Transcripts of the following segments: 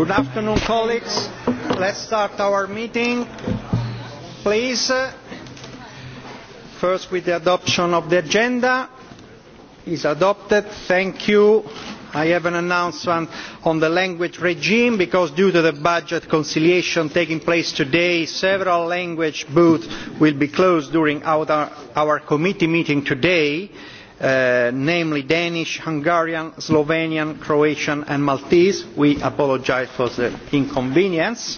Good afternoon, colleagues. Let's start our meeting. Please, uh, first with the adoption of the agenda. Is adopted. Thank you. I have an announcement on the language regime because due to the budget conciliation taking place today, several language booths will be closed during our committee meeting today. Uh, namely danish hungarian slovenian croatian and maltese. we apologise for the inconvenience.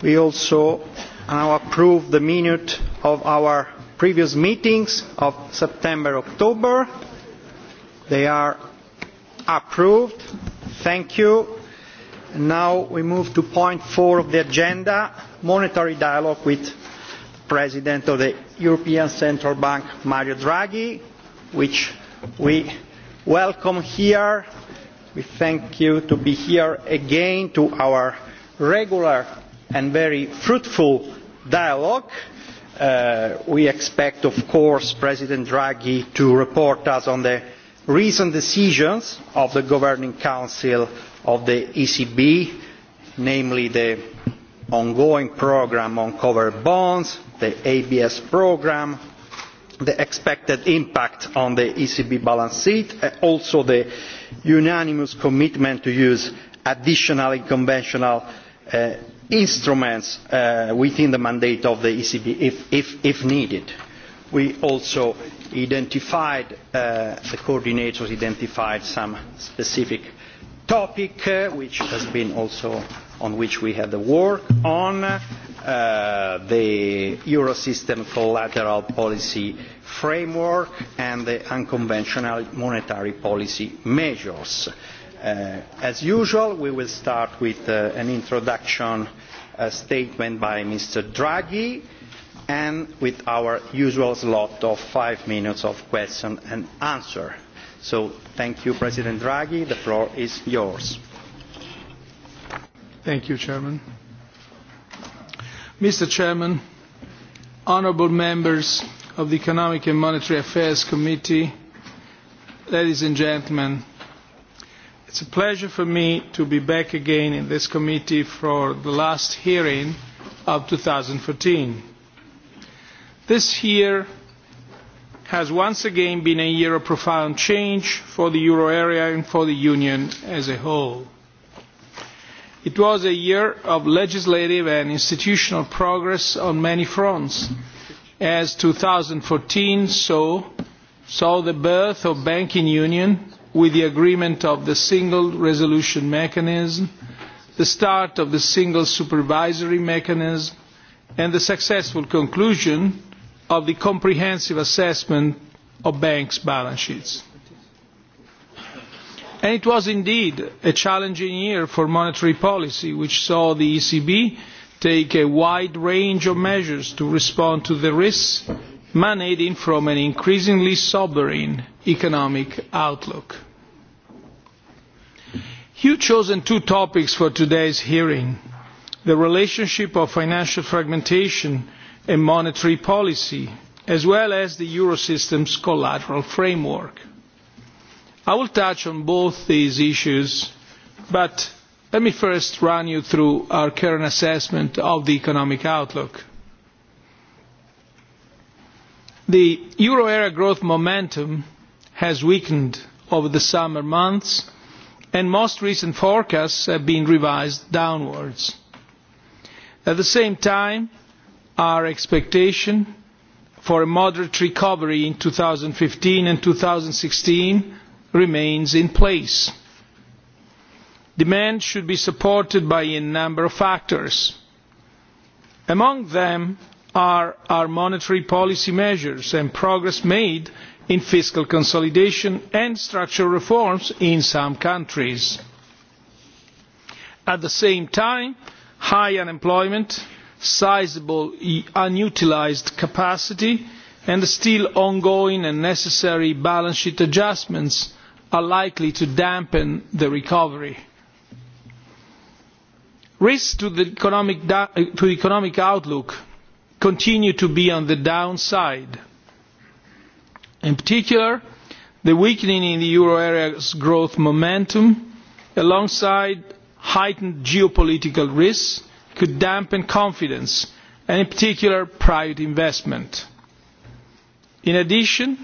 we also now approve the minutes of our previous meetings of september and october. they are approved. thank you. now we move to point four of the agenda monetary dialogue with the president of the european central bank mario draghi which we welcome here. We thank you to be here again to our regular and very fruitful dialogue. Uh, we expect, of course, President Draghi to report us on the recent decisions of the Governing Council of the ECB, namely the ongoing program on covered bonds, the ABS program, the expected impact on the ecb balance sheet and uh, also the unanimous commitment to use additionally conventional uh, instruments uh, within the mandate of the ecb if needed. we also identified the coordinators identified some specific topic which has been also on which we had the work on Uh, the euro system for lateral policy framework and the unconventional monetary policy measures. Uh, as usual, we will start with uh, an introduction a uh, statement by Mr Draghi and with our usual slot of five minutes of question and answer. So thank you, President Draghi. The floor is yours. Thank you, Chairman. Mr. Chairman, honourable members of the Economic and Monetary Affairs Committee, ladies and gentlemen, it's a pleasure for me to be back again in this committee for the last hearing of 2014. This year has once again been a year of profound change for the euro area and for the Union as a whole. It was a year of legislative and institutional progress on many fronts. As 2014 saw, saw the birth of banking union with the agreement of the single resolution mechanism, the start of the single supervisory mechanism, and the successful conclusion of the comprehensive assessment of banks' balance sheets and it was indeed a challenging year for monetary policy which saw the ecb take a wide range of measures to respond to the risks emanating from an increasingly sobering economic outlook. you chose two topics for today's hearing the relationship of financial fragmentation and monetary policy as well as the eurosystem's collateral framework i will touch on both these issues but let me first run you through our current assessment of the economic outlook. the euro area growth momentum has weakened over the summer months and most recent forecasts have been revised downwards. at the same time our expectation for a moderate recovery in 2015 and 2016 remains in place. demand should be supported by a number of factors. among them are our monetary policy measures and progress made in fiscal consolidation and structural reforms in some countries. at the same time high unemployment sizeable unutilised capacity and the still ongoing and necessary balance sheet adjustments are likely to dampen the recovery. risks to the uh, economic outlook continue to be on the downside in particular the weakening in the euro area's growth momentum alongside heightened geopolitical risks could dampen confidence and in particular private investment. in addition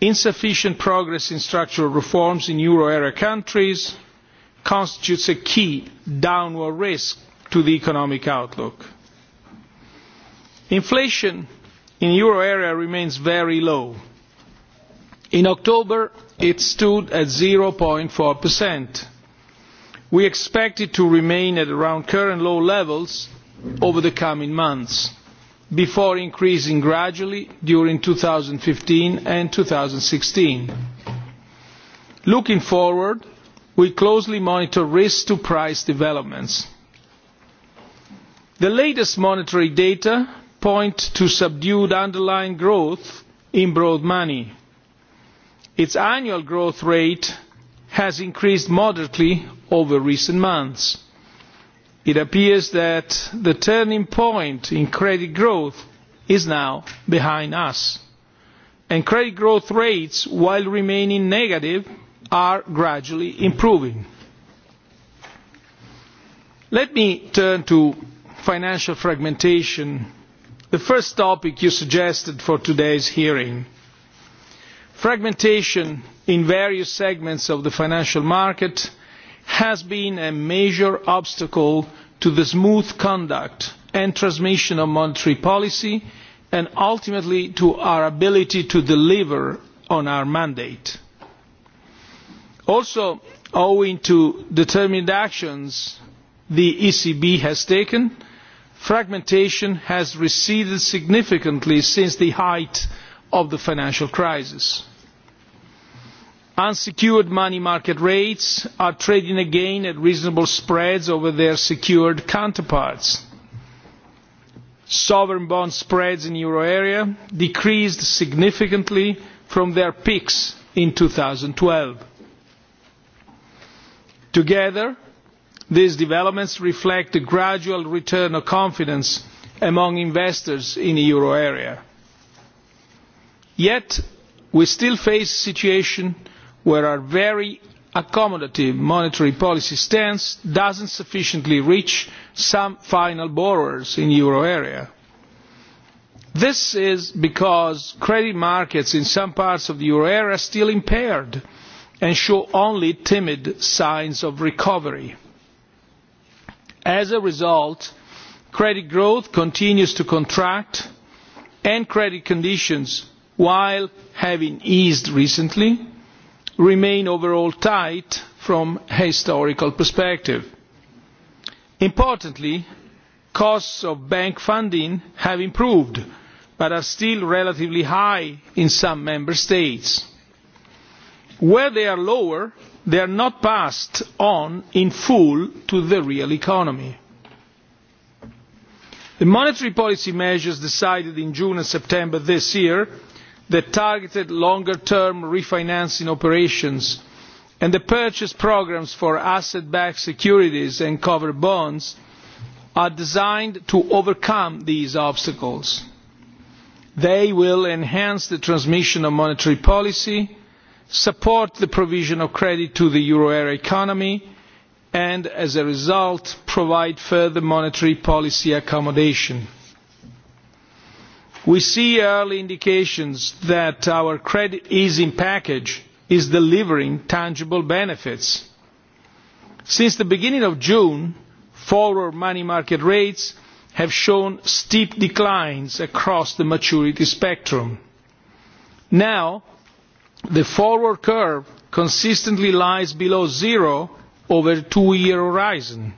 insufficient progress in structural reforms in euro area countries constitutes a key downward risk to the economic outlook. Inflation in the euro area remains very low. In October, it stood at 0.4%. We expect it to remain at around current low levels over the coming months before increasing gradually during two thousand and fifteen and two thousand and sixteen. looking forward we closely monitor risk to price developments. the latest monetary data point to subdued underlying growth in broad money. its annual growth rate has increased moderately over recent months it appears that the turning point in credit growth is now behind us and credit growth rates while remaining negative are gradually improving. Let me turn to financial fragmentation, the first topic you suggested for today's hearing. Fragmentation in various segments of the financial market has been a major obstacle to the smooth conduct and transmission of monetary policy and ultimately to our ability to deliver on our mandate. Also, owing to determined actions the ECB has taken, fragmentation has receded significantly since the height of the financial crisis unsecured money market rates are trading again at reasonable spreads over their secured counterparts. sovereign bond spreads in the euro area decreased significantly from their peaks in. two thousand and twelve together these developments reflect a gradual return of confidence among investors in the euro area. yet we still face a situation where our very accommodative monetary policy stance does not sufficiently reach some final borrowers in the euro area. this is because credit markets in some parts of the euro area are still impaired and show only timid signs of recovery. as a result credit growth continues to contract and credit conditions while having eased recently remain overall tight from a historical perspective. importantly costs of bank funding have improved but are still relatively high in some member states. where they are lower they are not passed on in full to the real economy. the monetary policy measures decided in june and september this year the targeted longer term refinancing operations and the purchase programmes for asset backed securities and covered bonds are designed to overcome these obstacles. They will enhance the transmission of monetary policy, support the provision of credit to the euro area economy and as a result provide further monetary policy accommodation. We see early indications that our credit easing package is delivering tangible benefits. Since the beginning of June, forward money market rates have shown steep declines across the maturity spectrum. Now, the forward curve consistently lies below zero over a two-year horizon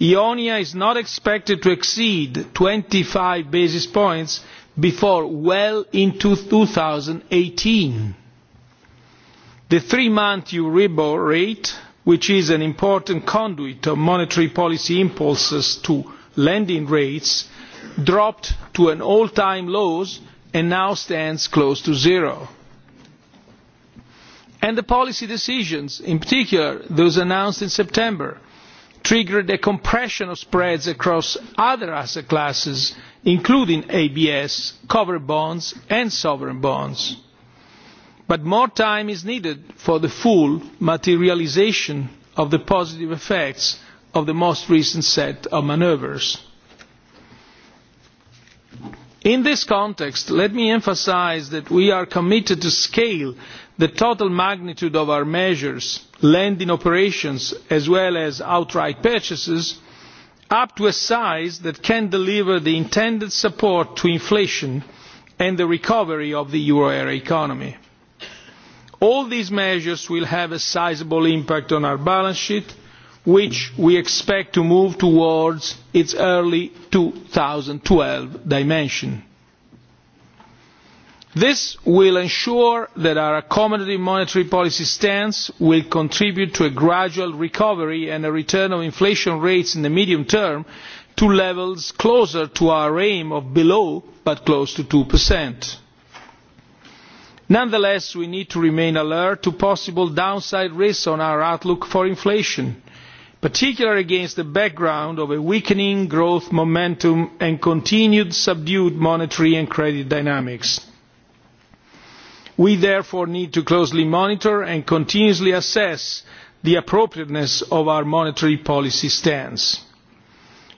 ionia is not expected to exceed twenty five basis points before well into two thousand and eighteen. the three month euribor rate which is an important conduit of monetary policy impulses to lending rates dropped to an all time low and now stands close to zero. and the policy decisions in particular those announced in september triggered a compression of spreads across other asset classes including abs covered bonds and sovereign bonds. but more time is needed for the full materialisation of the positive effects of the most recent set of manoeuvres. in this context let me emphasise that we are committed to scaling the total magnitude of our measures lending operations as well as outright purchases up to a size that can deliver the intended support to inflation and the recovery of the euro area economy. all these measures will have a sizeable impact on our balance sheet which we expect to move towards its early two thousand and twelve dimension this will ensure that our accommodative monetary policy stance will contribute to a gradual recovery and a return of inflation rates in the medium term to levels closer to our aim of below but close to. two nonetheless we need to remain alert to possible downside risks on our outlook for inflation particularly against the background of a weakening growth momentum and continued subdued monetary and credit dynamics we therefore need to closely monitor and continuously assess the appropriateness of our monetary policy stance.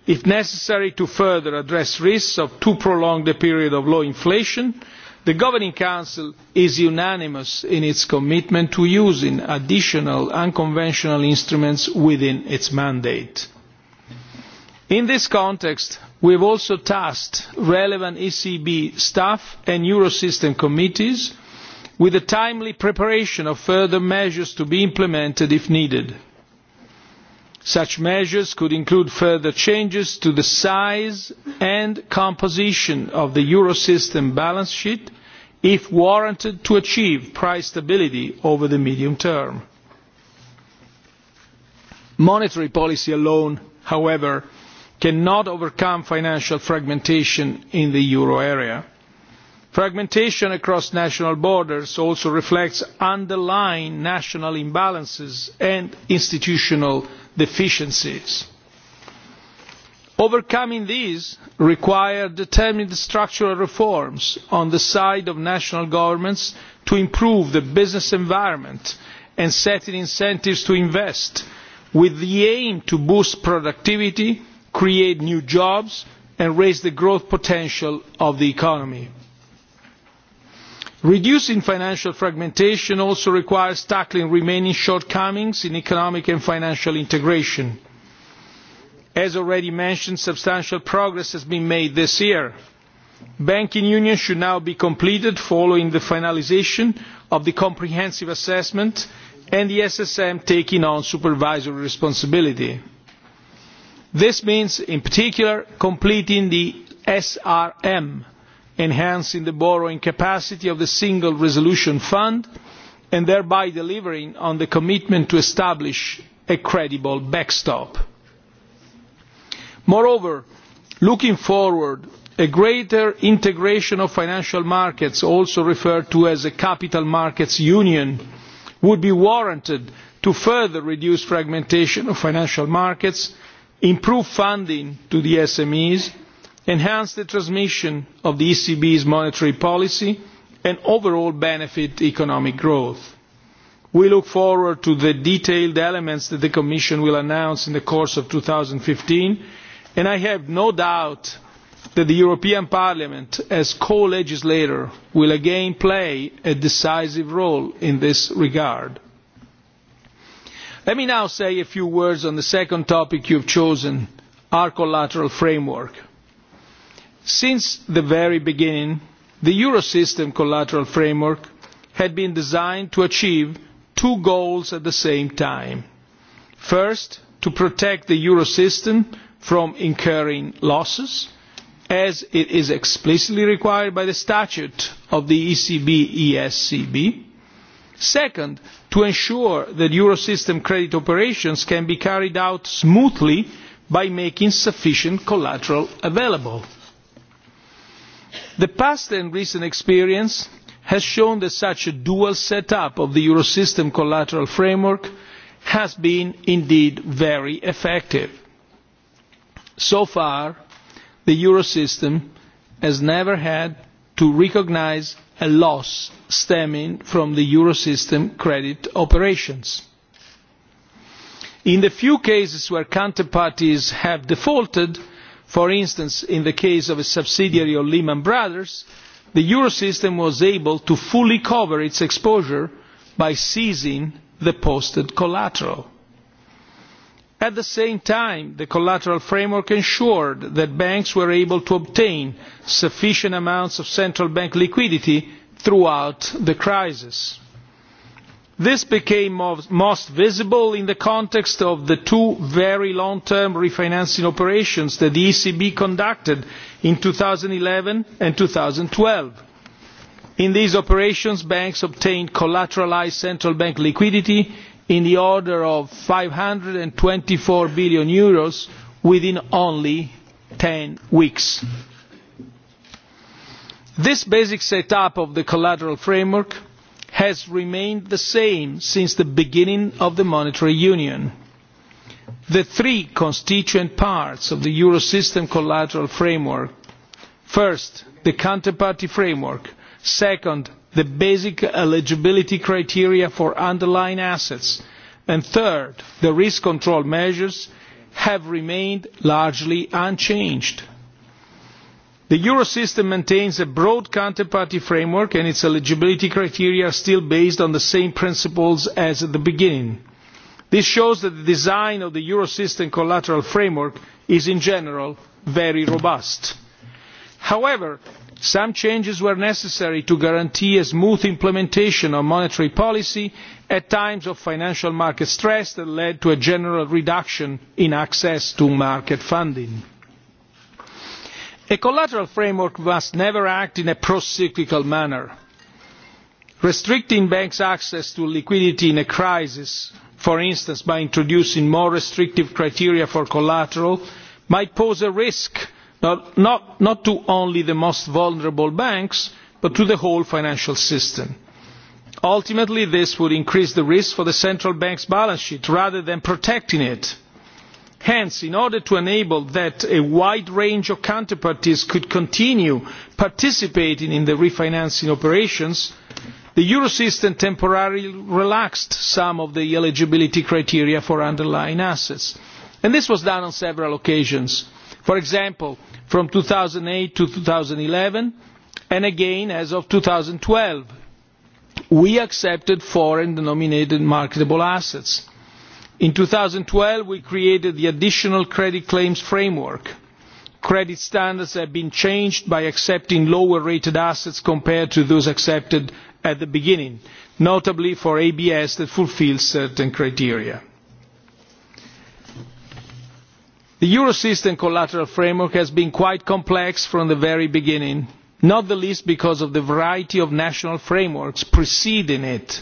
if necessary to further address risks of too prolonged a period of low inflation the governing council is unanimous in its commitment to using additional unconventional instruments within its mandate. in this context we have also tasked relevant ecb staff and eurosystem committees with the timely preparation of further measures to be implemented if needed. such measures could include further changes to the size and composition of the eurosystem balance sheet if warranted to achieve price stability over the medium term. monetary policy alone however cannot overcome financial fragmentation in the euro area fragmentation across national borders also reflects underlying national imbalances and institutional deficiencies. overcoming these requires determined structural reforms on the side of national governments to improve the business environment and setting incentives to invest with the aim of boosting productivity creating new jobs and raising the growth potential of the economy reducing financial fragmentation also requires tackling remaining shortcomings in economic and financial integration. as already mentioned substantial progress has been made this year. banking union should now be completed following the finalisation of the comprehensive assessment and the ssm taking on supervisory responsibility. this means in particular completing the srm enhancing the borrowing capacity of the single resolution fund and thereby delivering on the commitment to establish a credible backstop. moreover looking forward a greater integration of financial markets also referred to as a capital markets union would be warranted to further reduce fragmentation of financial markets improve funding to the smes enhance the transmission of the ecb's monetary policy and overall benefit economic growth. we look forward to the detailed elements that the commission will announce in the course of two thousand and fifteen and i have no doubt that the european parliament as co legislator will again play a decisive role in this regard. let me now say a few words on the second topic you have chosen our collateral framework since the very beginning the eurosystem collateral framework had been designed to achieve two goals at the same time first to protect the eurosystem from incurring losses as it is explicitly required by the statute of the ECB ESCB second to ensure that eurosystem credit operations can be carried out smoothly by making sufficient collateral available the past and recent experience has shown that such a dual set up of the eurosystem collateral framework has been indeed very effective. so far the eurosystem has never had to recognise a loss stemming from the eurosystem credit operations. in the few cases where counterparties have defaulted for instance in the case of a subsidiary of lehman brothers the euro system was able to fully cover its exposure by seizing the posted collateral. At the same time, the collateral framework ensured that banks were able to obtain sufficient amounts of central bank liquidity throughout the crisis this became most visible in the context of the two very long term refinancing operations that the ecb conducted in two thousand and eleven and. two thousand and twelve in these operations banks obtained collateralised central bank liquidity in the order of eur five hundred and twenty four billion within only ten weeks. this basic set up of the collateral framework has remained the same since the beginning of the monetary union. The three constituent parts of the Eurosystem collateral framework first, the counterparty framework, second, the basic eligibility criteria for underlying assets, and third, the risk control measures have remained largely unchanged the euro system maintains a broad counterparty framework and its eligibility criteria are still based on the same principles as at the beginning. this shows that the design of the euro system collateral framework is in general very robust. however some changes were necessary to guarantee a smooth implementation of monetary policy at times of financial market stress that led to a general reduction in access to market funding a collateral framework must never act in a procyclical manner restricting banks' access to liquidity in a crisis for instance by introducing more restrictive criteria for collateral might pose a risk not, not, not to only the most vulnerable banks but to the whole financial system. ultimately this would increase the risk for the central bank's balance sheet rather than protecting it hence in order to enable a wide range of counterparties to continue participating in the refinancing operations the eurosystem temporarily relaxed some of the eligibility criteria for underlying assets and this was done on several occasions for example from two thousand and eight to two thousand and eleven and again as of two thousand and twelve we accepted foreign denominated marketable assets in two thousand and twelve we created the additional credit claims framework. credit standards have been changed by accepting lower rated assets compared to those accepted at the beginning notably for abs that fulfil certain criteria. the eurosystem collateral framework has been quite complex from the very beginning not the least because of the variety of national frameworks preceding it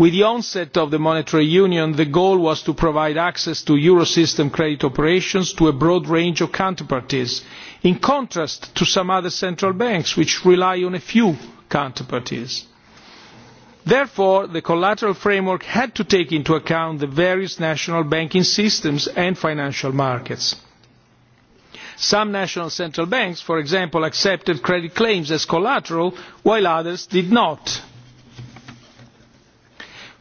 with the onset of the monetary union the goal was to provide access to euro system credit operations to a broad range of counterparties in contrast to some other central banks which rely on a few counterparties. therefore the collateral framework had to take into account the various national banking systems and financial markets. some national central banks for example accepted credit claims as collateral while others did not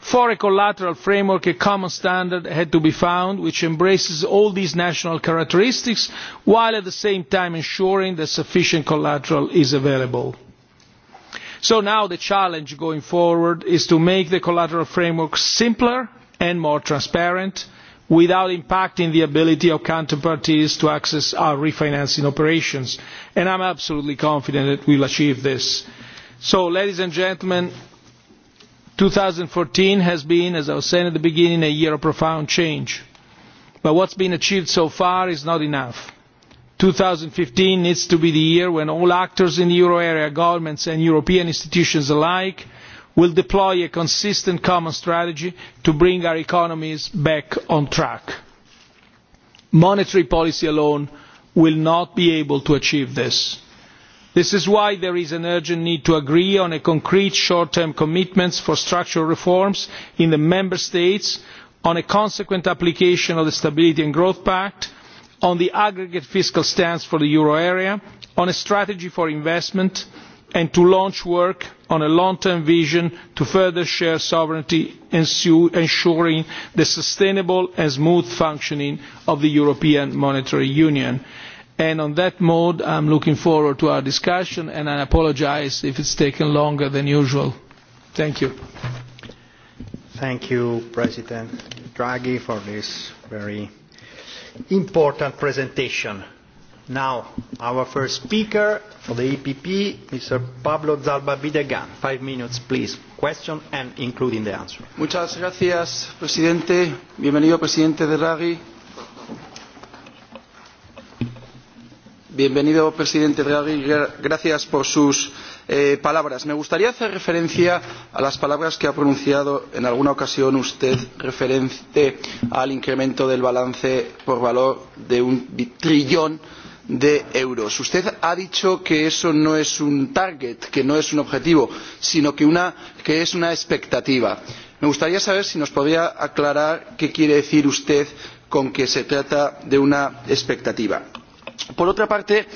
for a collateral framework a common standard had to be found which embraces all these national characteristics while at the same time ensuring that sufficient collateral is available. so now the challenge going forward is to make the collateral framework simpler and more transparent without impacting the ability of counterparties to access our refinancing operations and i am absolutely confident that we will achieve this. so ladies and gentlemen thousand and fourteen has been as i was saying at the beginning a year of profound change but what has been achieved so far is not enough. two thousand and fifteen needs to be the year when all actors in the euro area governments and european institutions alike will deploy a consistent common strategy to bring our economies back on track. monetary policy alone will not be able to achieve this this is why there is an urgent need to agree on concrete short term commitments for structural reforms in the member states on a consequent application of the stability and growth pact on the aggregate fiscal stance for the euro area on a strategy for investment and to launch work on a long term vision to further share sovereignty ensuring the sustainable and smooth functioning of the european monetary union and on that mode i am looking forward to our discussion and i apologise if it has taken longer than usual. thank you. thank you president draghi for this very important presentation. now our first speaker for the epp mr pablo zalba bidegan five minutes please question and including the answer. muchas gracias presidente bienvenido presidente draghi bienvenido presidente draghi gracias por sus eh, palabras. me gustaría hacer referencia a las palabras que ha pronunciado en alguna ocasión usted referente al incremento del balance por valor de un trillón de euros. usted ha dicho que eso no es un target que no es un objetivo sino que, una, que es una expectativa. me gustaría saber si nos podría aclarar qué quiere decir usted con que se trata de una expectativa por otra parte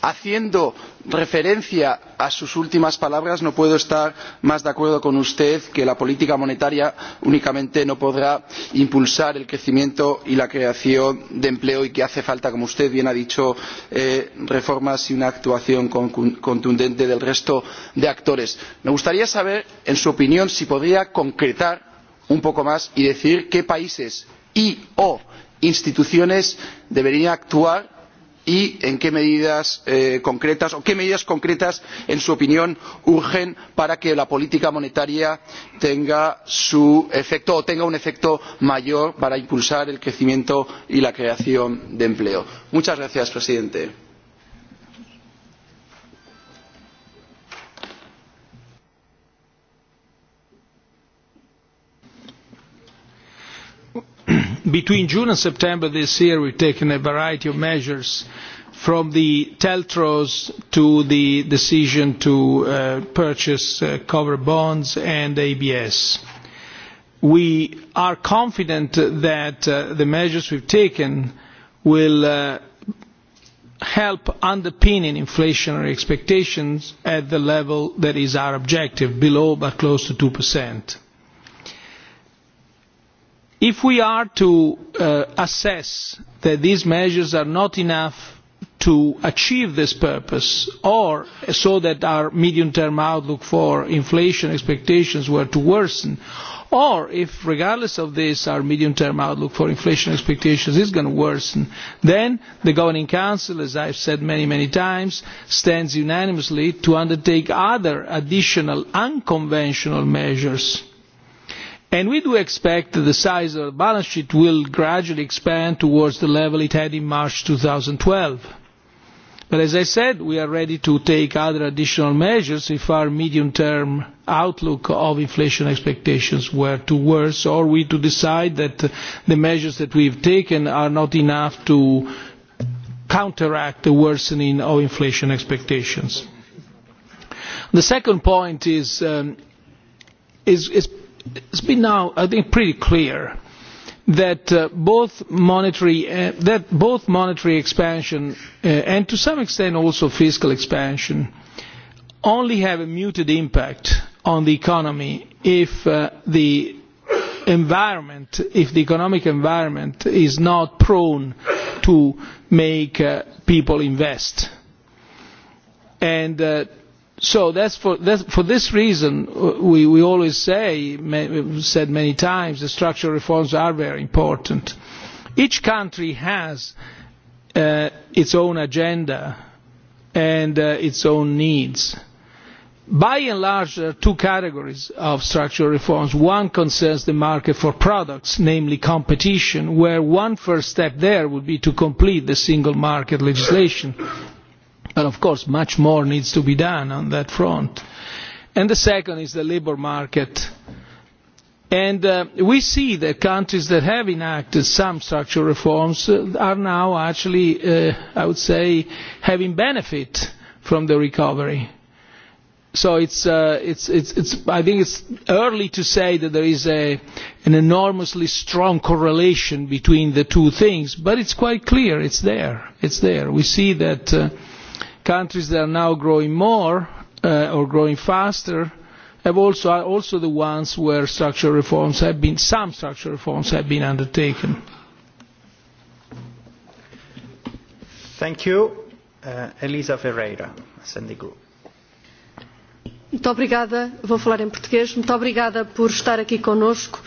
haciendo referencia a sus últimas palabras no puedo estar más de acuerdo con usted en que la política monetaria únicamente no podrá impulsar el crecimiento y la creación de empleo y que hace falta como usted bien ha dicho eh, reformas y una actuación contundente del resto de actores. me gustaría saber en su opinión si podría concretar un poco más y decir qué países y o instituciones deberían actuar y en qué medidas eh, concretas o qué medidas concretas en su opinión urgen para que la política monetaria tenga su efecto o tenga un efecto mayor para impulsar el crecimiento y la creación de empleo. muchas gracias señor presidente. between june and september this year we have taken a variety of measures from the teltros to the decision to uh, purchase uh, covered bonds and abs. we are confident that uh, the measures we have taken will help underpin inflationary expectations at the level that is our objective below but close to two percent if we are to uh, assess that these measures are not enough to achieve this purpose or so that our medium term outlook for inflation expectations were to worsen or if regardless of this our medium term outlook for inflation expectations is going to worsen then the governing council as i've said many many times stands unanimously to undertake other additional unconventional measures we do expect that the size of the balance sheet will gradually expand towards the level it had in march. two thousand and twelve but as i said we are ready to take other additional measures if our medium term outlook of inflation expectations were to worse or we to decide that the measures that we have taken are not enough to counteract the worsening of inflation expectations. the second point is um, it has been now i think pretty clear that uh, both monetary uh, that both monetary expansion uh, and to some extent also fiscal expansion only have a muted impact on the economy if the environment if the economic environment is not prone to make people invest and so that's for, that's for this reason uh, we, we always say, may, we've said many times, the structural reforms are very important. Each country has uh, its own agenda and uh, its own needs. By and large, there are two categories of structural reforms. One concerns the market for products, namely competition, where one first step there would be to complete the single market legislation but of course much more needs to be done on that front. And the second is the labour market. And uh, we see that countries that have enacted some structural reforms uh, are now actually, uh, I would say, having benefit from the recovery. So it's, uh, it's, it's, it's, I think it's early to say that there is a, an enormously strong correlation between the two things, but it's quite clear, it's there, it's there. We see that uh, countries that are now growing more uh, or growing faster have also, are also the ones where structural reforms have been, some structural reforms have been undertaken. Thank you. Uh, Elisa Ferreira, Sandy Group. Muito obrigada, vou falar em português. Muito obrigada por estar aqui connosco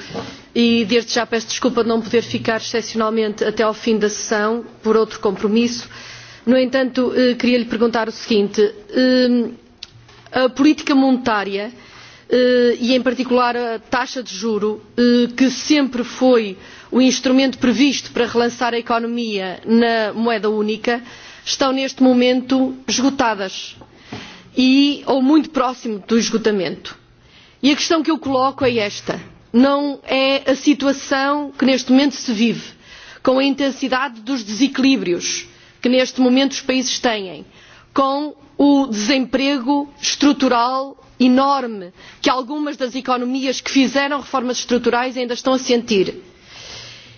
e desde já peço desculpa de não poder ficar excepcionalmente até ao fim da sessão por outro compromisso. No entanto, eh, queria lhe perguntar o seguinte: ehm, a política monetária eh, e, em particular, a taxa de juro, eh, que sempre foi o instrumento previsto para relançar a economia na moeda única, estão neste momento esgotadas e ou muito próximo do esgotamento. E a questão que eu coloco é esta: não é a situação que neste momento se vive com a intensidade dos desequilíbrios? que neste momento os países têm com o desemprego estrutural enorme que algumas das economias que fizeram reformas estruturais ainda estão a sentir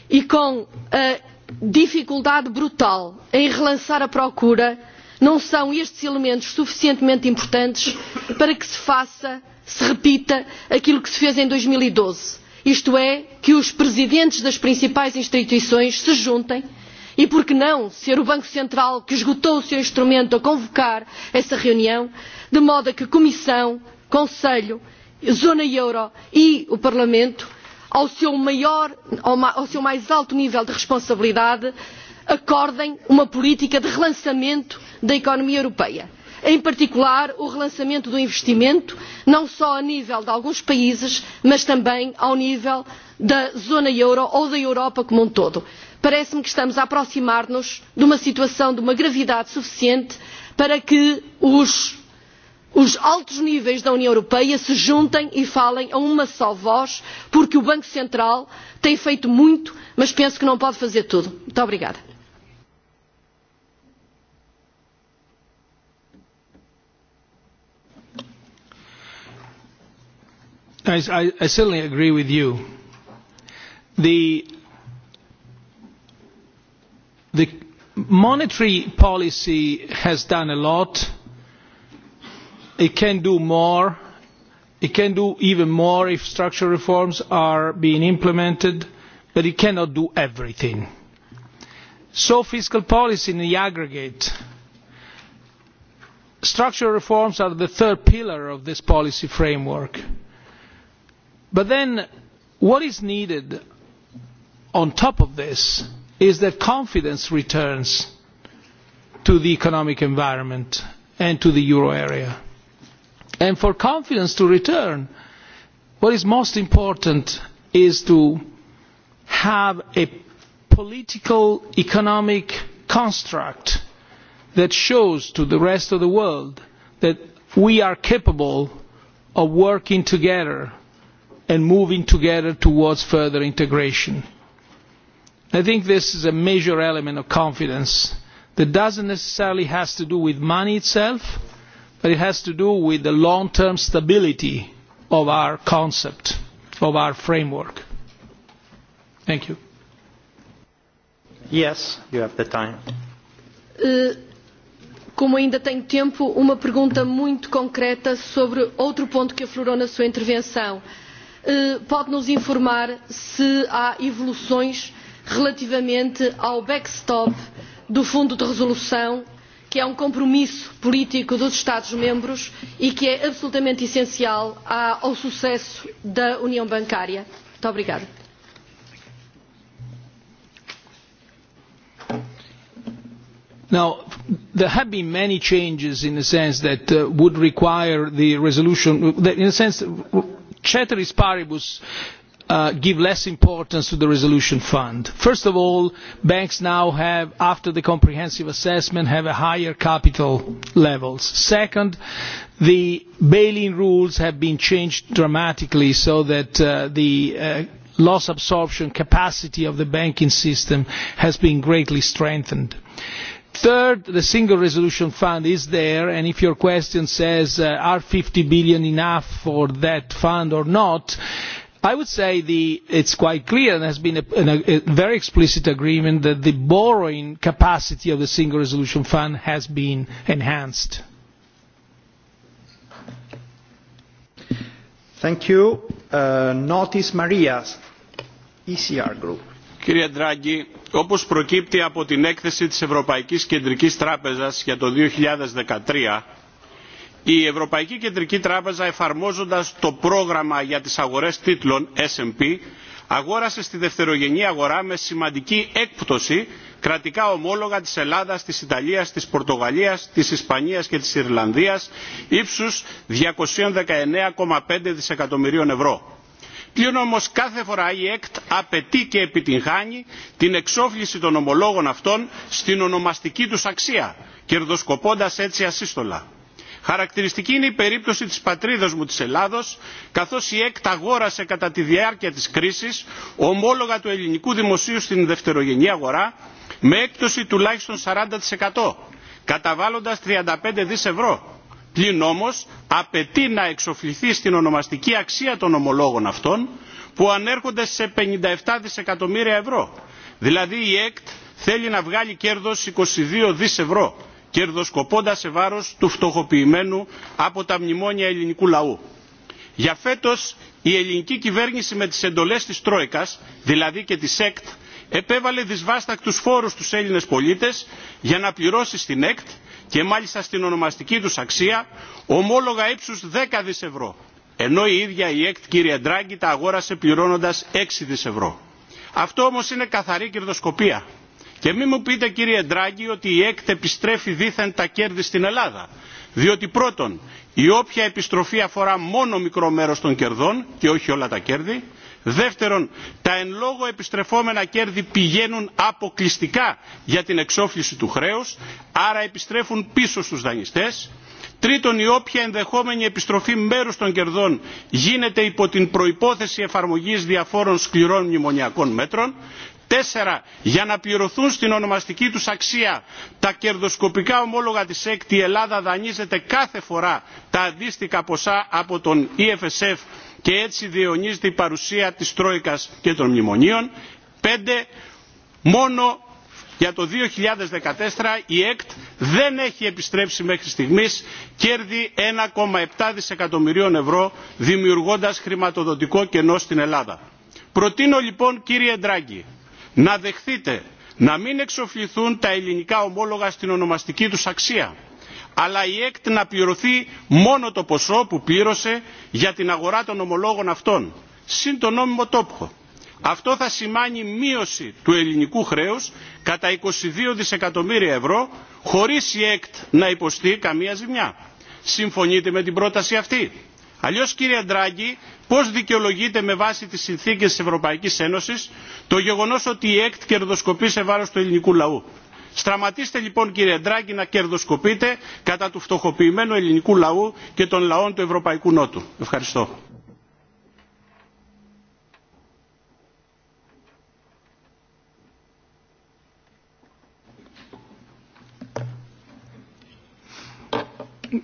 e com a dificuldade brutal em relançar a procura, não são estes elementos suficientemente importantes para que se faça, se repita aquilo que se fez em 2012, e isto é, que os presidentes das principais instituições se juntem e por que não ser o banco central que esgotou o seu instrumento a convocar essa reunião de modo a que a comissão o conselho a zona euro e o parlamento ao seu maior ao seu mais alto nível de responsabilidade acordem uma política de relançamento da economia europeia em particular o relançamento do investimento não só a nível de alguns países mas também ao nível da zona euro ou da europa como um todo parece me que estamos a aproximar nos de uma situação de uma gravidade suficiente para que os, os altos níveis da união europeia se juntem e falem a uma só voz porque o banco central tem feito muito mas penso que não pode fazer tudo. muito obrigada. I, I certainly agree with you. The the monetary policy has done a lot it can do more it can do even more if structural reforms are being implemented but it cannot do everything so fiscal policy in the aggregate structural reforms are the third pillar of this policy framework but then what is needed on top of this is that confidence returns to the economic environment and to the euro area. And for confidence to return, what is most important is to have a political economic construct that shows to the rest of the world that we are capable of working together and moving together towards further integration i think this is a major element of confidence that does not necessarily have to do with money itself but it has to do with the long term stability of our concept of our framework. thank you. yes, you have the time. Uh, Como ainda tenho tempo, uma pergunta muito concreta sobre outro ponto que aflorou na sua intervenção. Uh, pode nos informar se há evoluções relativamente ao backstop do fundo de resolução que é um compromisso político dos estados membros e que é absolutamente essencial ao sucesso da união bancária. muito obrigada. Now, there have been many changes in a sense that uh, would require the resolution. That in a sense, ceteris paribus, Uh, give less importance to the resolution fund. first of all banks now have after the comprehensive assessment higher capital levels. second the bail in rules have been changed dramatically so that uh, the uh, loss absorption capacity of the banking system has been greatly strengthened. third the single resolution fund is there and if your question is whether eur fifty billion is enough for that fund or i would say it is quite clear and there has been a very explicit agreement that the borrowing capacity of the single resolution fund has been enhanced. thank you. Uh, notice marias, ecr group. Κύριε Δράγκη, όπως προκύπτει από την έκθεση της Ευρωπαϊκής Κεντρικής Τράπεζας για το 2013, η ευρωπαϊκή κεντρική τράπεζα εφαρμόζοντας το πρόγραμμα για τις αγορές τίτλων S&P αγόρασε στη δευτερογενή αγορά με σημαντική έκπτωση κρατικά ομόλογα της Ελλάδας, της Ιταλίας, της Πορτογαλίας, της Ισπανίας και της Ιρλανδίας ύψους 219,5 δισεκατομμυρίων ευρώ. Πλην όμως κάθε φορά η ΕΚΤ απαιτεί και επιτυγχάνει την εξόφληση των ομολόγων αυτών στην ονομαστική τους αξία, κερδοσκοπώντας έτσι ασύστολα χαρακτηριστική είναι η περίπτωση της πατρίδος μου της ελλάδος καθώς η εκτα αγόρασε κατά τη διάρκεια της κρίσης ομόλογα του ελληνικού δημοσίου στην δευτερογενή αγορά με έκπτωση τουλάχιστον σαράντα καταβάλλοντας τριάντα πέντε δις ευρώ πλην όμως απαιτεί να εξοφληθεί στην ονομαστική αξία των ομολόγων αυτών που ανέρχονται σε πενήντα επτά δισεκατομμύρια ευρώ δηλαδή η εκτ θέλει να βγάλει κέρδος είκοσι δύο δις ευρώ κερδοσκοπώντας σε βάρος του φτωχοποιημένου από τα μνημόνια ελληνικού λαού. Για φέτος η ελληνική κυβέρνηση με τις εντολές της Τρόικας, δηλαδή και της ΕΚΤ, επέβαλε δυσβάστακτους φόρους στους Έλληνες πολίτες για να πληρώσει στην ΕΚΤ και μάλιστα στην ονομαστική τους αξία ομόλογα ύψους 10 δις ευρώ, ενώ η ίδια η ΕΚΤ κύριε Ντράγκη τα αγόρασε πληρώνοντας 6 δις ευρώ. Αυτό όμως είναι καθαρή κερδοσκοπία και μην μου πείτε κύριε Ντράγκη ότι η ΕΚΤ επιστρέφει δήθεν τα κέρδη στην Ελλάδα. Διότι πρώτον, η όποια επιστροφή αφορά μόνο μικρό μέρος των κερδών και όχι όλα τα κέρδη. Δεύτερον, τα εν λόγω επιστρεφόμενα κέρδη πηγαίνουν αποκλειστικά για την εξόφληση του χρέους, άρα επιστρέφουν πίσω στους δανειστές. Τρίτον, η όποια ενδεχόμενη επιστροφή μέρους των κερδών γίνεται υπό την προϋπόθεση εφαρμογής διαφόρων σκληρών μνημονιακών μέτρων τέσσερα για να πληρωθούν στην ονομαστική τους αξία τα κερδοσκοπικά ομόλογα της ΕΚΤ η Ελλάδα δανείζεται κάθε φορά τα αντίστοιχα ποσά από τον EFSF και έτσι διαιωνίζεται η παρουσία της Τρόικας και των Μνημονίων. Πέντε, μόνο για το 2014 η ΕΚΤ δεν έχει επιστρέψει μέχρι στιγμής κέρδη 1,7 δισεκατομμυρίων ευρώ δημιουργώντας χρηματοδοτικό κενό στην Ελλάδα. Προτείνω λοιπόν κύριε Ντράγκη να δεχθείτε να μην εξοφληθούν τα ελληνικά ομόλογα στην ονομαστική τους αξία αλλά η ΕΚΤ να πληρωθεί μόνο το ποσό που πλήρωσε για την αγορά των ομολόγων αυτών συν το νόμιμο τόπχο. Αυτό θα σημάνει μείωση του ελληνικού χρέους κατά 22 δισεκατομμύρια ευρώ χωρίς η ΕΚΤ να υποστεί καμία ζημιά. Συμφωνείτε με την πρόταση αυτή αλλιώ κύριε ντράγκη πώ δικαιολογείται με βάση τι συνθήκε τη ευρωπαϊκή ένωση το γεγονό ότι η ΕΚΤ κερδοσκοπεί σε βάρο του ελληνικού λαού. Σταματήστε λοιπόν κύριε Ντράγκη να κερδοσκοπείτε κατά του φτωχοποιημένου ελληνικού λαού και των λαών του Ευρωπαϊκού Νότου. Ευχαριστώ.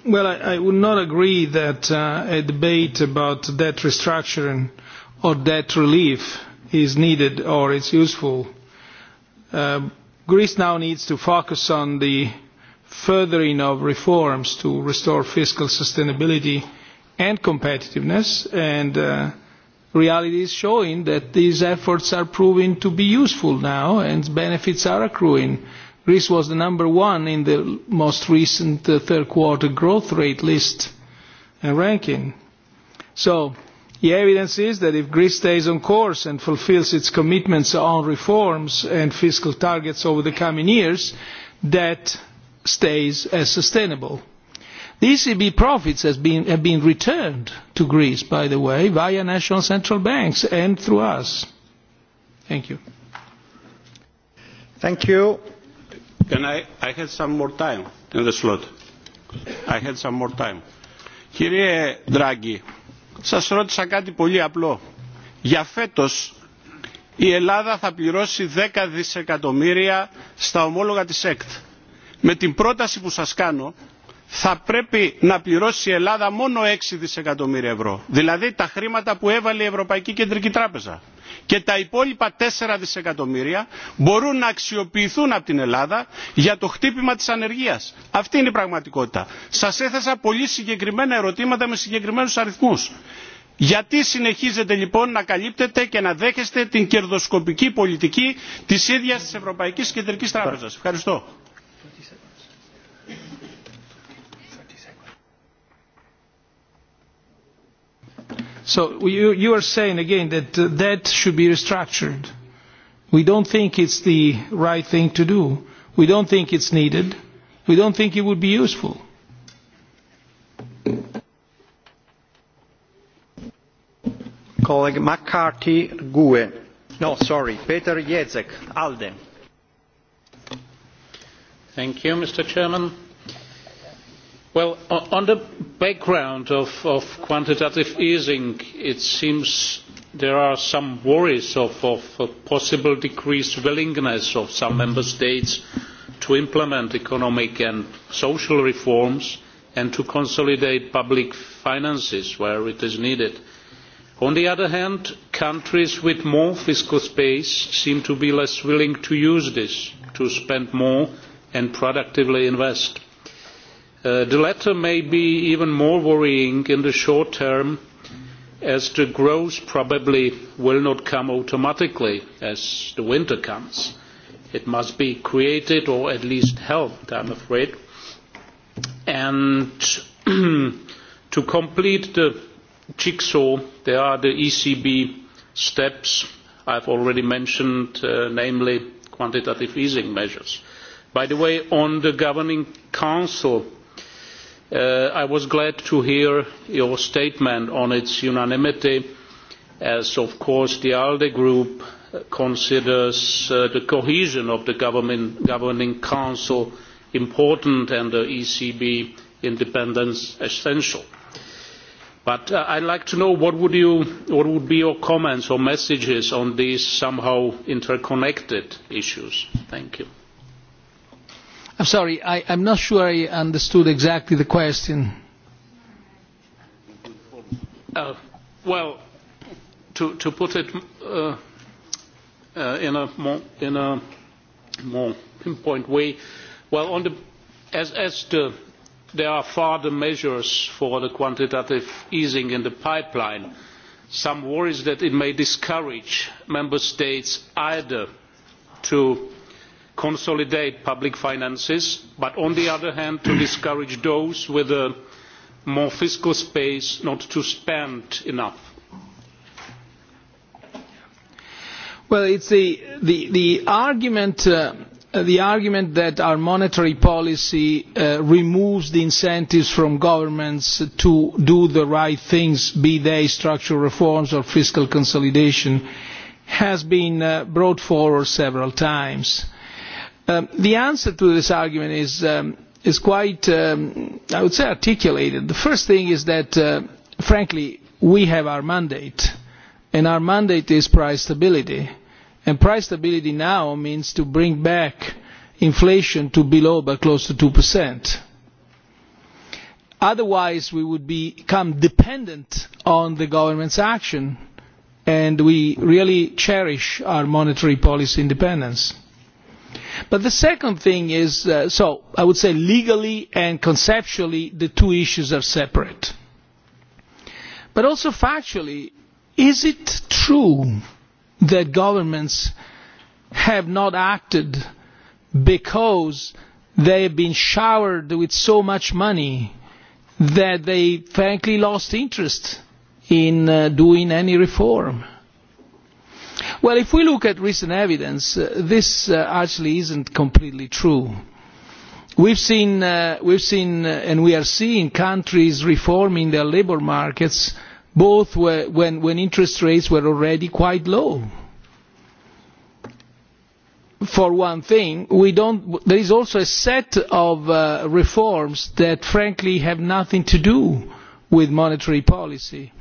Well, I, I would not agree that uh, a debate about debt restructuring or debt relief is needed or it's useful. Uh, Greece now needs to focus on the furthering of reforms to restore fiscal sustainability and competitiveness, and uh, reality is showing that these efforts are proving to be useful now and benefits are accruing. Greece was the number one in the most recent uh, third quarter growth rate list and uh, ranking. So the evidence is that if Greece stays on course and fulfills its commitments on reforms and fiscal targets over the coming years, that stays as sustainable. The ECB profits has been, have been returned to Greece, by the way, via national central banks and through us. Thank you. Thank you. Can I, I have some more time in the slot. I had some more time. Κύριε Draghi, σας ρώτησα κάτι πολύ απλό. Για φέτος η Ελλάδα θα πληρώσει 10 δισεκατομμύρια στα ομόλογα της ΕΚΤ. Με την πρόταση που σας κάνω θα πρέπει να πληρώσει η Ελλάδα μόνο 6 δισεκατομμύρια ευρώ. Δηλαδή τα χρήματα που έβαλε η Ευρωπαϊκή Κεντρική Τράπεζα και τα υπόλοιπα τέσσερα δισεκατομμύρια μπορούν να αξιοποιηθούν από την Ελλάδα για το χτύπημα της ανεργίας. Αυτή είναι η πραγματικότητα. Σας έθεσα πολύ συγκεκριμένα ερωτήματα με συγκεκριμένους αριθμούς. Γιατί συνεχίζετε λοιπόν να καλύπτετε και να δέχεστε την κερδοσκοπική πολιτική της ίδιας της Ευρωπαϊκής Κεντρικής Τράπεζας. Ευχαριστώ. So you, you are saying again that debt uh, should be restructured. We don't think it's the right thing to do. We don't think it's needed. We don't think it would be useful. Colleague McCarthy Gue. No, sorry, Peter Jezek, Alde. Thank you, Mr. Chairman. Well, on the background of quantitative easing it seems there are some worries of, of a possible decreased willingness of some member states to implement economic and social reforms and to consolidate public finances where it is needed. On the other hand, countries with more fiscal space seem to be less willing to use this to spend more and productively invest. Uh, the latter may be even more worrying in the short term, as the growth probably will not come automatically as the winter comes. It must be created or at least helped, I'm afraid. And to complete the jigsaw, there are the ECB steps I've already mentioned, uh, namely quantitative easing measures. By the way, on the governing council, Uh, i was glad to hear your statement on its unanimity as of course the alde group considers uh, the cohesion of the government, governing council important and the ecb independence essential but uh, i'd like to know what would you what would be your comments or messages on these somehow interconnected issues thank you I'm sorry, I, I'm not sure I understood exactly the question. Uh, well, to, to put it uh, uh, in, a more, in a more pinpoint way, well, on the, as, as the, there are further measures for the quantitative easing in the pipeline, some worries that it may discourage member states either to consolidate public finances but on the other hand to discourage those with a more fiscal space not to spend enough? Well, it's the, the, the, argument, uh, the argument that our monetary policy uh, removes the incentives from governments to do the right things, be they structural reforms or fiscal consolidation, has been uh, brought forward several times. Uh, Um, the answer to this argument is um, quite um, i would say articulated. the first thing is that uh, frankly we have our mandate and our mandate is price stability and price stability now means to bring back inflation to below but close to two percent otherwise we would become dependent on the government's action and we really cherish our monetary policy independence but the second thing is uh, so i would say legally and conceptually the two issues are separate but also factually is it true that governments have not acted because they have been showered with so much money that they frankly lost interest in uh, doing any reform well if we look at recent evidence uh, this uh, actually is not completely true. we have seen uh, and we are seeing countries reforming their labour markets both when interest rates were already quite low. for one thing there is also a set of reforms that frankly have nothing to do with monetary policy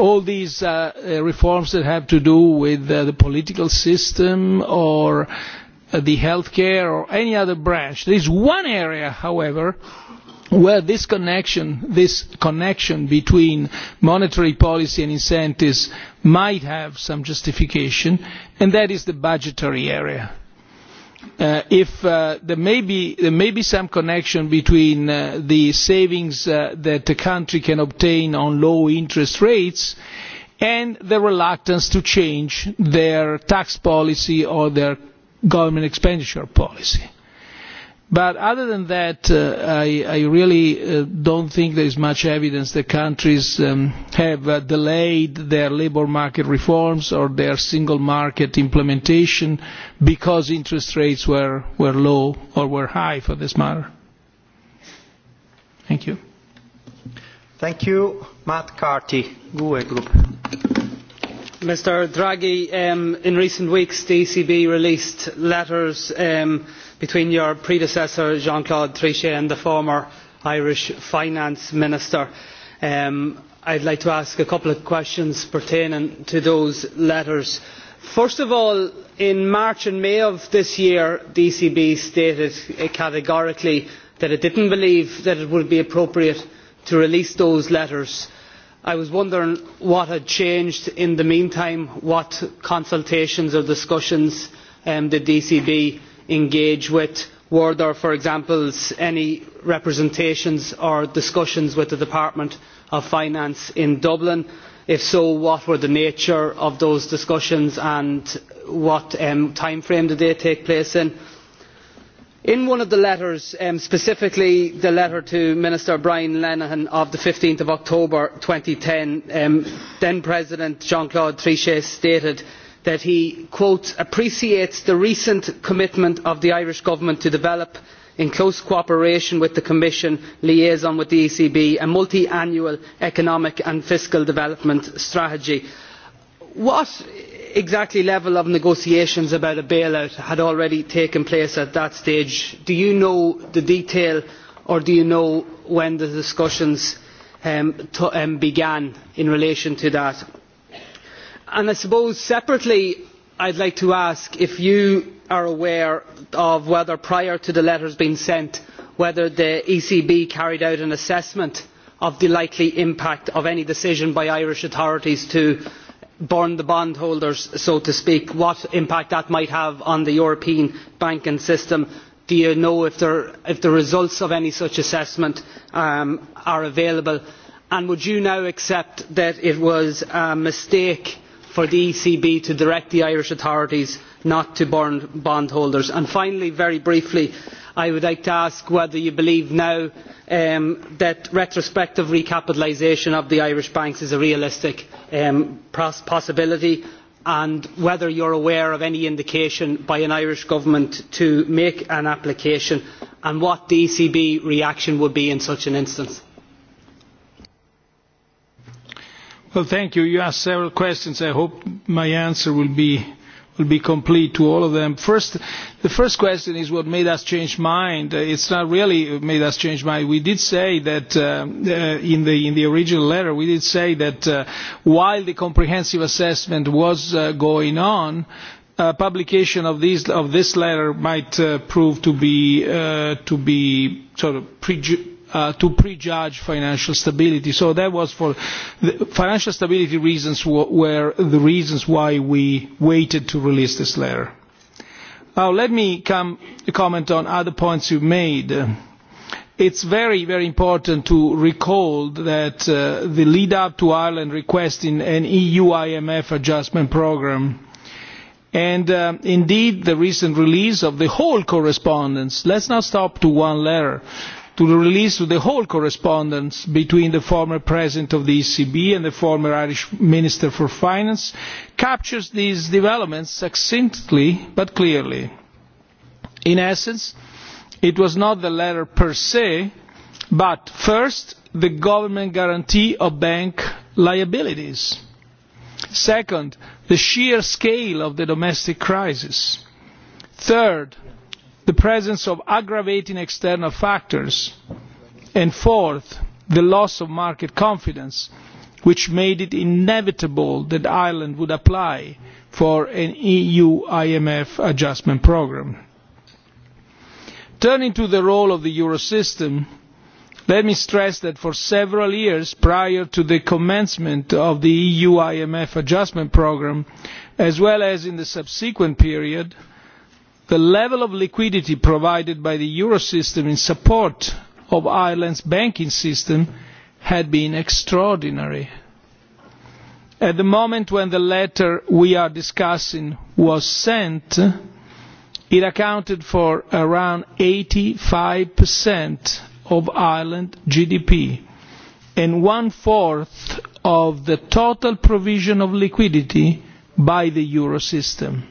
all these uh, uh, reforms that have to do with uh, the political system or uh, the healthcare or any other branch. There is one area, however, where this connection, this connection between monetary policy and incentives might have some justification, and that is the budgetary area. Uh, if uh, there may be some connection between uh, the savings that a country can obtain on low interest rates and the reluctance to change their tax policy or their government expenditure policy. But other than that, uh, I, I really uh, don't think there is much evidence that countries um, have uh, delayed their labor market reforms or their single market implementation because interest rates were, were low or were high for this matter. Thank you. Thank you. Matt Carty, GUE Group. Mr. Draghi, um, in recent weeks, the ECB released letters. Um, between your predecessor jean claude trichet and the former irish finance minister. Um, i would like to ask a couple of questions pertaining to those letters. first of all in march and may of this year the ecb stated categorically that it did not believe that it would be appropriate to release those letters. i was wondering what had changed in the meantime. what consultations or discussions um, did the ecb engage with were there for example any representations or discussions with the department of finance in dublin? if so what were the nature of those discussions and what um, timeframe did they take place in? in one of the letters um, specifically the letter to minister brian lenihan of fifteen october two thousand and ten um, then president jean claude trichet stated that he appreciates the recent commitment of the irish government to develop in close cooperation with the commission liaison with the ecb a multiannual economic and fiscal development strategy. what exactly level of negotiations about a bail out had already taken place at that stage? do you know the detail or do you know when the discussions um, um, began in relation to that? i suppose separately i would like to ask if you are aware of whether prior to the letters being sent the ecb carried out an assessment of the likely impact of any decision by irish authorities to burn the bondholders so to speak and what impact that might have on the european banking system. do you know if the results of any such assessment um, are available and would you now accept that it was a mistake for the ecb to direct the irish authorities not to burn bondholders. finally very briefly i would like to ask whether you believe now um, that retrospective recapitalisation of the irish banks is a realistic um, possibility and whether you are aware of any indication by an irish government to make an application and what the ecb reaction would be in such an instance. you asked several questions i hope my answer will be complete to all of them. the first question is what made us change mind. Uh, it has not really made us change mind. we did say uh, uh, in the original letter that while the comprehensive assessment was going on publication of this letter might prove to be sort of Uh, to prejudge financial stability. So that was for the financial stability reasons were the reasons why we waited to release this letter. Now let me come comment on other points you've made. It's very, very important to recall that uh, the lead up to Ireland requesting an EU IMF adjustment program and uh, indeed the recent release of the whole correspondence, let's not stop to one letter, uh, to the release of the whole correspondence between the former president of the ecb and the former irish minister for finance captures these developments succinctly but clearly. in essence it was not the letter per se but first the government guarantee of bank liabilities second the sheer scale of the domestic crisis third the presence of aggravating external factors and fourth the loss of market confidence which made it inevitable that Ireland would apply for an EU IMF adjustment programme. Turning to the role of the euro system, let me stress that for several years prior to the commencement of the EU IMF adjustment programme, as well as in the subsequent period, the level of liquidity provided by the euro system in support of ireland's banking system had been extraordinary. at the moment when the letter we are discussing was sent, it accounted for around 85% of ireland's gdp and one fourth of the total provision of liquidity by the euro system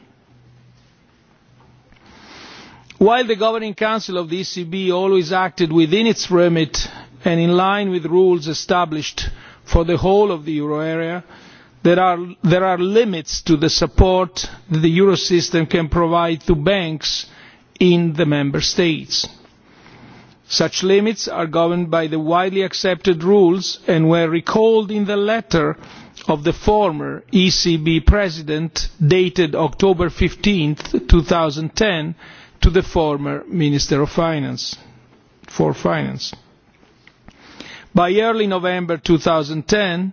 while the governing council of the ecb always acted within its remit and in line with rules established for the whole of the euro area there are limits to the support that the euro system can provide to banks in the member states. such limits are governed by the widely accepted rules and were recalled in the letter of the former ecb president dated october 15 2010 to the former Minister of Finance, for Finance. By early November 2010,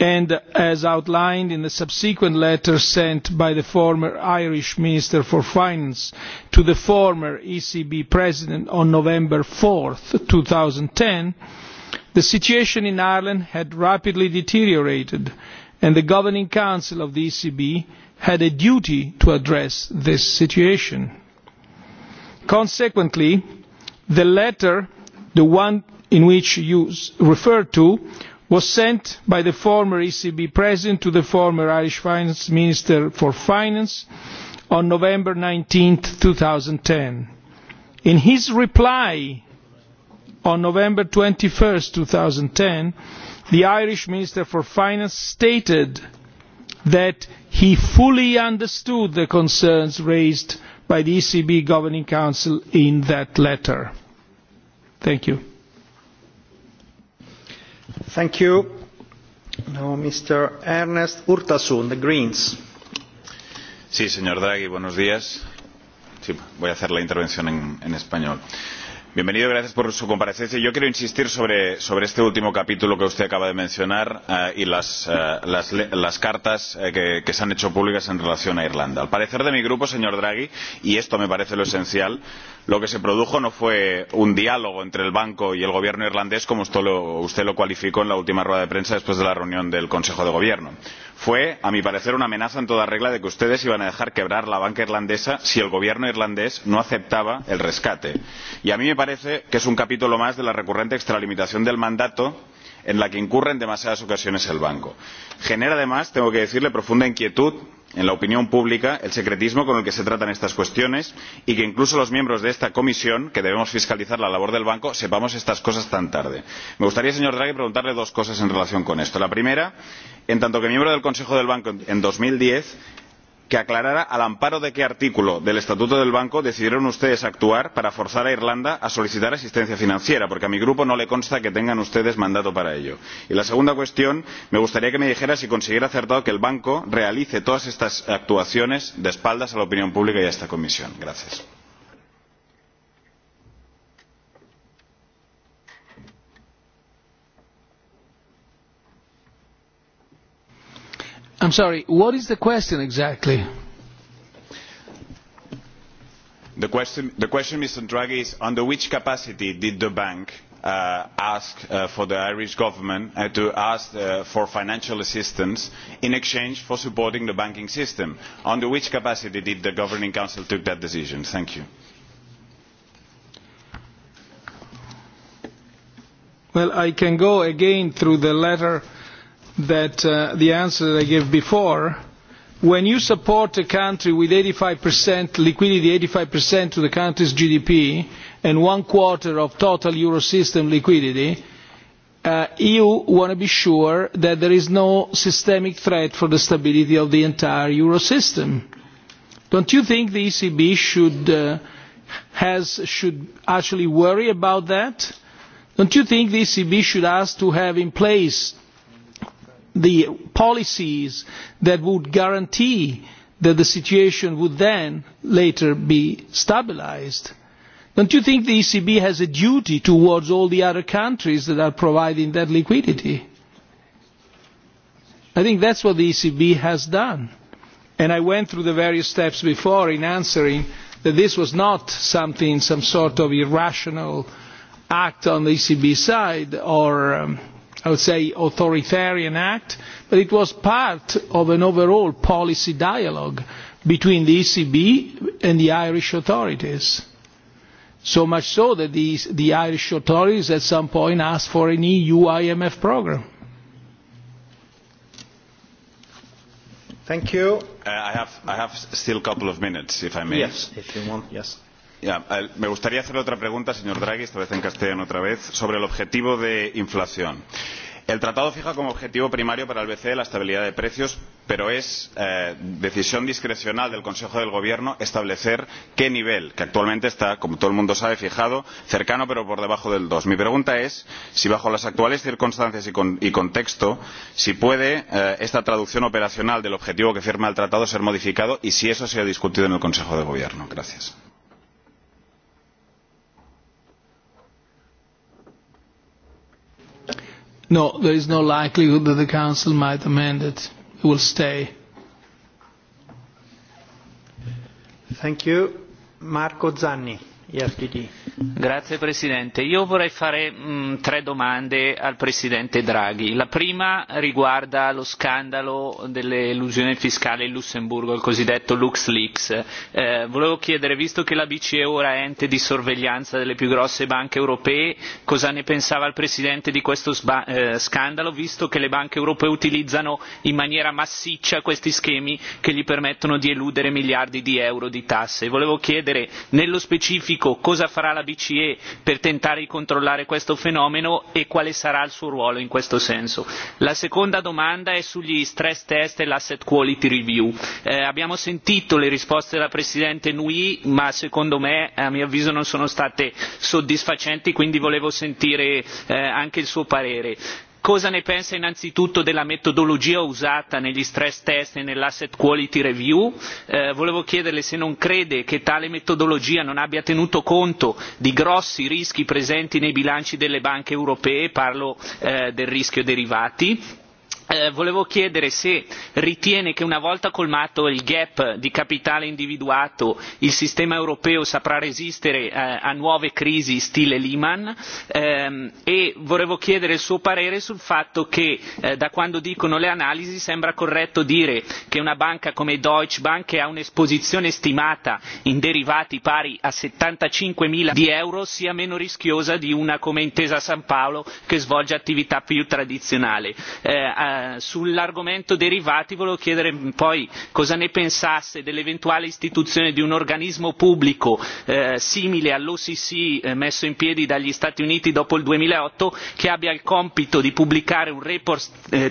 and as outlined in the subsequent letter sent by the former Irish Minister for Finance to the former ECB President on November 4, 2010, the situation in Ireland had rapidly deteriorated and the Governing Council of the ECB had a duty to address this situation consequently the letter the one to which you refer was sent by the former ecb president to the former irish minister for finance on nineteen november. two thousand and ten in his reply on twenty one november two thousand and ten the irish minister for finance stated that he fully understood the concerns raised by the ECB Governing Council in that letter. Thank you. Thank you. Now, Mr. Ernest Urtasun, the Greens. Sí, señor Draghi, buenos días. Sí, voy a hacer la intervención en, en español. Eh, bienvenido y gracias por su comparecencia. yo quiero insistir sobre este último capítulo que usted acaba de mencionar eh, y las eh, cartas eh, que se han hecho públicas en relación a irlanda. al parecer de mi grupo señor draghi y esto me parece lo esencial lo que se produjo no fue un diálogo entre el banco y el gobierno irlandés como usted lo, usted lo calificó en la última rueda de prensa después de la reunión del consejo de gobierno fue a mi parecer una amenaza en toda regla de que ustedes iban a dejar quebrar la banca irlandesa si el gobierno irlandés no aceptaba el rescate y a mí me parece que es un capítulo más de la recurrente extralimitación del mandato en la que incurre en demasiadas ocasiones el banco. genera además tengo que decirle profunda inquietud en la opinión pública el secretismo con el que se tratan estas cuestiones y que incluso los miembros de esta comisión que debemos fiscalizar la labor del banco sepamos estas cosas tan tarde. me gustaría señor draghi preguntarle dos cosas en relación con esto. la primera en tanto que miembro del consejo del banco en dos mil diez que aclarara al amparo de qué artículo del estatuto del banco decidieron ustedes actuar para forzar a irlanda a solicitar asistencia financiera porque a mi grupo no le consta que tengan ustedes mandato para ello. y la segunda cuestión me gustaría que me dijera si considera acertado que el banco realice todas estas actuaciones de espaldas a la opinión pública y a esta comisión. gracias. i'm sorry what is the question exactly the question the question mr draghi is under which capacity did the bank uh, ask uh, for the irish government uh, to ask uh, for financial assistance in exchange for supporting the banking system under which capacity did the governing council took that decision thank you well i can go again through the letter that uh, the answer that I gave before. When you support a country with 85% liquidity, 85% to the country's GDP, and one quarter of total Eurosystem liquidity, uh, you e want to be sure that there is no systemic threat for the stability of the entire Eurosystem. Don't you think the ECB should, uh, has, should actually worry about that? Don't you think the ECB should ask to have in place the policies that would guarantee that the situation would then later be stabilised. Don't you think the ECB has a duty towards all the other countries that are providing that liquidity? I think that's what the ECB has done. And I went through the various steps before in answering that this was not something, some sort of irrational act on the ECB side or um, i would say authoritarian act but it was part of an overall policy dialogue between the ecb and the irish authorities so much so that the irish authorities at some point asked for an eu imf programme. thank you. Uh, i have still a couple of minutes if i may. yes if you want. Eh, me gustaría hacerle otra pregunta señor draghi esta vez en castellano otra vez sobre el objetivo de inflación. el tratado fija como objetivo primario para el bce la estabilidad de precios pero es eh, decisión discrecional del consejo de gobierno establecer qué nivel que actualmente está como todo el mundo sabe fijado cercano pero por debajo del dos mi pregunta es si bajo las actuales circunstancias y contexto puede eh, esta traducción operacional del objetivo que firma el tratado ser modificada y si eso se ha discutido en el consejo de gobierno. gracias. No, there is no likelihood that the Council might amend it. It will stay. Thank you. Marco Zanni signor e presidente io vorrei fare mm, tre domande al presidente draghi. la prima riguarda lo scandalo dell'elusione fiscale in lussemburgo il cosiddetto luxleaks. Eh, volevo chiedere visto che la bce ora è ente di sorveglianza delle più grosse banche europee cosa ne pensava il presidente di questo eh, scandalo visto che le banche europee utilizzano in maniera massiccia questi schemi che gli permettono di eludere miliardi di euro di tasse. volevo chiedere nello specifico dico cosa farà la bce per tentare di controllare questo fenomeno e quale sarà il suo ruolo in questo senso. la seconda domanda è sugli stress test e l'asset quality review eh, abbiamo sentito le risposte della presidente nouy ma secondo me a mio avviso non sono state soddisfacenti quindi volevo sentire eh, anche il suo parere cosa ne pensa innanzitutto della metodologia usata negli stress test e nell'asset quality review eh, volevo chiederle se non crede che tale metodologia non abbia tenuto conto di grossi rischi presenti nei bilanci delle banche europee parlo eh, del rischio derivati. Eh, volevo chiedere se ritiene che una volta colmato il gap di capitale individuato il sistema europeo saprà resistere eh, a nuove crisi stile lehman ehm, e volevo chiedere il suo parere sul fatto che eh, da quando dicono le analisi sembra corretto dire che una banca come deutsche bank che ha un'esposizione stimata in derivati pari a settantacinque mila di euro sia meno rischiosa di una come intesa san paolo che svolge attività più tradizionale. Eh, sull'argomento derivati volevo chiedere poi cosa ne pensasse dell'eventuale istituzione di un organismo pubblico eh, simile all'occ eh, messo in piedi dagli stati uniti dopo il duemilaotto che abbia il compito di pubblicare una relazione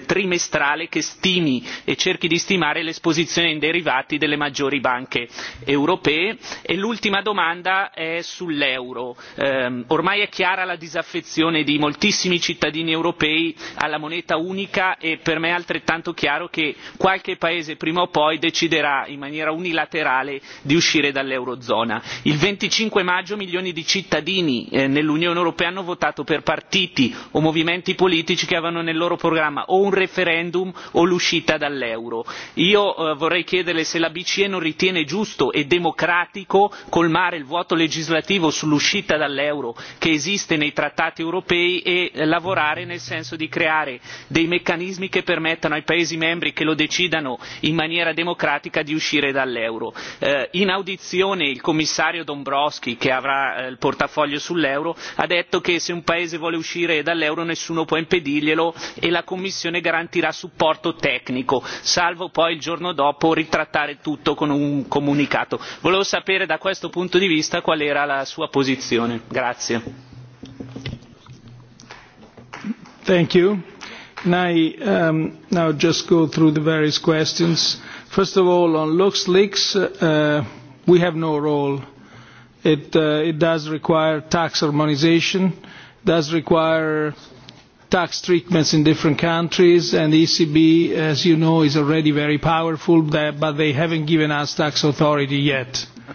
trimestrale che stimi e cerchi di stimare l'esposizione in derivati delle maggiori banche europee. e l'ultima domanda è sull'euro ehm, ormai è chiara la disaffezione di moltissimi cittadini europei alla moneta unica e per me è altrettanto chiaro che qualche paese prima o poi deciderà in maniera unilaterale di uscire dall'eurozona. il venticinque maggio milioni di cittadini eh, nell'unione europea hanno votato per partiti o movimenti politici che avevano nel loro programma o un referendum o l'uscita dall'euro. io eh, vorrei chiederle se la bce non ritiene giusto e democratico colmare il vuoto legislativo sull'uscita dall'euro che esiste nei trattati europei e eh, lavorare nel senso di creare dei meccanismi meccanismi che permettano ai paesi membri che lo decidano in maniera democratica di uscire dall'euro. Eh, in audizione il commissario dombrovskis che avrà eh, il portafoglio sull'euro ha detto che se un paese vuole uscire dall'euro nessuno può impedirglielo e la commissione garantirà supporto tecnico salvo poi il giorno dopo ritrattare tutto con un comunicato. volevo sapere da questo punto di vista qual era la sua posizione. grazie. I um, now just go through the various questions. First of all, on LuxLeaks, uh, we have no role. It, uh, it does require tax harmonization, does require tax treatments in different countries, and ECB, as you know, is already very powerful, but they haven't given us tax authority yet. Uh,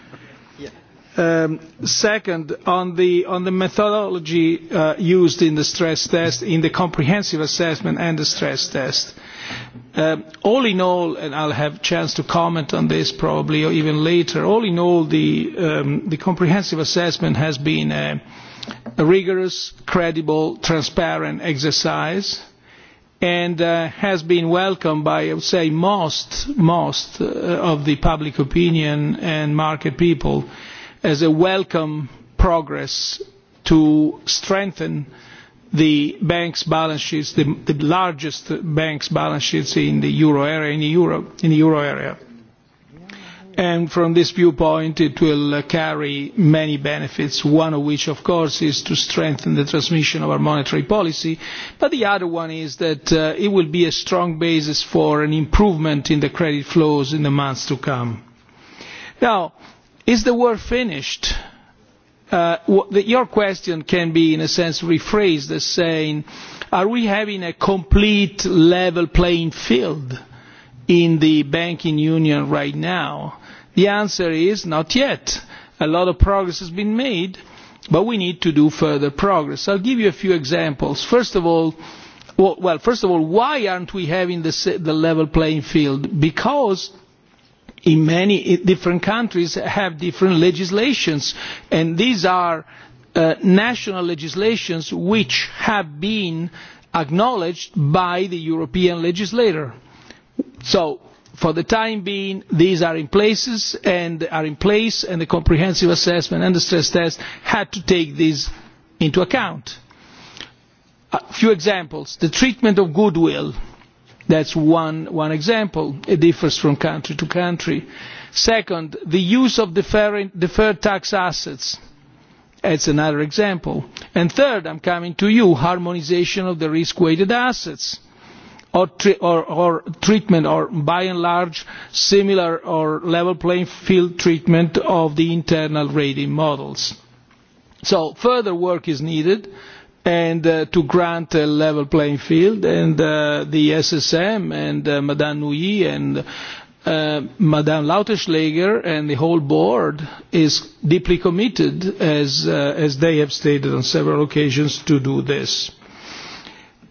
Um, second on the methodology uh, used in the stress test in the comprehensive assessment and the stress test um, all in all and i will have a chance to comment on this probably even later all in all the um, comprehensive assessment has been a rigorous credible transparent exercise and uh, has been welcomed by i would say most uh, of the public opinion and market people as a welcome progress to strengthen the bank's balance sheets, the, the largest bank's balance sheets in the euro area, in, Europe, in the euro area. And from this viewpoint, it will uh, carry many benefits, one of which, of course, is to strengthen the transmission of our monetary policy. But the other one is that uh, it will be a strong basis for an improvement in the credit flows in the months to come. Now, is the war finished? Uh, your question can be, in a sense, rephrased as saying, are we having a complete level playing field in the banking union right now? The answer is not yet. A lot of progress has been made, but we need to do further progress. I'll give you a few examples. First of all, well, first of all, why aren't we having the, the level playing field? Because in many different countries have different legislations and these are uh, national legislations which have been acknowledged by the european legislator. so for the time being these are in place and are in place and the comprehensive assessment and the stress test had to take these into account. a few examples the treatment of goodwill that is one example it differs from country to country. second the use of deferred tax assets that is another example. and third i am coming to you harmonisation of the risk weighted assets or treatment or by and large similar or level playing field treatment of the internal rating models. so further work is needed and uh, to grant a level playing field. And uh, the SSM and uh, Madame Nouy and uh, Madame Lauterschläger and the whole board is deeply committed, as, uh, as they have stated on several occasions, to do this.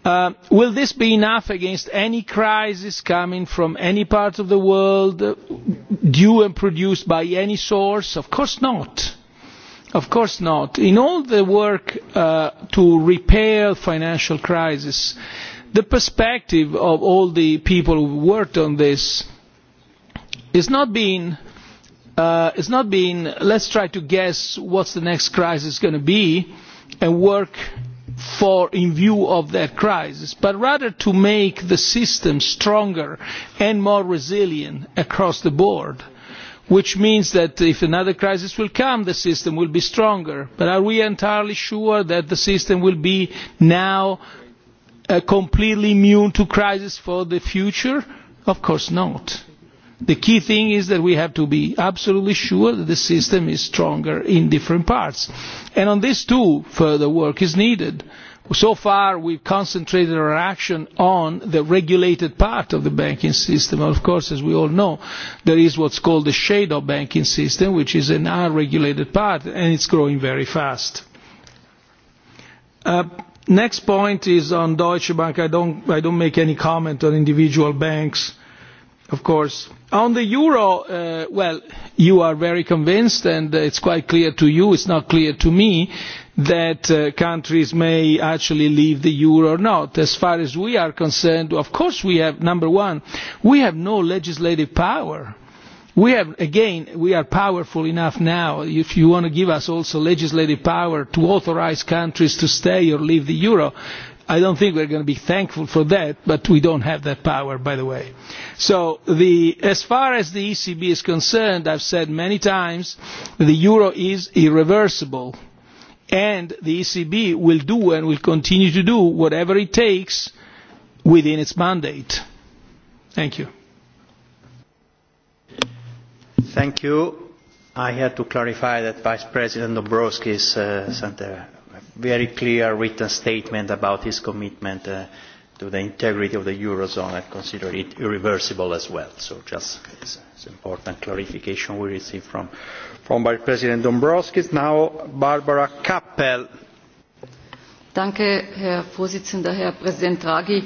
Uh, will this be enough against any crisis coming from any part of the world, due and produced by any source? Of course not. Uh, of course not. in all the work uh, to repair the financial crisis, the perspective of all the people who worked on this is not being, uh, it's not being let's try to guess what's the next crisis going to be and work for in view of that crisis, but rather to make the system stronger and more resilient across the board which means that if another crisis will come the system will be stronger but are we entirely sure that the system will be now uh, completely immune to crisis for the future of course not the key thing is that we have to be absolutely sure that the system is stronger in different parts and on this too further work is needed so far we have concentrated our action on the regulated part of the banking system. of course as we all know there is what is called the shadow banking system which is an unregulated part and it is growing very fast. Uh, next point is on deutsche bank. i don't, I don't make any comment on individual banks. of course, on the euro, uh, well, you are very convinced and it's quite clear to you. it's not clear to me that uh, countries may actually leave the euro or not. as far as we are concerned of course we have number one we have no legislative power we have again we are powerful enough now if you want to give us also legislative power to authorise countries to stay or leave the euro I don't think we're going to be thankful for that, but we don't have that power, by the way. So, the, as far as the ECB is concerned, I've said many times, the euro is irreversible and the ecb will do and will continue to do whatever it takes within its mandate. thank you. thank you. i had to clarify that vice president dombrovskis uh, sent a very clear written statement about his commitment uh, to the integrity of the eurozone and consider it irreversible as well. so just it's, it's important clarification we received from, from vice president dombrovskis. now, barbara Kapp herr präsident herr präsident draghi!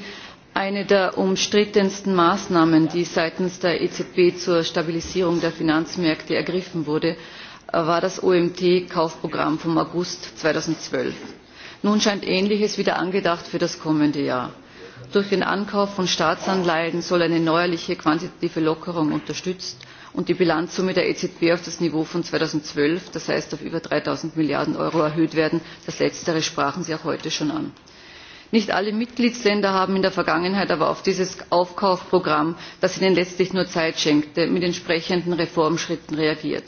eine der umstrittensten maßnahmen die seitens der ezb zur stabilisierung der finanzmärkte ergriffen wurde war das omt kaufprogramm vom august. zweitausendzwölf nun scheint ähnliches wieder angedacht für das kommende jahr. durch den ankauf von staatsanleihen soll eine neuerliche quantitative lockerung unterstützt und die bilanzsumme der ezb auf das niveau von zweitausendzwölf das heißt auf über drei null milliarden euro erhöht werden das letztere sprachen sie auch heute schon an. nicht alle mitgliedstaaten haben in der vergangenheit aber auf dieses aufkaufprogramm das ihnen letztlich nur zeit schenkte mit entsprechenden reformschritten reagiert.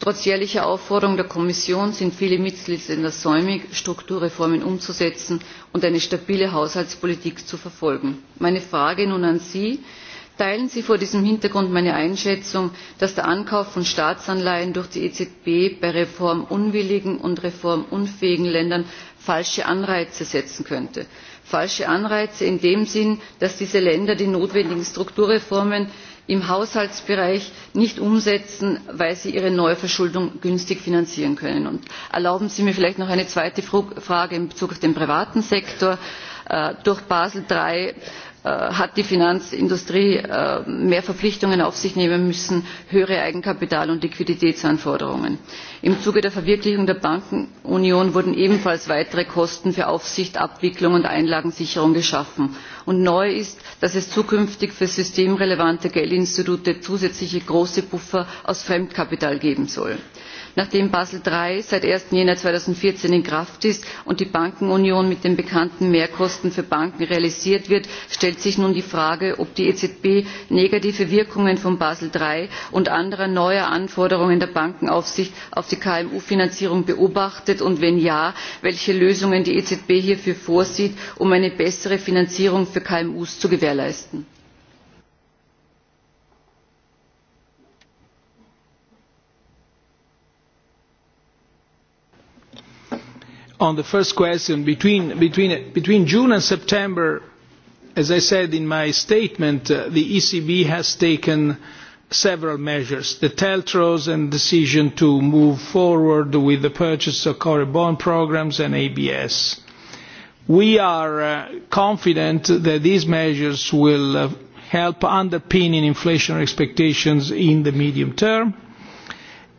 trotz jährlicher aufforderung der kommission sind viele mitgliedstaaten säumig strukturreformen umzusetzen und eine stabile haushaltspolitik zu verfolgen. meine frage nun an sie teilen sie vor diesem hintergrund meine einschätzung dass der ankauf von staatsanleihen durch die ezb bei reformunwilligen und reformunfähigen ländern falsche anreize setzen könnte falsche anreize in dem sinn dass diese länder die notwendigen strukturreformen im haushaltsbereich nicht umsetzen weil sie ihre neuverschuldung günstig finanzieren können? erlauben sie mir vielleicht noch eine zweite frage in bezug auf den privaten sektor äh, durch basel Äh, hat die finanzindustrie äh, mehr verpflichtungen auf sich nehmen müssen höhere eigenkapital und liquiditätsanforderungen. im zuge der verwirklichung der bankenunion wurden ebenfalls weitere kosten für aufsicht abwicklung und einlagensicherung geschaffen. neu ist dass es zukünftig für systemrelevante geldinstitute zusätzliche große puffer aus fremdkapital geben soll nachdem basel iii seit. eins januar zweitausendvierzehn in kraft ist und die bankenunion mit den bekannten mehrkosten für banken realisiert wird stellt sich nun die frage ob die ezb negative wirkungen von basel iii und anderer neuer anforderungen der bankenaufsicht auf die kmu finanzierung beobachtet und wenn ja welche lösungen die ezb hierfür vorsieht um eine bessere finanzierung für kmu zu gewährleisten. on the first question between june and september as i said in my statement uh, the ecb has taken several measures the teltros and the decision to move forward with the purchase of covered bond programmes and abs. we are uh, confident that these measures will uh, help underpin inflation expectations in the medium term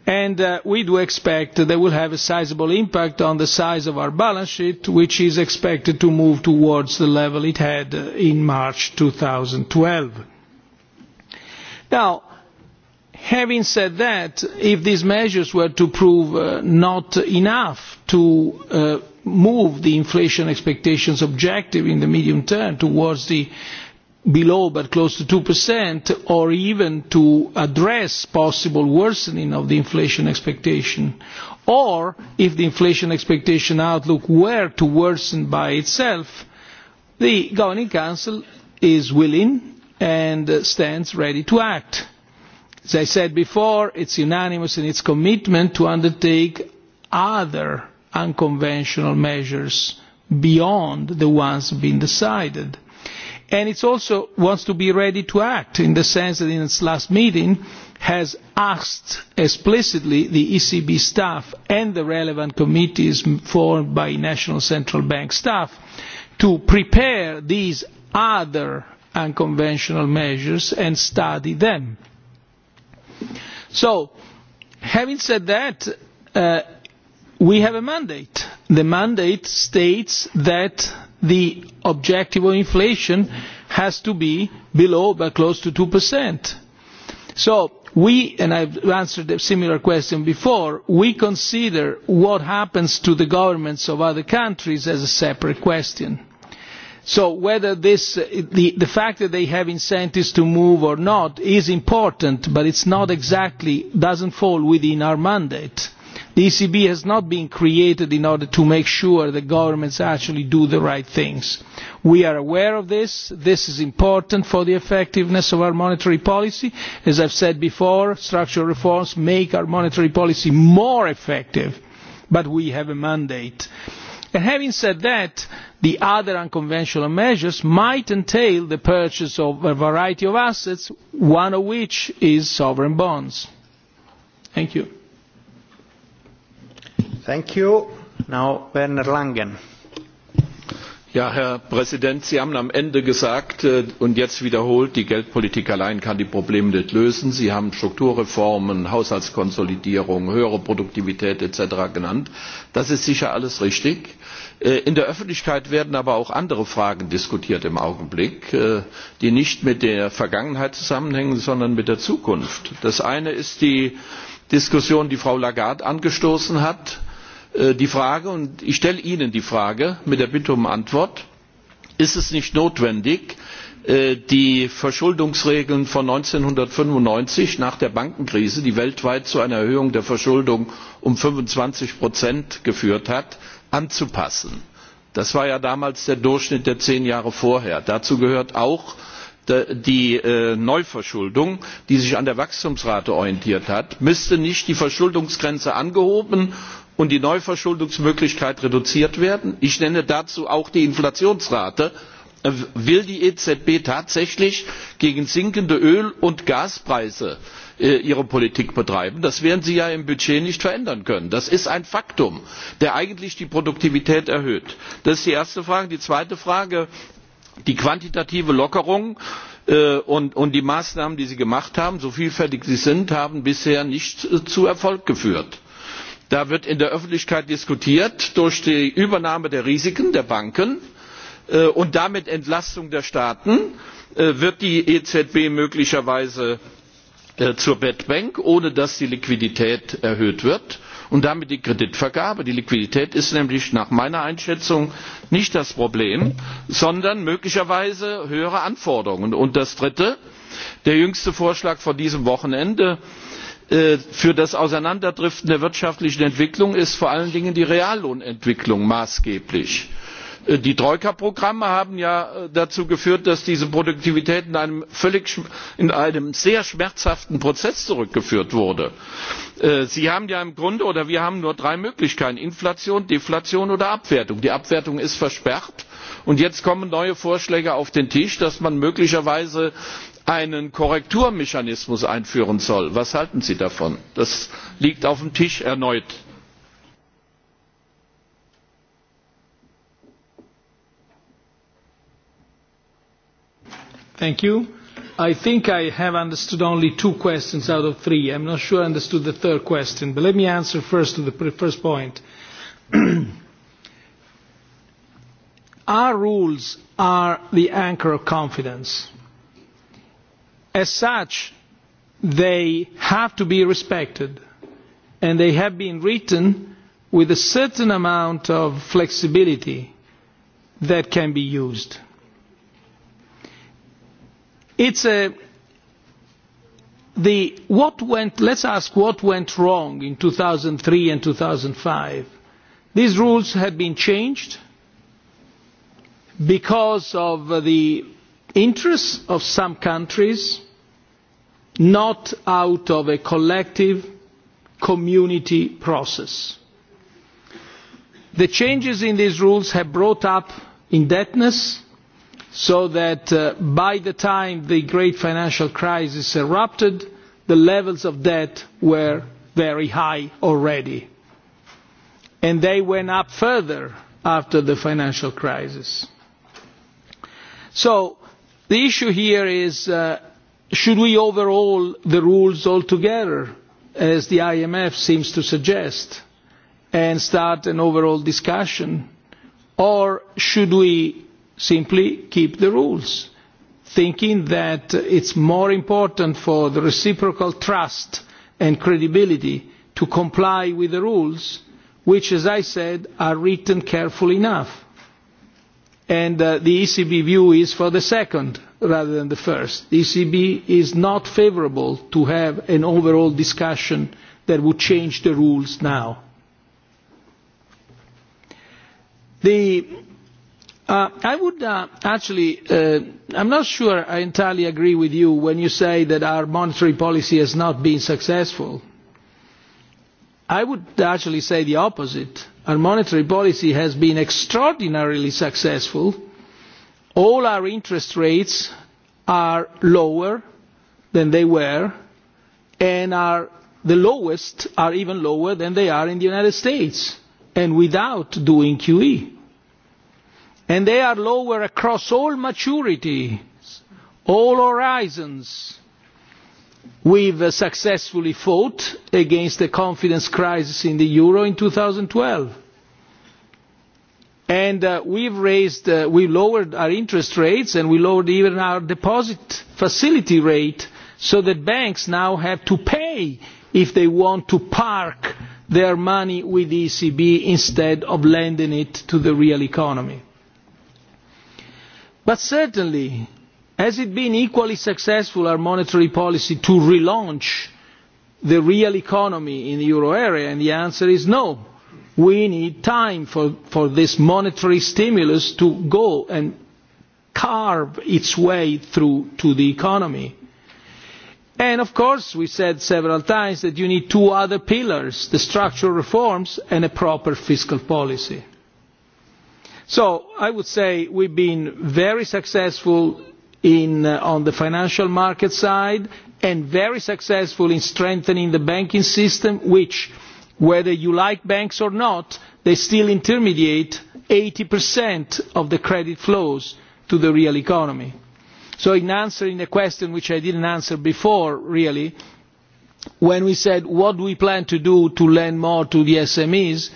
and uh, we do expect they will have a sizeable impact on the size of our balance sheet which is expected to move towards the level it had uh, in march. two thousand and twelve now having said that if these measures were to prove uh, not enough to move the inflation expectations objective in the medium term towards the below but close to two percent or even to address possible worsening of the inflation expectation or if the inflation expectation outlook were to worsen by itself the governing council is willing and stands ready to act. as i said before it is unanimous in its commitment to undertake other unconventional measures beyond the ones being decided and it also wants to be ready to act in the sense that in its last meeting it has asked explicitly the ecb staff and the relevant committees formed by national central bank staff to prepare these other unconventional measures and study them. so having said that uh, we have a mandate. the mandate states that the objective of inflation has to be below but close to two percent. so we and i have answered a similar question before we consider what happens to the governments of other countries as a separate question. so whether this the, the fact that they have incentives to move or not is important but it's not exactly doesn't fall within our mandate the ecb has not been created in order to make sure that governments actually do the right things. we are aware of this. this is important for the effectiveness of our monetary policy. as i have said before structural reforms make our monetary policy more effective but we have a mandate. having said that the other unconventional measures might entail the purchase of a variety of assets one of which is sovereign bonds. thank you. Ja, herr präsident sie haben am ende gesagt äh, und jetzt wiederholt die geldpolitik allein kann die probleme nicht lösen. sie haben strukturreformen haushaltskonsolidierung höhere produktivität etc. genannt. das ist sicher alles richtig. Äh, in der öffentlichkeit werden aber auch andere fragen diskutiert im augenblick äh, die nicht mit der vergangenheit zusammenhängen sondern mit der zukunft. das eine ist die diskussion die frau lagarde angestoßen hat Äh, die frage und ich stelle ihnen die frage mit der bitte um antwort ist es nicht notwendig äh, die verschuldungsregeln von eintausendneunhundertfünfundneunzig nach der bankenkrise die weltweit zu einer erhöhung der verschuldung um fünfundzwanzig geführt hat anzupassen? das war ja damals der durchschnitt der zehn jahre vorher. dazu gehört auch die äh, neuverschuldung die sich an der wachstumsrate orientiert hat. müsste nicht die verschuldungsgrenze angehoben und die neuverschuldungsmöglichkeit reduziert werden ich nenne dazu auch die inflationsrate will die ezb tatsächlich gegen sinkende öl und gaspreise äh, ihre politik betreiben? das werden sie ja im budget nicht verändern können. das ist ein faktum der eigentlich die produktivität erhöht. das ist die erste frage. die zweite frage die quantitative lockerung äh, und die maßnahmen die sie gemacht haben so vielfältig sie sind haben bisher nicht äh, zu erfolg geführt da wird in der öffentlichkeit diskutiert durch die übernahme der risiken der banken äh, und damit entlastung der staaten äh, wird die ezb möglicherweise äh, zur bettbank ohne dass die liquidität erhöht wird und damit die kreditvergabe. die liquidität ist nämlich nach meiner einschätzung nicht das problem sondern möglicherweise höhere anforderungen. und das dritte der jüngste vorschlag von diesem wochenende Äh, für das auseinanderdriften der wirtschaftlichen entwicklung ist vor allen dingen die reallohnentwicklung maßgeblich. Äh, die troika programme haben ja äh, dazu geführt dass diese produktivität in einen sehr schmerzhaften prozess zurückgeführt wurde. sie haben ja im grunde oder wir haben nur drei möglichkeiten inflation deflation oder abwertung. die abwertung ist versperrt und jetzt kommen neue vorschläge auf den tisch dass man möglicherweise einen korrekturmechanismus einführen soll. was halten sie davon? das liegt erneut auf dem tisch. thank you. i think i have understood only two questions out of three. i'm not sure i understood the third question. but let me answer first to the first point. our rules are the anchor of confidence as such, they have to be respected. And they have been written with a certain amount of flexibility that can be used. It's a, the, what went, let's ask what went wrong in 2003 and 2005. These rules had been changed because of the interests of some countries not out of a collective community process. The changes in these rules have brought up indebtedness so that uh, by the time the great financial crisis erupted, the levels of debt were very high already. And they went up further after the financial crisis. So the issue here is uh, should we overhaul the rules altogether as the imf seems to suggest and start an overall discussion or should we simply keep the rules thinking that it's more important for the reciprocal trust and credibility to comply with the rules which as i said are written carefully enough and uh, the ecb view is for the second rather than the first. the ecb is not favourable to have an overall discussion that would change the rules now. The, uh, i would uh, actually, uh, i'm not sure i entirely agree with you when you say that our monetary policy has not been successful. i would actually say the opposite our monetary policy has been extraordinarily successful. All our interest rates are lower than they were and are the lowest are even lower than they are in the United States and without doing QE. And they are lower across all maturities, all horizons, we have uh, successfully fought against the confidence crisis in the euro in two thousand and twelve and uh, we have raised uh, we lowered our interest rates and we lowered even our deposit facility rate so that banks now have to pay if they want to park their money with the ecb instead of lending it to the real economy. but certainly has it been equally successful our monetary policy to relaunch the real economy in the euro area and the answer is no we need time for, for this monetary stimulus to go and carve its way through to the economy and of course we said several times that you need two other pillars the structural reforms and a proper fiscal policy so i would say we've been very successful Uh, on the financial market side and very successful in strengthening the banking system which whether you like banks or not they still intermediate eighty of the credit flows to the real economy. so in answering a question which i didn't answer before really when we said what do we plan to do to lend more to the smes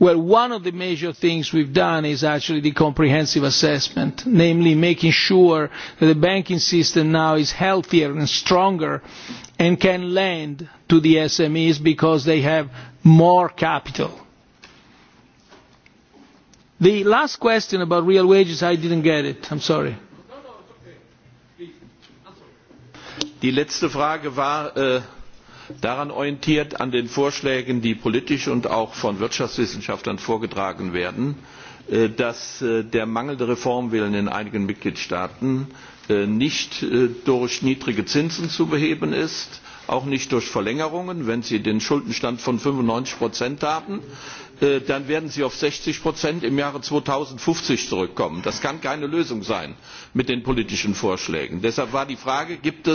well one of the major things we have done is actually the comprehensive assessment namely making sure that the banking system now is healthier and stronger and can lend to the smes because they have more capital. the last question about real wages i didn't get it i'm sorry. No, no, die letzte frage war äh, daran orientiert an den vorschlägen die politisch und auch von wirtschaftswissenschaftlern vorgetragen werden äh, dass äh, der mangelnde reformwillen in einigen mitgliedstaaten äh, nicht durch niedrige zinsen zu beheben ist auch nicht durch verlängerungen wenn sie den schuldenstand von fünfundneunzig haben dann werden sie auf sechzig im jahre zweitausendfünfzig zurückkommen. das kann keine lösung sein mit den politischen vorschlägen. deshalb war die frage gibt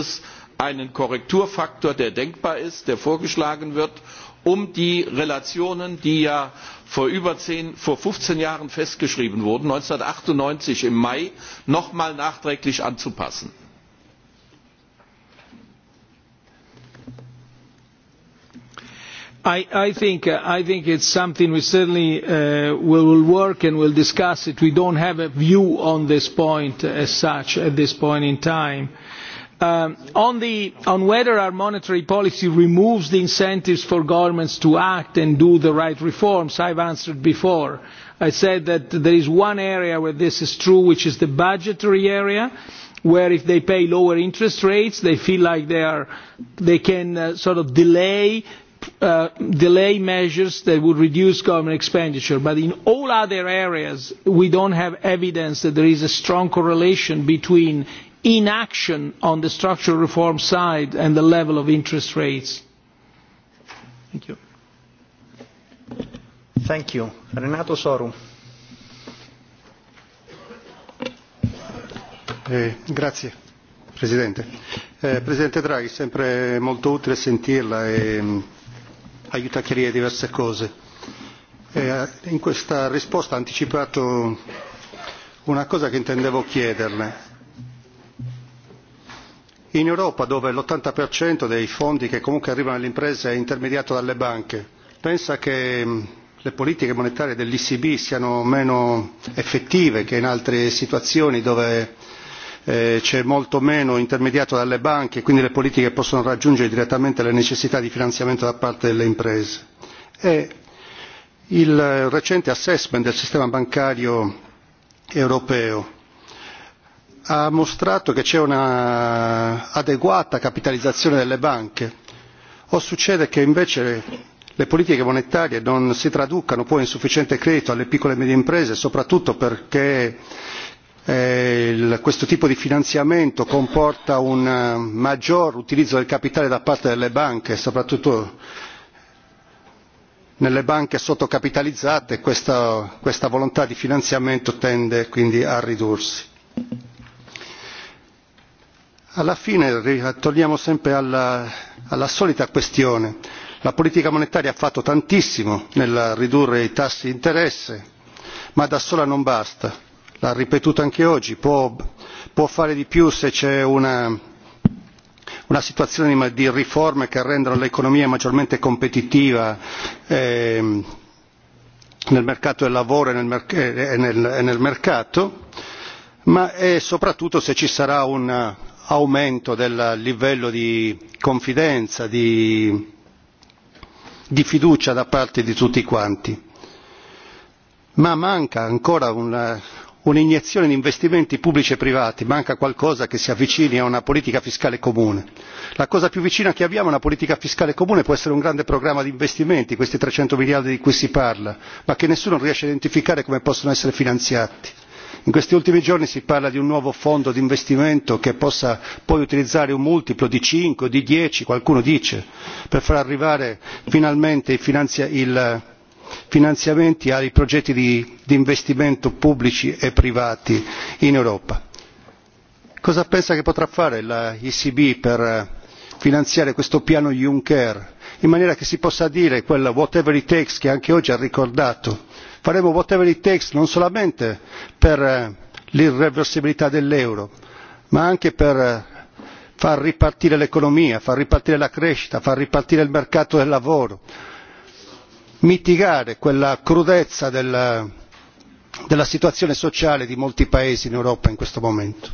einen korrekturfaktor der denkbar ist der vorgeschlagen wird um die relationen die ja vor fünfzehn jahren festgeschrieben wurden eintausendneunhundertachtundneunzig im mai noch einmal nachträglich anzupassen. i think uh, it is something we certainly uh, will work on and will discuss. we do not have a view on this point as such at this point in time. Um, on whether our monetary policy removes the incentives for governments to act and do the right reforms i have answered before. i said that there is one area where this is true which is the budgetary area where if they pay lower interest rates they feel like they can uh, sort of uh, delay measures that would reduce government expenditure but in all other areas we do not have evidence that there is a strong correlation between inaction on the structural reform side and the level of interest rates. Thank you. Thank you. Renato Soru. Eh, grazie. Presidente. Eh, Presidente Draghi, sempre molto utile sentirla e mh, mm, aiuta a chiarire diverse cose. Eh, in questa risposta ha anticipato una cosa che intendevo chiederle in europa dove l' ottanta dei fondi che comunque arrivano alle imprese è intermediato dalle banche pensa che mm, le politiche monetarie dell'ecb siano meno effettive che in altre situazioni dove eh, c'è molto meno intermediato dalle banche e quindi le politiche possono raggiungere direttamente le necessità di finanziamento da parte delle imprese e il recente assessment del sistema bancario europeo ha mostrato che c'è un'adeguata capitalizzazione delle banche o succede che invece le politiche monetarie non si traducano poi in sufficiente credito alle piccole e medie imprese soprattutto perché eh, il, questo tipo di finanziamento comporta un uh, maggior utilizzo del capitale da parte delle banche soprattutto nelle banche sottocapitalizzate questa, questa volontà di finanziamento tende quindi a ridursi alla fine torniamo sempre alla solita questione la politica monetaria ha fatto tantissimo nel ridurre i tassi di interesse ma da sola non basta l'ha ripetuto anche oggi può fare di più se c'è una situazione di riforme che rendano l'economia maggiormente competitiva ehm, nel mercato del lavoro e nel e, e e mercato ma soprattutto se ci sarà aumento del livello di confidenza di fiducia da parte di tutti quanti ma manca ancora una, un'iniezione di investimenti pubblici e privati manca qualcosa che si avvicini a una politica fiscale comune la cosa più vicina che abbiamo a una politica fiscale comune può essere un grande programma di investimenti questi 300 miliardi di cui si parla ma che nessuno riesce a identificare come possono essere finanziati in questi ultimi giorni si parla di un nuovo fondo di investimento che possa poi utilizzare un multiplo di cinque o di dieci qualcuno dice per far arrivare finalmente i finanziamenti ai progetti di investimento pubblici e privati in europa. cosa pensa che potrà fare l'ecb per finanziare questo piano juncker in maniera che si possa dire quel whatever it takes che anche oggi ha ricordato faremo whatever it takes non solamente per eh, l'irreversibilità dell'euro ma anche per eh, far ripartire l'economia far ripartire la crescita far ripartire il mercato del lavoro mitigare quella crudezza della situazione sociale di molti paesi in europa in questo momento.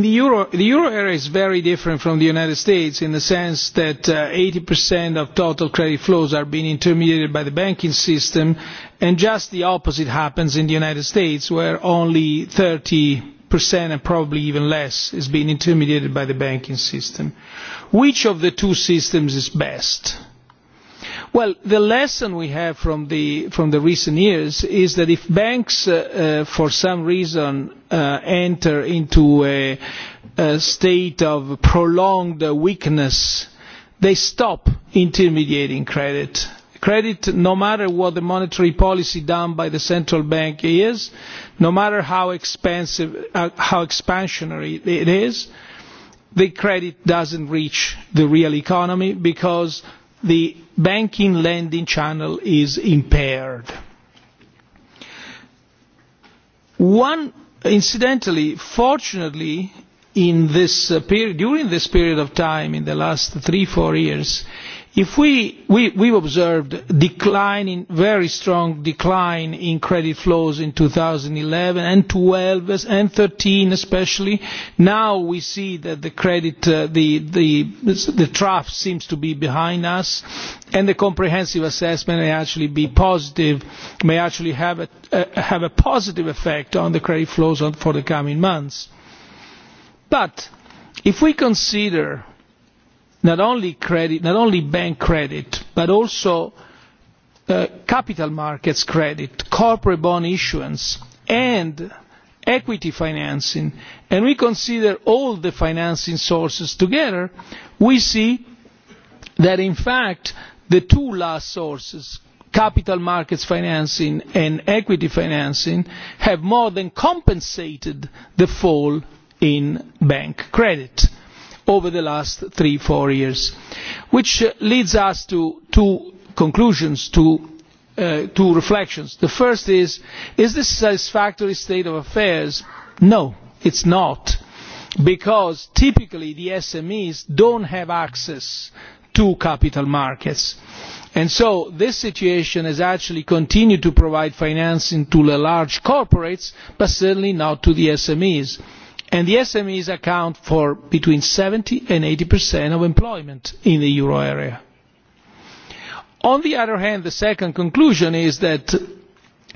the euro area is very different from the united states in the sense that uh, eighty percent of total credit flows are being intermediated by the banking system and just the opposite happens in the united states where only thirty percent and probably even less is being intermediated by the banking system. which of the two systems is best? Well, the lesson we have from the, from the recent years is that if banks, uh, uh, for some reason, uh, enter into a, a state of prolonged weakness, they stop intermediating credit. Credit, no matter what the monetary policy done by the central bank is, no matter how expensive, uh, how expansionary it is, the credit doesn't reach the real economy because the banking lending channel is impaired. One, incidentally, fortunately, in this uh, period, during this period of time, in the last three, four years, uh, if we we we observed declining very strong decline in credit flows in 2011 and 12 and 13 especially now we see that the credit uh, the the the trough seems to be behind us and the comprehensive assessment may actually be positive may actually have a uh, have a positive effect on the credit flows for the coming months but if we consider not only credit not only bank credit but also uh, capital markets credit corporate bond issuance and equity financing and we consider all the financing sources together we see that in fact the two last sources capital markets financing and equity financing have more than compensated the fall in bank credit over the last three or four years which uh, leads us to two conclusions to uh, two reflections. the first is is this a satisfactory state of affairs? no it is not because typically the smes do not have access to capital markets and so this situation has actually continued to provide financing to the large corporates but certainly not to the smes and the smes account for between seventy and eighty percent of employment in the euro area. on the other hand the second conclusion is that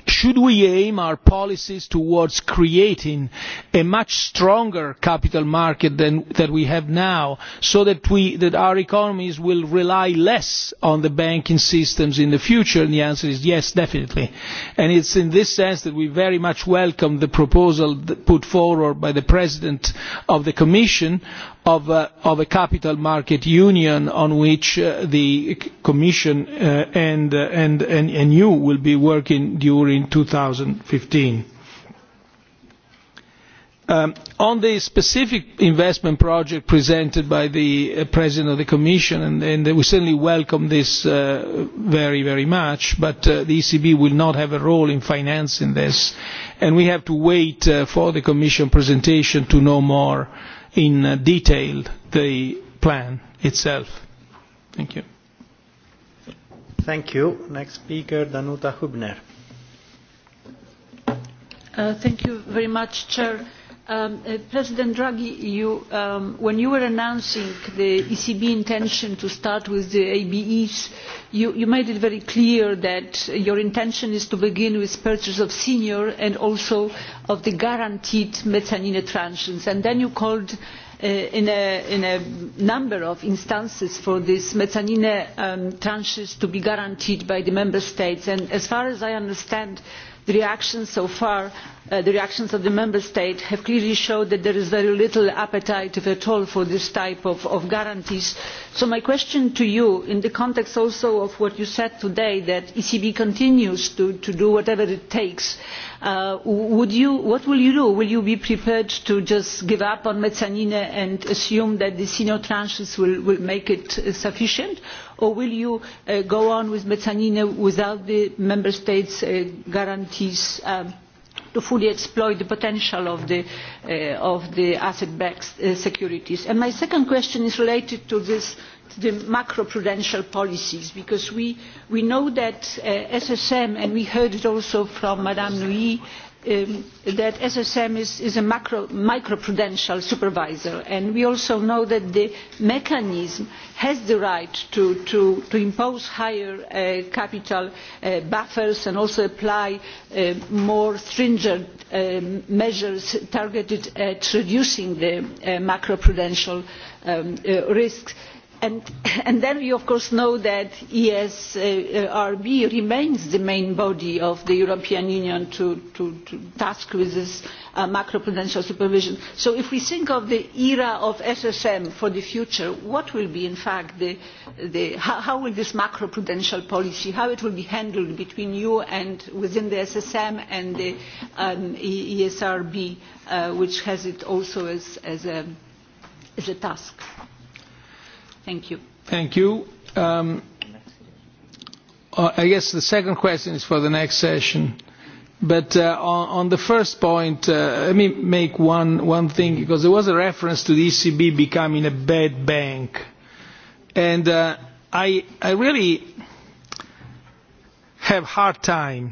should we aim our policies towards creating a much stronger capital market than that we have now so that we that our economies will rely less on the banking systems in the future and the answer is yes definitely and it's in this sense that we very much welcome the proposal put forward by the president of the commission of a, uh, of a capital market union on which uh, the Commission uh, and, uh, and, and, and you will be working during 2015. Um, on the specific investment project presented by the uh, President of the Commission, and, and we certainly welcome this uh, very, very much, but uh, the ECB will not have a role in financing this, and we have to wait uh, for the Commission presentation to know more uh, in detail the plan itself. Thank you. Thank you. Next speaker, Danuta Hubner. Uh, thank you very much, Chair. Um, uh, President Draghi, you, um, when you were announcing the ECB intention to start with the ABEs, you, you made it very clear that your intention is to begin with purchase of senior and also of the guaranteed mezzanine tranches. And then you called uh, in, a, in a number of instances for these mezzanine um, tranches to be guaranteed by the member states. And as far as I understand, Uh, the reactions of the member states have clearly shown that there is very little appetite if at all for this type of guarantees. so my question to you in the context also of what you said today that the ecb continues to do whatever it takes uh, what will you do? will you be prepared to just give up on mezzanine and assume that the senior tranches will make it sufficient? or will you uh, go on with mezzanine without the member states' uh, guarantees um, to fully exploit the potential of the uh, asset backed securities? my second question is related to the macro prudential policies because we know that ssm and we heard it also from ms nouy Um, that ssm is a micro prudential supervisor and we also know that the mechanism has the right to impose higher uh, capital uh, buffers and also apply uh, more stringent measures targeted at reducing the macro prudential um, risks. and then we of course know that the esrb remains the main body of the european union tasked with this uh, macroprudential supervision. so if we think of the era of ssm for the future what will be in fact how will this macroprudential policy how will it be handled between you and within the ssm and the um, esrb uh, which has it also as a task? thank you. thank you. Um, uh, i guess the second question is for the next session. but uh, on, on the first point, uh, let me make one, one thing, because there was a reference to the ecb becoming a bad bank. and uh, I, I really have hard time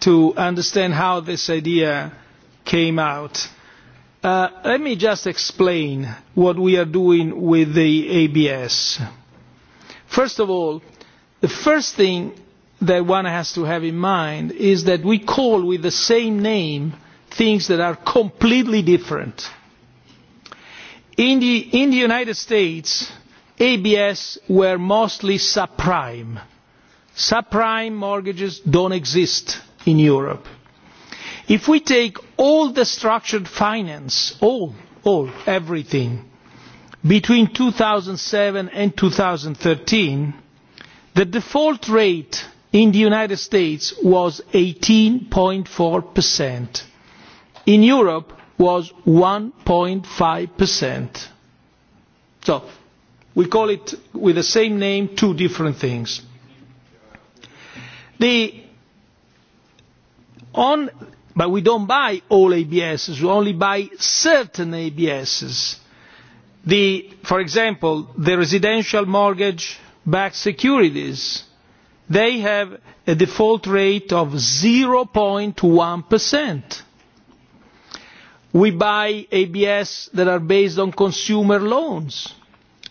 to understand how this idea came out. Uh, let me just explain what we are doing with the ABS. First of all, the first thing that one has to have in mind is that we call with the same name things that are completely different. In the United States, ABS were mostly subprime. Subprime mortgages don't exist in Europe if we take all the structured finance, all, all, everything, between 2007 and 2013, the default rate in the United States was 18.4%. In Europe was 1.5%. So, we call it with the same name two different things. The, on but we don't buy all ABSs, we only buy certain ABSs. The, for example, the residential mortgage-backed securities, they have a default rate of 0.1%. We buy ABS that are based on consumer loans.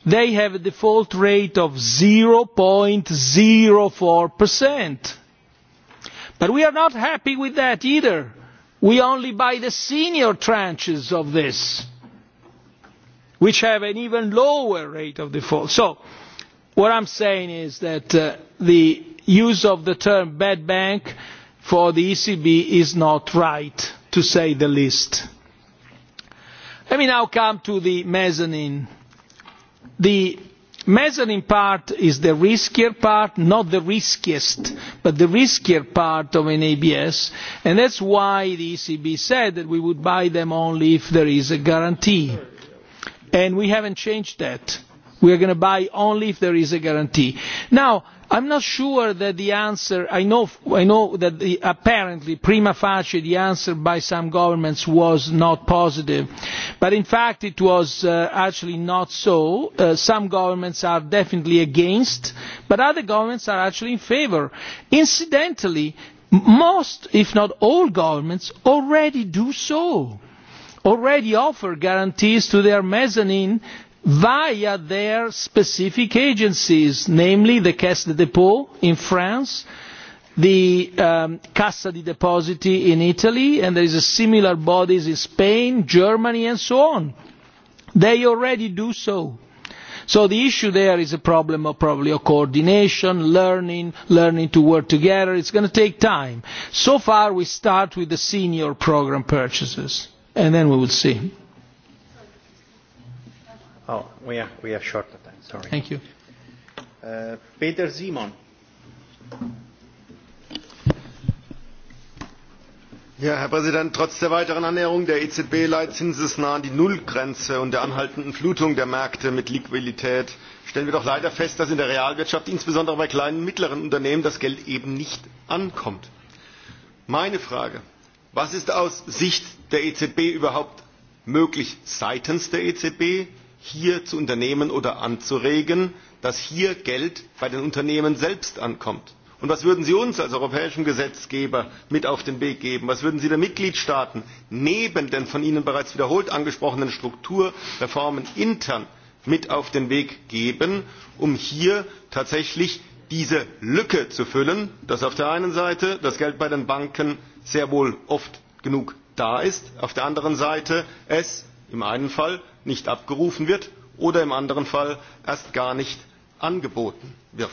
They have a default rate of 0.04%. But we are not happy with that either we only buy the senior tranches of this which have an even lower rate of default. so what i'm saying is that uh, the use of the term bad bank for the ecb is not right to say the least. let me now come to the mezzanine. the mezzanine part is the riskier part not the riskiest but the riskier part of an abs and that is why the ecb said that we would buy them only if there is a guarantee and we have not changed that we are going to buy only if there is a guarantee. now I'm not sure that the answer, I know, I know that the, apparently, prima facie, the answer by some governments was not positive. But in fact, it was uh, actually not so. Uh, some governments are definitely against, but other governments are actually in favor. Incidentally, most, if not all governments, already do so. Already offer guarantees to their mezzanine via their specific agencies namely the caisse des dpots in france the um, cassa di depositi in italy and there are similar bodies in spain germany and so on. they already do so. so the issue there is a problem of probably of coordination learning learning to work together it's going to take time. so far we start with the senior programme purchases and then we will see. Oh, we have, we have short time. Sorry. Thank you. Uh, Peter Simon. Ja, Herr Präsident, trotz der weiteren Annäherung der EZB Leitzinses nahe an die Nullgrenze und der anhaltenden Flutung der Märkte mit Liquidität stellen wir doch leider fest, dass in der Realwirtschaft, insbesondere bei kleinen und mittleren Unternehmen, das Geld eben nicht ankommt. Meine Frage Was ist aus Sicht der EZB überhaupt möglich seitens der EZB? hier zu unternehmen oder anzuregen dass hier geld bei den unternehmen selbst ankommt? und was würden sie uns als europäischem gesetzgeber mit auf den weg geben was würden sie den mitgliedstaaten neben den von ihnen bereits wiederholt angesprochenen strukturreformen intern mit auf den weg geben um hier tatsächlich diese lücke zu füllen dass auf der einen seite das geld bei den banken sehr wohl oft genug da ist auf der anderen seite es im einen fall nicht abgerufen wird oder im anderen fall erst gar nicht angeboten wird.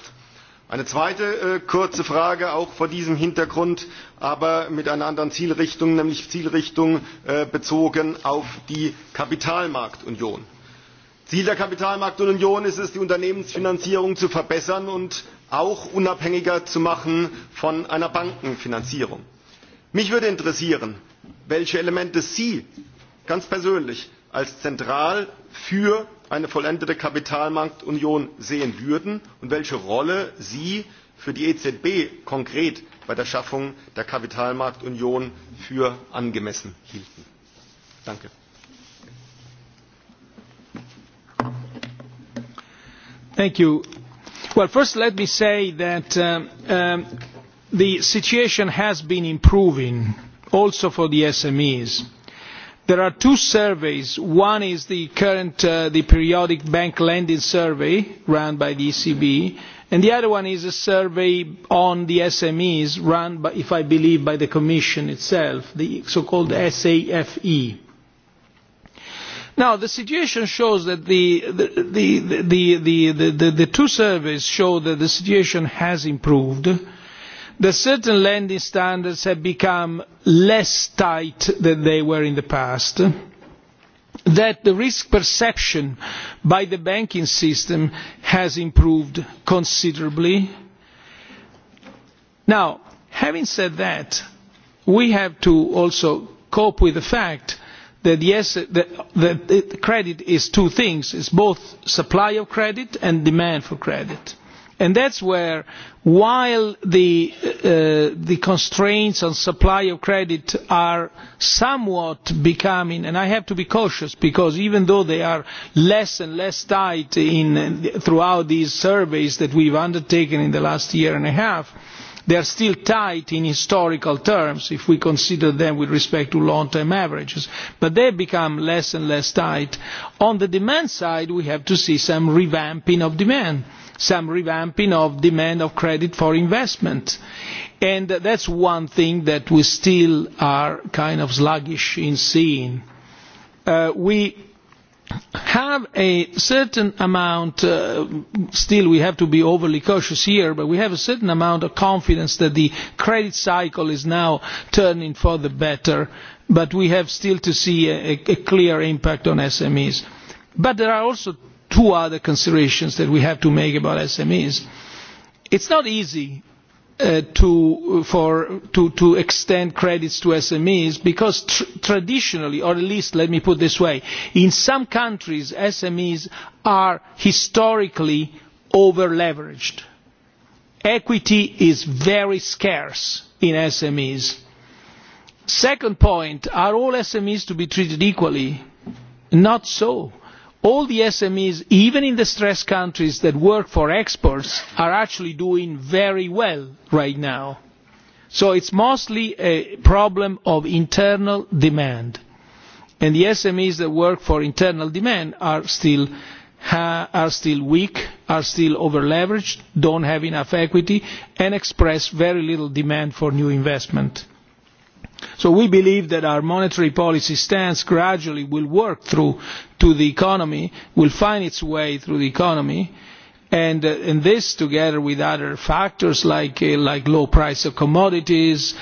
eine zweite äh, kurze frage auch vor diesem hintergrund aber mit einer anderen zielrichtung nämlich zielrichtung äh, bezogen auf die kapitalmarktunion ziel der kapitalmarktunion ist es die unternehmensfinanzierung zu verbessern und auch unabhängiger zu machen von einer bankenfinanzierung. mich würde interessieren welche elemente sie ganz persönlich als zentral für eine vollendete kapitalmarktunion sehen würden und welche rolle sie für die ezb konkret bei der schaffung der kapitalmarktunion für angemessen hielten. first let me say that uh, um, the situation has been improving also for the smes there are two surveys one is the current uh, periodic bank lending survey run by the ecb and the other one is a survey on the smes run if i believe by the commission itself the so called safe. now the situation shows that the the the the the, the, the, the two surveys show that the situation has improved that certain lending standards have become less tight than they were in the past that the risk perception by the banking system has improved considerably now having said that we have to also cope with the fact that yes that credit is two things it's both supply of credit and demand for credit and that's where while the, uh, the constraints on supply of credit are somewhat becoming and i have to be cautious because even though they are less and less tight in, throughout these surveys that we've undertaken in the last year and a half they are still tight in historical terms if we consider them with respect to long term averages. But they have become less and less tight. On the demand side, we have to see some revamping of demand. Uh, some revamping of demand for credit for investment and that is one thing that we are still kind of sluggish in seeing. Uh, we have a certain amount uh, still we have to be overly cautious here but we have a certain amount of confidence that the credit cycle is now turning for the better but we have still to see a clear impact on smes. but there are also two other considerations that we have to make about SMEs. It is not easy uh, to, for, to, to extend credits to SMEs because tr traditionally, or at least let me put it this way, in some countries SMEs are historically over leveraged. Equity is very scarce in SMEs. Second point, are all SMEs to be treated equally? Not so. Uh, all the smes even in the stressed countries that work for exports are actually doing very well right now so it's mostly a problem of internal demand and the smes that work for internal demand are still ha are still weak are still overleveraged don't have enough equity and express very little demand for new investment so we believe that our monetary policy stance gradually will work through to the economy, will find its way through the economy. And, uh, and this, together with other factors like, uh, like low price of commodities,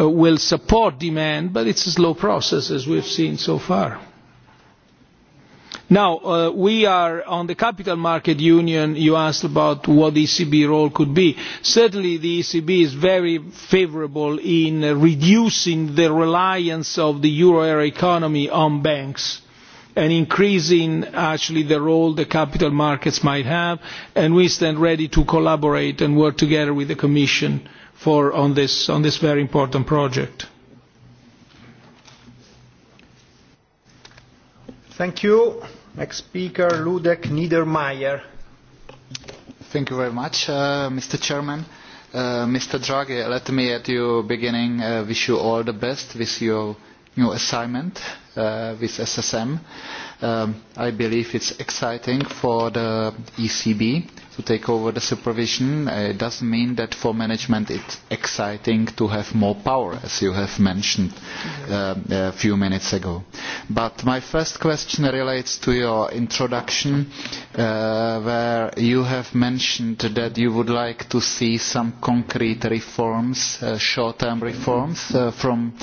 uh, will support demand, but it's a slow process as we've seen so far. Now, uh, we are on the capital market union. You asked about what the ECB role could be. Certainly, the ECB is very favorable in uh, reducing the reliance of the euro area economy on banks and increasing actually the role the capital markets might have and we stand ready to collaborate and work together with the commission for, on, this, on this very important project. Thank you. Next speaker, Ludek Niedermayer. Thank you very much, uh, Mr. Chairman. Uh, Mr. Draghi, let me at your beginning uh, wish you all the best with your new assignment uh, with SSM. Um, I believe it's exciting for the ECB to take over the supervision uh, doesn't mean that for management it's exciting to have more power, as you have mentioned mm-hmm. uh, a few minutes ago. But my first question relates to your introduction, uh, where you have mentioned that you would like to see some concrete reforms, uh, short term reforms, uh, from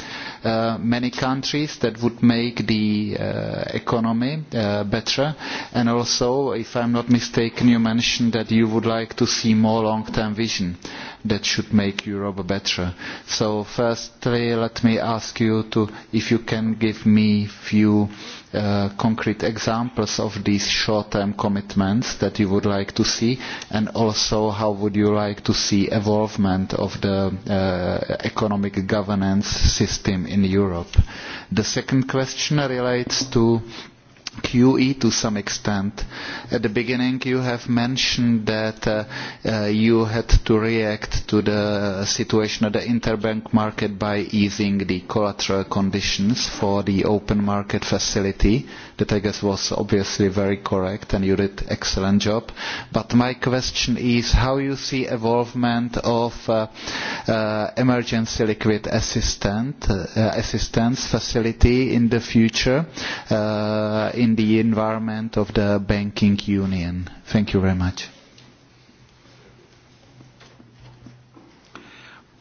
uh, many countries that would make the uh, economy uh, better. And also, if I'm not mistaken, you mentioned that that you would like to see more long term vision that should make Europe better. So firstly let me ask you to if you can give me few uh, concrete examples of these short term commitments that you would like to see and also how would you like to see evolvement of the uh, economic governance system in Europe. The second question relates to uh, QE to some extent. At the beginning, you have mentioned that uh, uh, you had to react to the situation of the interbank market by easing the collateral conditions for the open market facility that I guess was obviously very correct and you did excellent job. But my question is how you see evolvement of uh, uh, emergency liquid assistant, uh, assistance facility in the future uh, in the environment of the banking union. Thank you very much.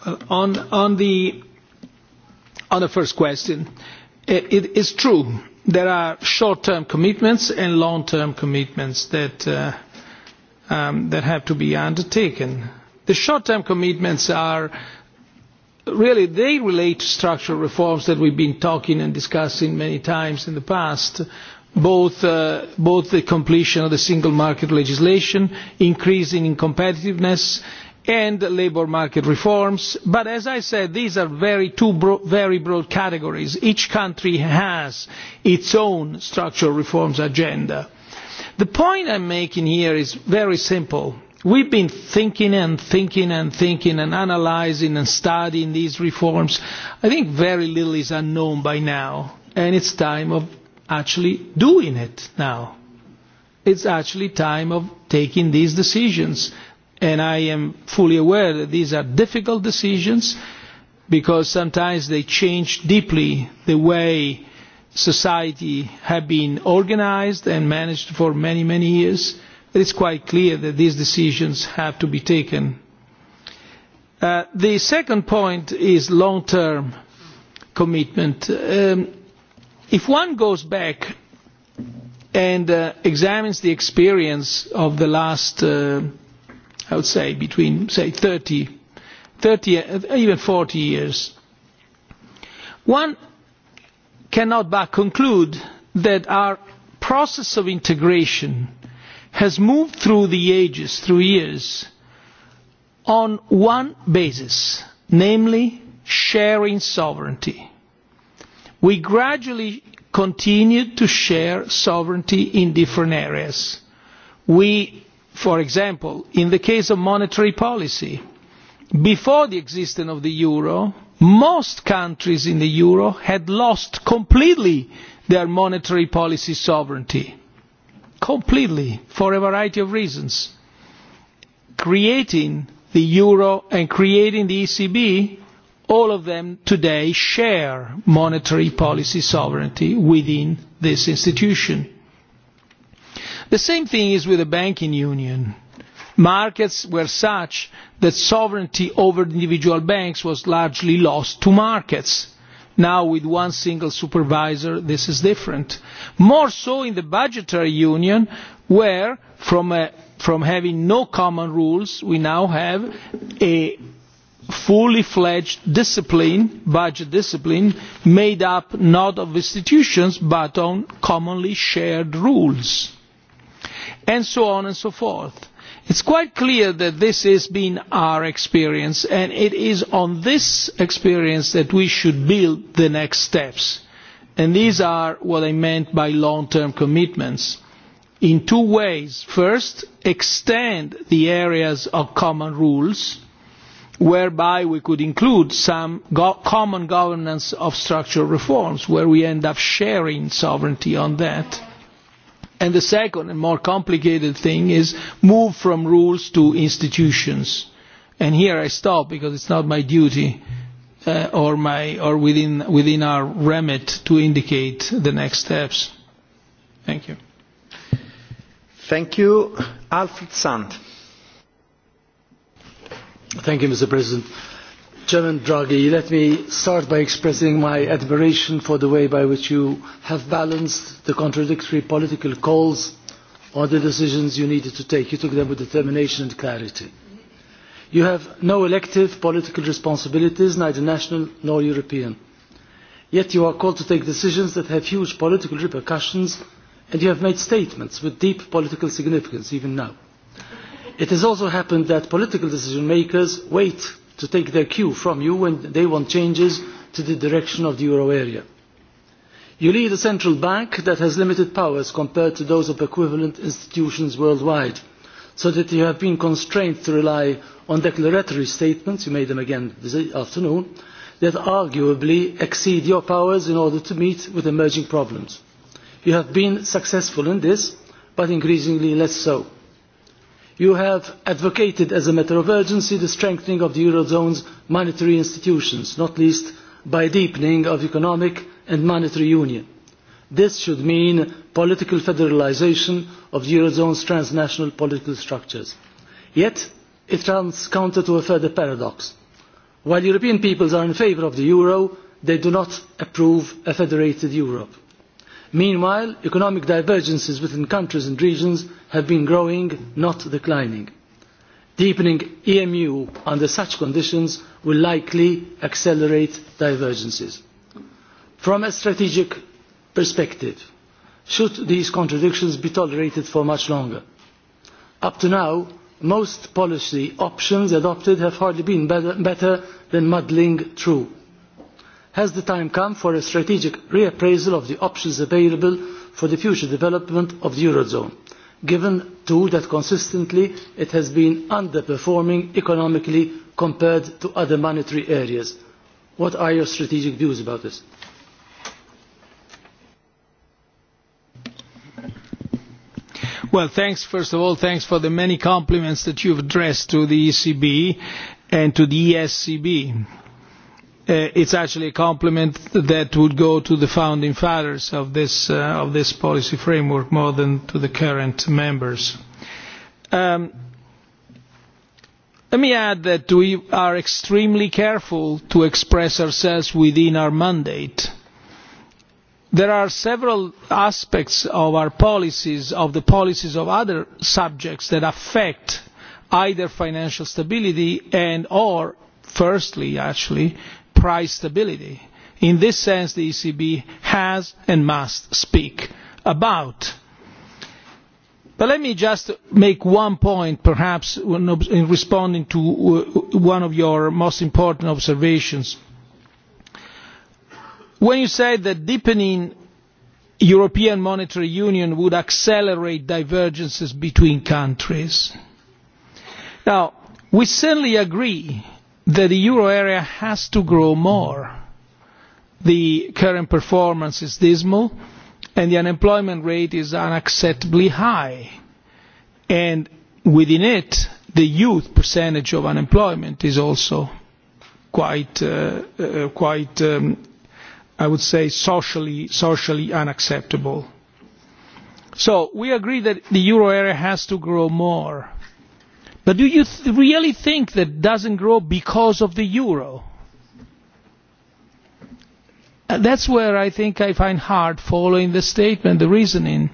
Uh, on, on, the, on the first question, it, it is true there are short term commitments and long term commitments uh, um, that have to be undertaken. the short term commitments really relate to structural reforms that we have been talking and discussing many times in the past both uh, the completion of the single market legislation increasing competitiveness and labour market reforms but as i said these are two very broad categories. each country has its own structural reforms agenda. the point i am making here is very simple. we have been thinking and thinking and thinking and analysing and studying these reforms. i think very little is unknown by now and it is time for actually doing it now. it is actually time for taking these decisions and i am fully aware that these are difficult decisions because sometimes they change deeply the way society has been organised and managed for many many years it is quite clear that these decisions have to be taken. Uh, the second point is long term commitment. Um, if one goes back and uh, examines the experience of the last uh, I would say, between, say, 30, 30 uh, even 40 years. One cannot but conclude that our process of integration has moved through the ages, through years, on one basis, namely sharing sovereignty. We gradually continued to share sovereignty in different areas. We for example in the case of monetary policy before the existence of the euro most countries in the euro had lost completely their monetary policy sovereignty completely for a variety of reasons creating the euro and creating the ecb all of them today share monetary policy sovereignty within this institution. The same thing is with the banking union. Markets were such that sovereignty over individual banks was largely lost to markets. Now, with one single supervisor, this is different. More so in the budgetary union, where from, a, from having no common rules, we now have a fully fledged discipline, budget discipline, made up not of institutions but on commonly shared rules and so on and so forth. it is quite clear that this has been our experience and it is on this experience that we should build the next steps and these are what i meant by long term commitments in two ways. first extend the areas of common rules whereby we could include some go- common governance of structural reforms where we end up sharing sovereignty on that and the second and more complicated thing is move from rules to institutions. And here I stop because it's not my duty uh, or, my, or within, within our remit to indicate the next steps. Thank you. Thank you. Alfred Sand. Thank you, Mr. President chairman draghi let me start by expressing my admiration for the way in which you have balanced the contradictory political calls on the decisions you needed to take. you took them with determination and clarity. you have no elective political responsibilities neither national nor european yet you are called to take decisions that have huge political repercussions and you have made statements with deep political significance even now. it has also happened that political decision makers wait to take their cue from you when they want changes to the direction of the euro area. You lead a central bank that has limited powers compared to those of equivalent institutions worldwide, so that you have been constrained to rely on declaratory statements, you made them again this afternoon, that arguably exceed your powers in order to meet with emerging problems. You have been successful in this, but increasingly less so you have advocated as a matter of urgency the strengthening of the eurozone's monetary institutions not least by deepening of economic and monetary union. this should mean political federalisation of the eurozone's transnational political structures. yet it runs counter to a further paradox while european peoples are in favour of the euro they do not approve of a federated europe meanwhile economic divergences within countries and regions have been growing not declining. deepening emu under such conditions will likely accelerate divergences. from a strategic perspective should these contradictions be tolerated for much longer? up to now most policy options adopted have hardly been better than muddling through has the time come for a strategic reappraisal of the options available for the future development of the eurozone given too that consistently it has been underperforming economically compared to other monetary areas? What are your strategic views about this? Well, thanks, first of all, thanks for the many compliments that you've addressed to the ECB and to the ESCB. Uh, it is actually a compliment that would go to the founding fathers of this uh, policy framework more than to the current members. Um, let me add that we are extremely careful to express ourselves within our mandate. there are several aspects of our policies of the policies of other subjects that affect either financial stability and or firstly actually price stability. In this sense, the ECB has and must speak about. But let me just make one point, perhaps, in responding to uh, one of your most important observations. When you said that deepening European Monetary Union would accelerate divergences between countries, now, we certainly agree that the euro area has to grow more. The current performance is dismal, and the unemployment rate is unacceptably high. And within it, the youth percentage of unemployment is also quite, uh, uh, quite um, I would say, socially, socially unacceptable. So we agree that the euro area has to grow more but do you th really think that doesn't grow because of the euro? And uh, that's where I think I find hard following the statement, the reasoning.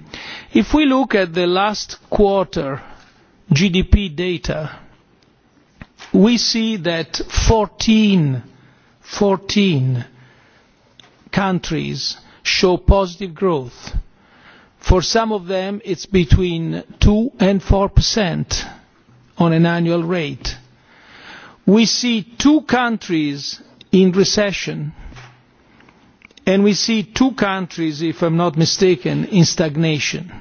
If we look at the last quarter GDP data, we see that 14, 14 countries show positive growth. For some of them, it's between 2 and 4 percent on an annual rate. We see two countries in recession, and we see two countries, if I'm not mistaken, in stagnation.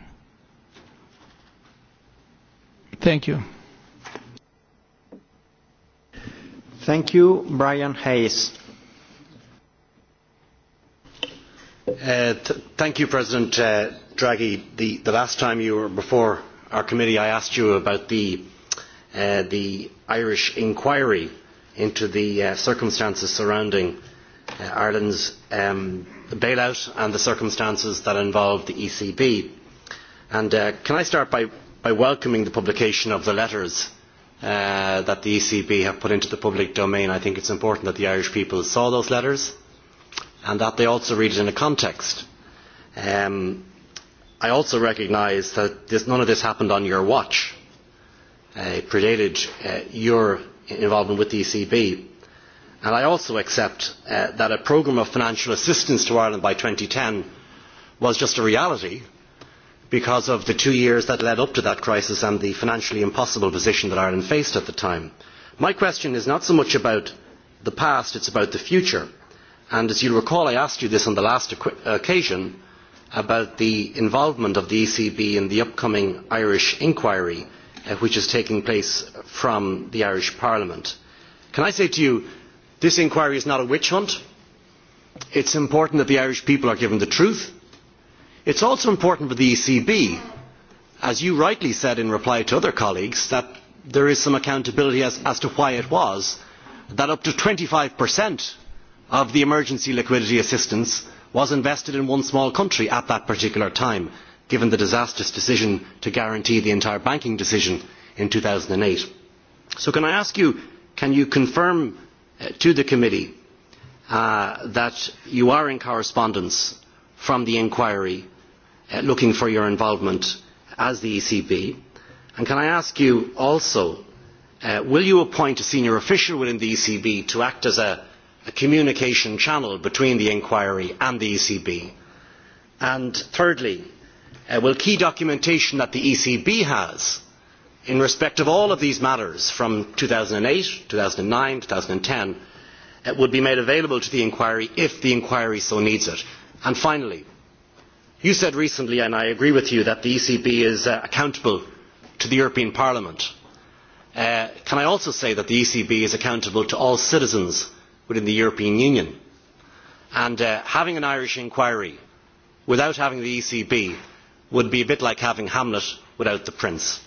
Thank you. Thank you, Brian Hayes. Uh, th thank you, President uh, Draghi. The, the last time you were before our committee, I asked you about the Uh, the Irish inquiry into the uh, circumstances surrounding uh, Ireland's um, bailout and the circumstances that involved the ECB. And uh, can I start by, by welcoming the publication of the letters uh, that the ECB have put into the public domain. I think it's important that the Irish people saw those letters and that they also read it in a context. Um, I also recognise that this, none of this happened on your watch. Uh, uh, predated uh, your involvement with the ECB. And I also accept uh, that a programme of financial assistance to Ireland by 2010 was just a reality because of the two years that led up to that crisis and the financially impossible position that Ireland faced at the time. My question is not so much about the past, it's about the future. And as you'll recall, I asked you this on the last occasion about the involvement of the ECB in the upcoming Irish inquiry. Uh, which is taking place from the Irish Parliament. Can I say to you, this inquiry is not a witch hunt. It's important that the Irish people are given the truth. It's also important for the ECB, as you rightly said in reply to other colleagues, that there is some accountability as, as to why it was that up to 25% of the emergency liquidity assistance was invested in one small country at that particular time given the disastrous decision to guarantee the entire banking decision in 2008. So can I ask you, can you confirm uh, to the committee uh, that you are in correspondence from the inquiry uh, looking for your involvement as the ECB? And can I ask you also, uh, will you appoint a senior official within the ECB to act as a, a communication channel between the inquiry and the ECB? And thirdly, uh, will key documentation that the ECB has in respect of all of these matters from 2008, 2009, 2010, it would be made available to the inquiry if the inquiry so needs it. And finally, you said recently, and I agree with you, that the ECB is uh, accountable to the European Parliament. Uh, can I also say that the ECB is accountable to all citizens within the European Union? And uh, having an Irish inquiry without having the ECB would be a bit like having Hamlet without the prince.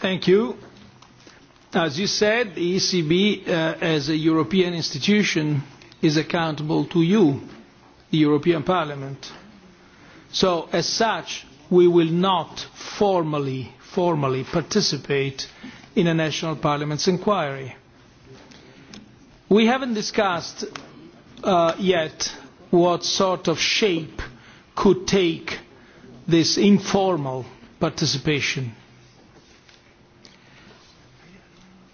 Thank you. As you said, the ECB, uh, as a European institution, is accountable to you, the European Parliament. So, as such, we will not formally, formally participate in a national parliament's inquiry. We haven't discussed uh, yet what sort of shape could take this informal participation.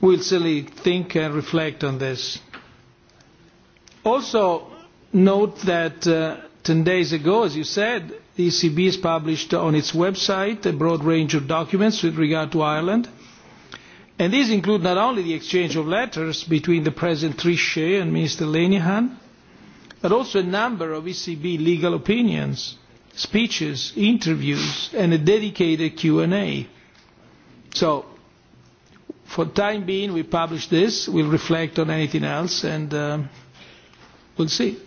We'll certainly think and reflect on this. Also, note that uh, 10 days ago, as you said, the ECB has published on its website a broad range of documents with regard to Ireland. And these include not only the exchange of letters between the President Trichet and Minister Lenihan, but also a number of ECB legal opinions, speeches, interviews, and a dedicated Q&A. So, for the time being, we publish this, we'll reflect on anything else, and uh, we'll see.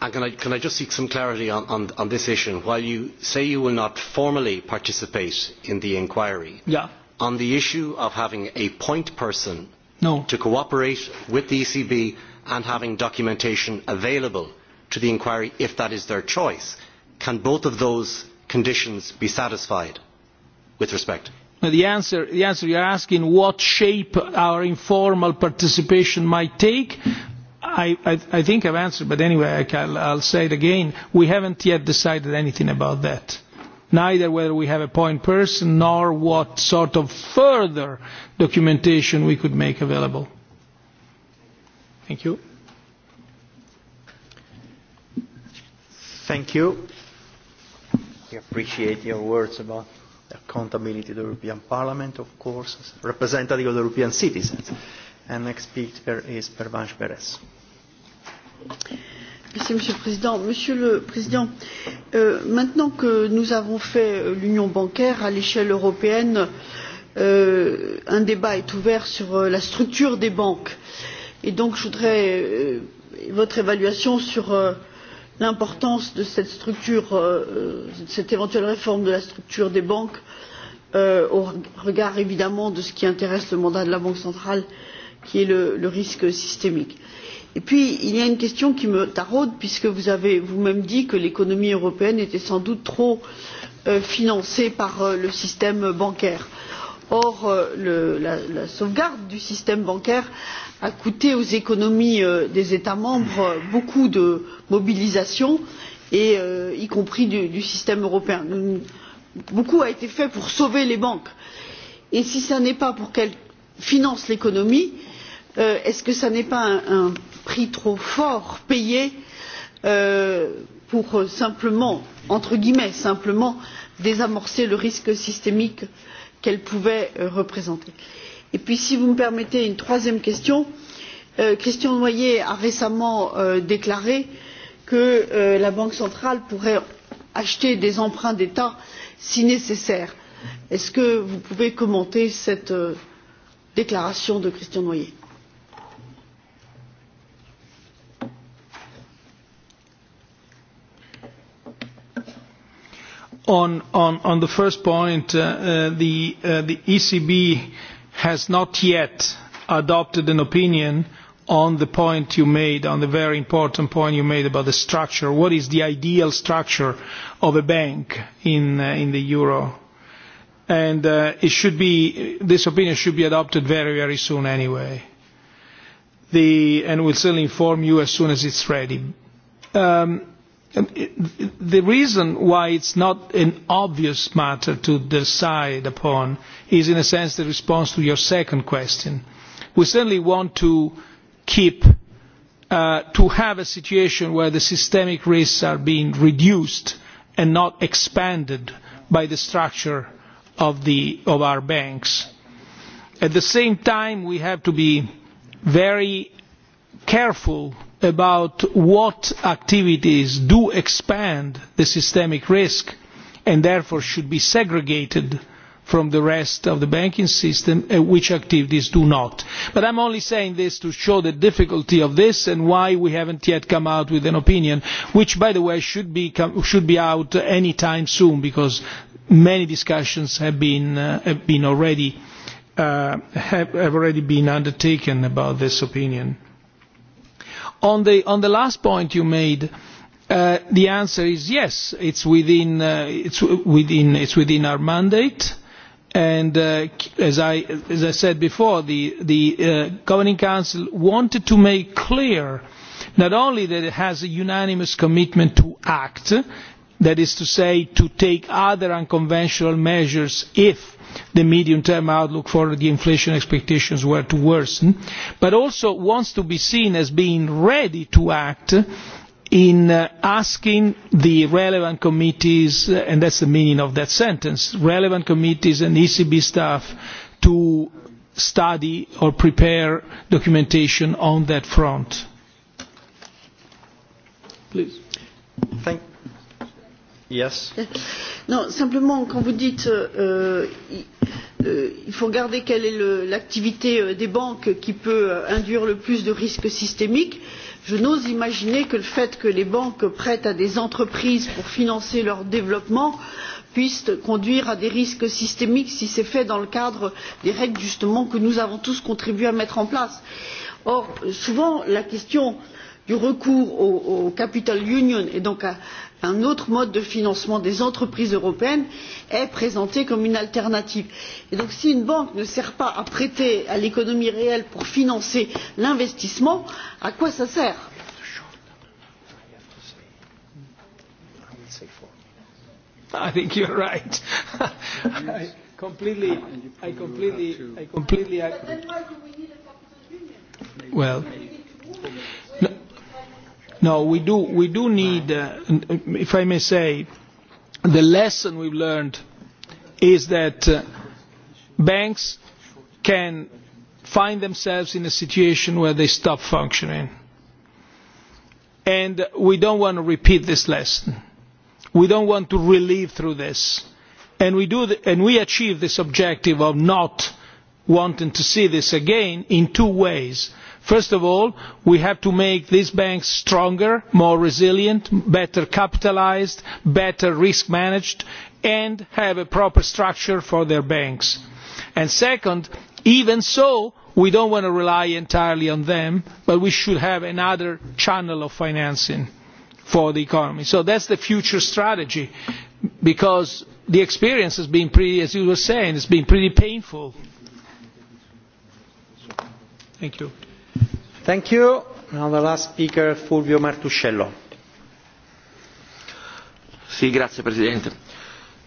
And can, I, can I just seek some clarity on, on, on this issue? While you say you will not formally participate in the inquiry, yeah. on the issue of having a point person no. to cooperate with the ECB and having documentation available to the inquiry if that is their choice. Can both of those conditions be satisfied with respect? Now the answer, the answer you're asking what shape our informal participation might take, I, I, I think I've answered, but anyway, I can, I'll say it again. We haven't yet decided anything about that. Neither whether we have a point person nor what sort of further documentation we could make available thank you. we appreciate your words about the accountability of the european parliament, of course, as representative of the european citizens. and next speaker is pervanche perez. Merci, Monsieur le Président. Monsieur le Président, euh, maintenant que nous avons fait euh, l'union bancaire à l'échelle européenne, euh, un débat est ouvert sur euh, la structure des banques. Euh, et donc je voudrais euh, votre évaluation sur euh, l'importance de cette structure de euh, cette éventuelle réforme de la structure des banques au regard évidemment de ce qui intéresse le mandat de la banque centrale qui est le risque systémique. et puis il y a une question qui me taraude puisque vous avez vous même dit que l'économie européenne était sans doute trop financée par le système bancaire or euh, la sauvegarde du système bancaire a coûté aux économies euh, des états membres euh, beaucoup de mobilisation y compris du système européen. beaucoup a été fait pour sauver les banques et si ce n'est pas pour qu'elles financent l'économie est ce que ce n'est pas un prix trop fort payé pour simplement entre guillemets simplement désamorcer le risque systémique qu'elle pouvait euh, représenter. si vous me permettez une troisième question euh, christian noyer a récemment euh, déclaré que la banque centrale pourrait acheter des emprunts d'état si nécessaire. est ce que vous pouvez commenter cette déclaration de christian noyer? on, on, on the first point, uh, uh the, uh, the ECB has not yet adopted an opinion on the point you made, on the very important point you made about the structure. What is the ideal structure of a bank in, uh, in the euro? And uh, it should be, this opinion should be adopted very, very soon anyway. The, and we'll certainly inform you as soon as it's ready. Um, The reason why it's not an obvious matter to decide upon is, in a sense, the response to your second question. We certainly want to keep, uh, to have a situation where the systemic risks are being reduced and not expanded by the structure of, the, of our banks. At the same time, we have to be very careful uh, about what activities do expand the systemic risk and therefore should be segregated from the rest of the banking system and uh, which activities do not. But I'm only saying this to show the difficulty of this and why we haven't yet come out with an opinion, which by the way should be, should be out any time soon because many discussions have been, uh, have been already, uh, have, have already been undertaken about this opinion on the last point you made, uh, the answer is yes, it's within, uh, it's within, it's within our mandate. And uh, as, I, as I said before, the, the uh, Governing Council wanted to make clear not only that it has a unanimous commitment to act, that is to say, to take other unconventional measures if the medium term outlook for the inflation expectations were to worsen but also wants to be seen as being ready to act in uh, asking the relevant committees uh, and that's the meaning of that sentence relevant committees and ECB staff to study or prepare documentation on that front please thank you. Non, simplement, quand vous dites qu'il euh, euh, euh faut regarder quelle est l'activité euh, des banques qui peut induire le plus de risques systémiques, je n'ose imaginer que le fait que les banques prêtent à des entreprises pour financer leur développement puisse conduire à des risques systémiques si c'est fait dans le cadre des règles justement que nous avons tous contribué à mettre en place. Or, souvent, la question du recours au, au capital union et donc à, un autre mode de financement des entreprises européennes est présenté comme une alternative. et donc si une banque ne sert pas à prêter à l'économie réelle pour financer l'investissement à quoi ça sert? i think you're right. well, No, we do, we do need, right. uh, if I may say, the lesson we've learned is that uh, banks can find themselves in a situation where they stop functioning. And we don't want to repeat this lesson. We don't want to relive through this. And we, do the, and we achieve this objective of not wanting to see this again in two ways first of all we have to make these banks stronger more resilient better capitalised better risk managed and have a proper structure for their banks. second even so we do not want to rely entirely on them but we should have another channel of financing for the economy. so that is the future strategy because the experience has been pretty as you were saying it has been pretty painful signor presidente onorevoli colleghi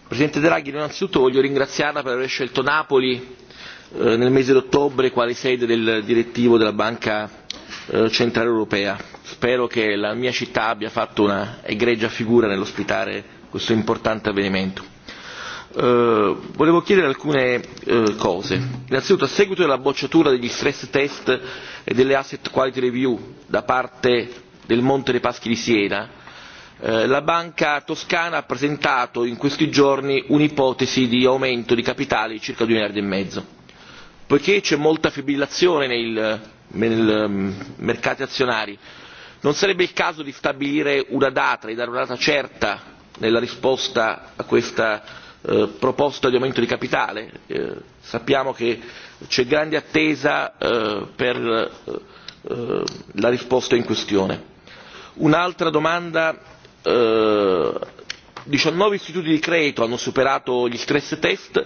presidente draghi innanzitutto voglio ringraziarla per aver scelto napoli eh, nel mese di ottobre quale sede del direttivo della banca eh, centrale europea. spero che la mia città abbia fatto un'egregia figura nell'ospitare questo importante avvenimento. Eh, volevo chiedere alcune eh, cose innanzitutto a seguito della bocciatura degli stress test e delle asset quality review da parte del monte dei paschi di siena eh, la banca toscana ha presentato in questi giorni un'ipotesi di aumento di capitali di circa due miliardi e mezzo poiché c'è molta fibrillazione nei mm, mercati azionari non sarebbe il caso di stabilire una data di dare una data certa nella risposta a questa Eh, proposta di aumento di capitale eh, sappiamo che c'è grande attesa eh, per la risposta in questione. Un'altra domanda 19 istituti di credito hanno superato gli stress test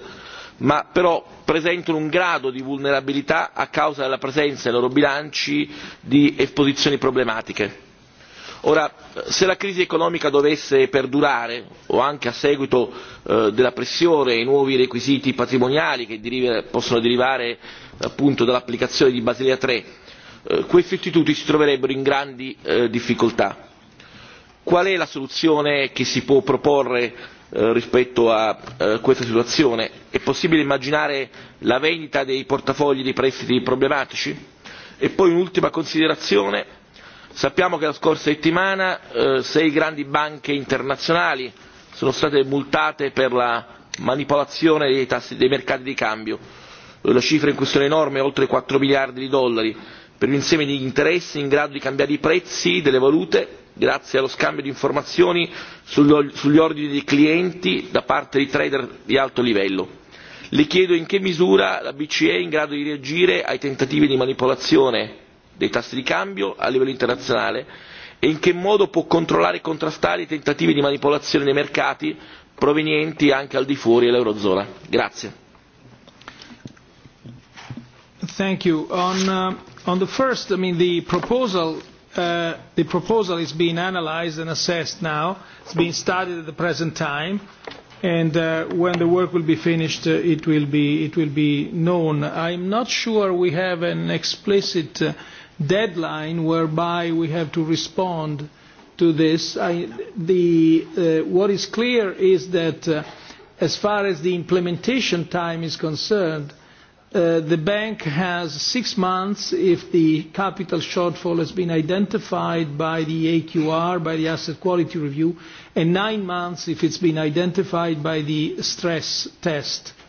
ma però presentano un grado di vulnerabilità a causa della presenza nei loro bilanci di esposizioni problematiche ora se la crisi economica dovesse perdurare o anche a seguito eh, della pressione e dei nuovi requisiti patrimoniali che possono derivare appunto dall'applicazione di basilea tre eh, questi istituti si troverebbero in grandi eh, difficoltà. qual è la soluzione che si può proporre rispetto a questa situazione? è possibile immaginare la vendita dei portafogli dei prestiti problematici? e poi un'ultima considerazione sappiamo che la scorsa settimana eh, sei grandi banche internazionali sono state multate per la manipolazione dei tassi dei mercati di cambio eh, la cifra in questione è enorme oltre quattro miliardi di dollari per un insieme di interessi in grado di cambiare i prezzi delle valute grazie allo scambio di informazioni sugli ordini dei clienti da parte di trader di alto livello. le chiedo in che misura la bce è in grado di reagire ai tentativi di manipolazione dei tassi di cambio a livello internazionale e in che modo può controllare e contrastare i tentativi di manipolazione dei mercati provenienti anche al di fuori dell'eurozona. Uh, on the first, I mean, the proposal, uh, the proposal is being analyzed and assessed now. It's being studied at the present time. And uh, when the work will be finished, uh, it, will be, it will be known. I'm not sure we have an explicit uh, deadline whereby we have to respond to this. I, the, uh, what is clear is that uh, as far as the implementation time is concerned, uh, the bank has six months if the capital shortfall has been identified by the AQR, by the asset quality review, and nine months if it's been identified by the stress test. Uh,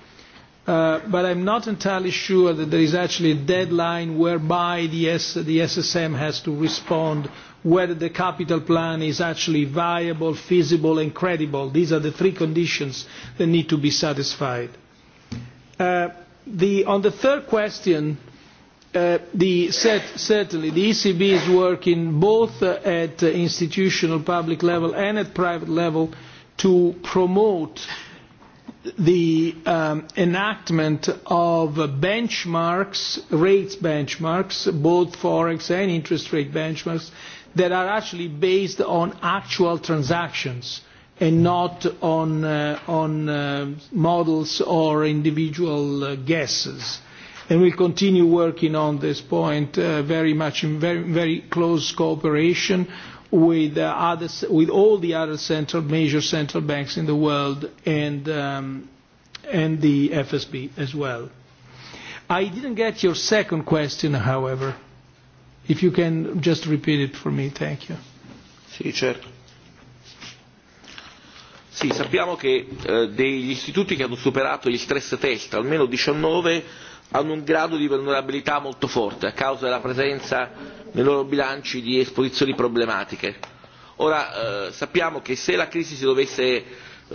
Uh, but I'm not entirely sure that there is actually a deadline whereby the, S the SSM has to respond whether the capital plan is actually viable, feasible and credible. These are the three conditions that need to be satisfied. Uh, the, on the third question, uh, the set, certainly the ECB is working both uh, at uh, institutional public level and at private level to promote uh, the um, enactment of benchmarks, rates benchmarks, both forex and interest rate benchmarks, that are actually based on actual transactions and not on, uh, on uh, models or individual uh, guesses. And we'll continue working on this point uh, very much in very, very close cooperation with, uh, other, with all the other central, major central banks in the world and, um, and the FSB as well. I didn't get your second question, however. If you can just repeat it for me, thank you. Sì, certo. Sì, sappiamo che eh, degli istituti che hanno superato gli stress test, almeno 19, hanno un grado di vulnerabilità molto forte a causa della presenza nei loro bilanci di esposizioni problematiche. Ora eh, sappiamo che se la crisi si dovesse eh,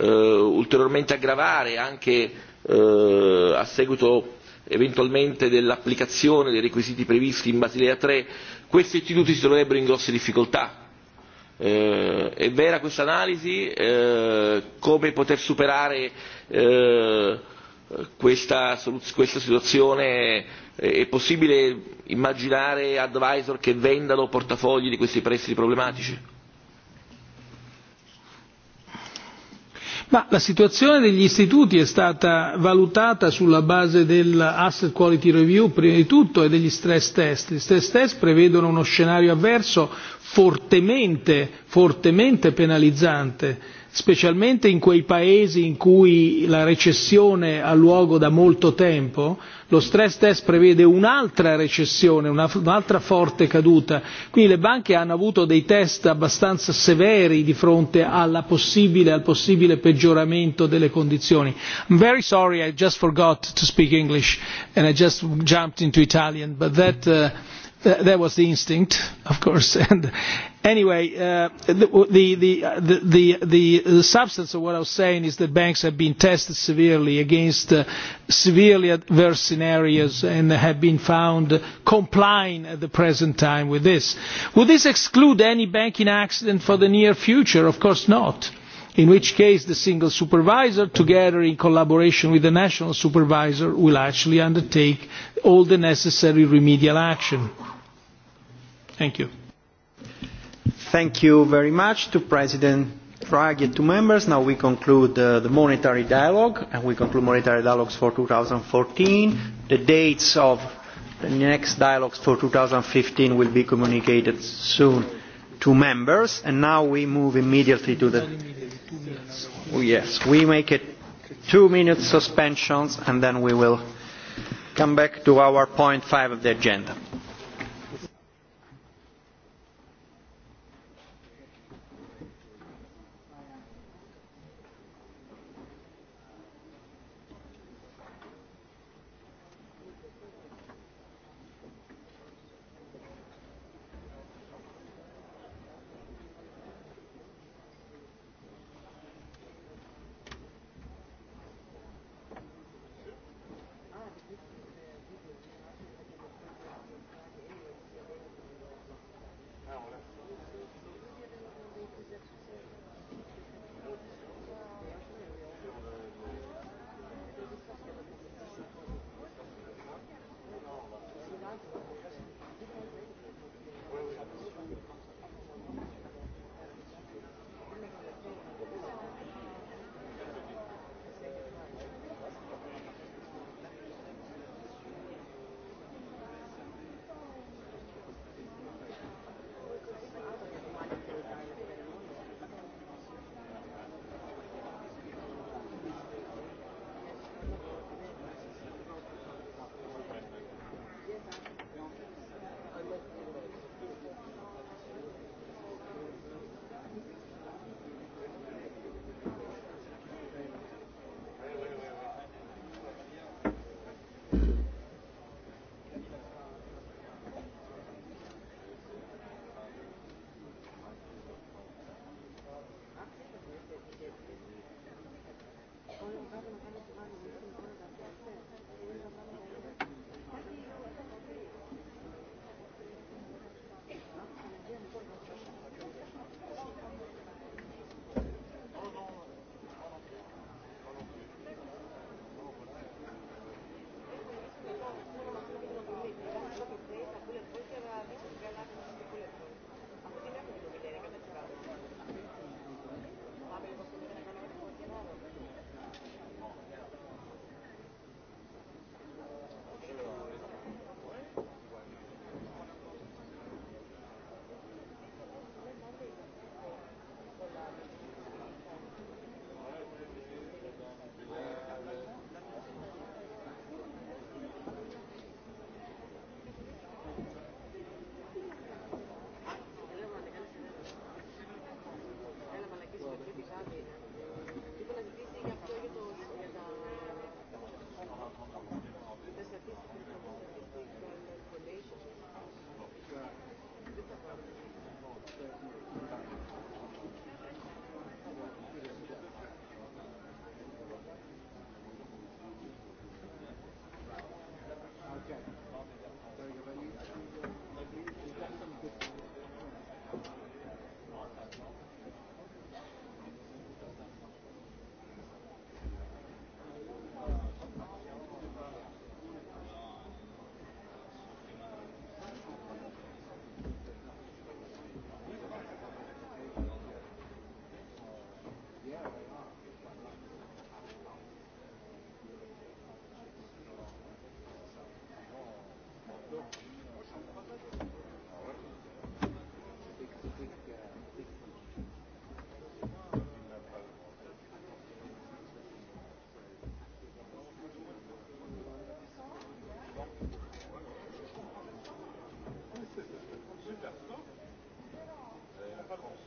ulteriormente aggravare anche eh, a seguito eventualmente dell'applicazione dei requisiti previsti in Basilea 3, questi istituti si troverebbero in grosse difficoltà. Eh, è vera questa analisi? Eh, come poter superare eh, questa situazione è possibile immaginare advisor che vendano portafogli di questi prestiti problematici? Ma la situazione degli istituti è stata valutata sulla base dell'asset quality review prima di tutto e degli stress test. Gli stress test prevedono uno scenario avverso fortemente, fortemente penalizzante specialmente in quei paesi in cui la recessione ha luogo da molto tempo lo stress test prevede un'altra recessione un'altra forte caduta quindi le banche hanno avuto dei test abbastanza severi di fronte alla possibile, al possibile peggioramento delle condizioni. i'm very sorry i just forgot to speak english and i just jumped into italian but that, uh, that, that was the instinct of course and, anyway, uh, the, the, uh, the, the, the, the substance of what I was saying is that banks have been tested severely against uh, severely adverse scenarios and have been found complying at the present time with this. Would this exclude any banking accident for the near future? Of course not. In which case, the single supervisor, together in collaboration with the national supervisor, will actually undertake all the necessary remedial action. Thank you. Thank you very much to President Draghi and to members. Now we conclude uh, the monetary dialogue and we conclude monetary dialogues for 2014. The dates of the next dialogues for 2015 will be communicated soon to members. And now we move immediately to the... Oh, yes, we make it two-minute suspensions and then we will come back to our point five of the agenda.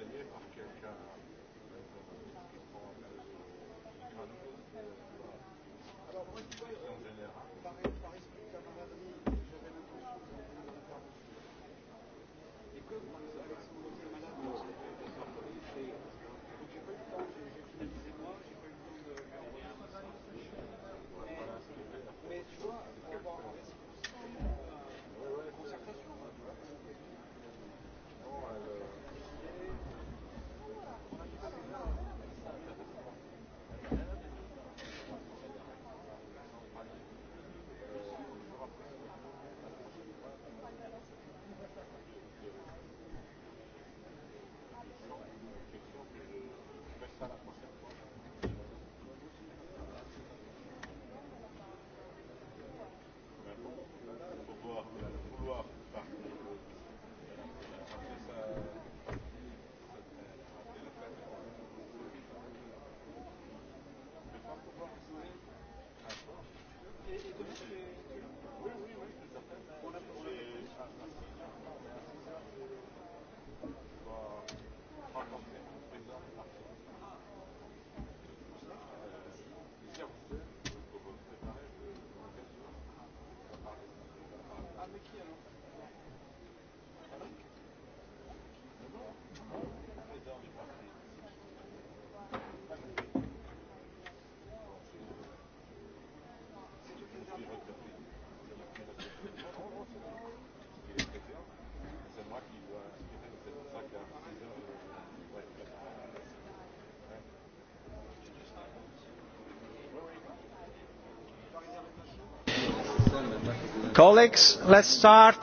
conseiller par quelqu'un qui prend le Alors, moi, je vois, en général. Par, par esprit de la maladie, j'avais l'impression que vous avez une intervention. Et que vous, Alexandre, colleagues let's start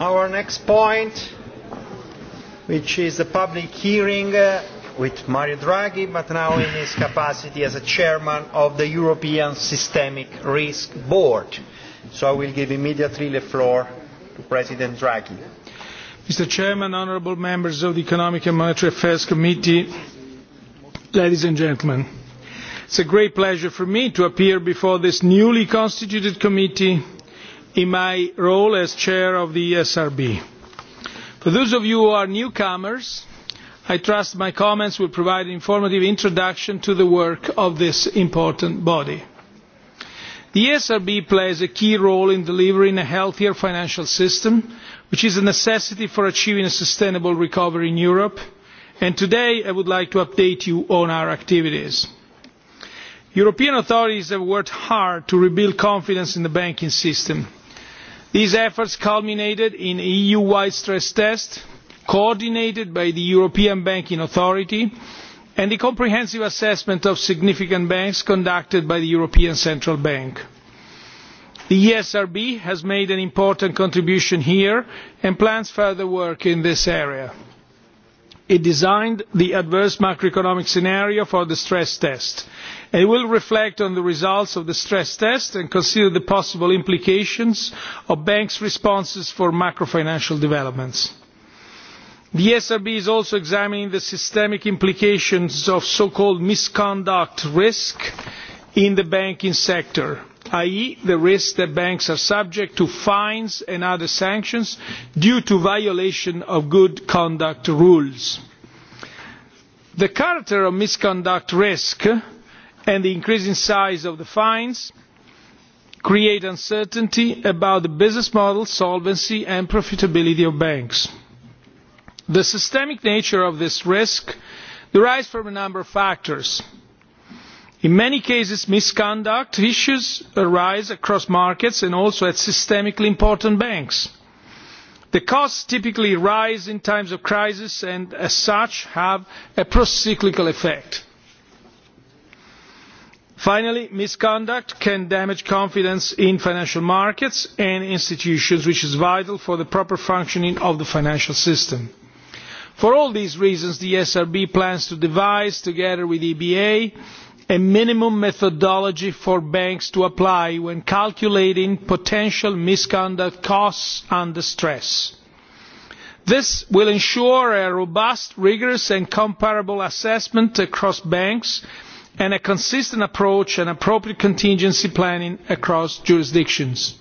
our next point which is the public hearing uh, with Mario Draghi but now in his capacity as a chairman of the European Systemic Risk Board so I will give immediately the floor to President Draghi Mr Chairman honorable members of the economic and monetary affairs committee ladies and gentlemen it's a great pleasure for me to appear before this newly constituted committee in my role as chair of the ESRB. For those of you who are newcomers, I trust my comments will provide an informative introduction to the work of this important body. The ESRB plays a key role in delivering a healthier financial system, which is a necessity for achieving a sustainable recovery in Europe, and today I would like to update you on our activities. European authorities have worked hard to rebuild confidence in the banking system these efforts culminated in an e eu wide stress test coordinated by the european banking authority and the comprehensive assessment of significant banks conducted by the european central bank. the esrb has made an important contribution here and plans further work in this area it designed the adverse macroeconomic scenario for the stress test. it will reflect on the results of the stress test and consider the possible implications of banks' responses for macrofinancial developments. the esrb is also examining the systemic implications of so called misconduct risk in the banking sector i.e., the risk that banks are subject to fines and other sanctions due to violation of good conduct rules. The character of misconduct risk and the increasing size of the fines create uncertainty about the business model, solvency, and profitability of banks. The systemic nature of this risk derives from a number of factors in many cases misconduct issues arise across markets and also at systemically important banks. the costs typically rise in times of crisis and as such have a procyclical effect. finally misconduct can damage confidence in financial markets and institutions which is vital for the proper functioning of the financial system. for all these reasons the esrb plans to devise together with the eba a minimum methodology for banks to apply when calculating potential misconduct costs under stress. this will ensure a robust rigorous and comparable assessment across banks and a consistent approach and appropriate contingency planning across jurisdictions.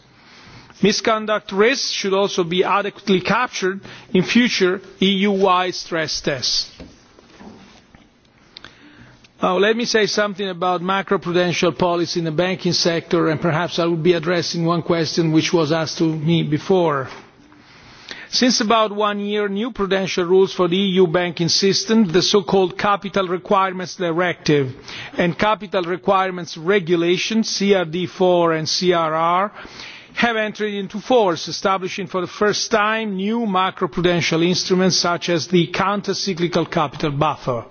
misconduct risks should also be adequately captured in future eu wide stress tests let me say something about macroprudential policy in the banking sector and perhaps i will be addressing one question which was asked to me before. since about one year new prudential rules for the eu banking system the so called capital requirements directive and capital requirements regulation crd iv and crr have entered into force establishing for the first time new macroprudential instruments such as the countercyclical capital buffer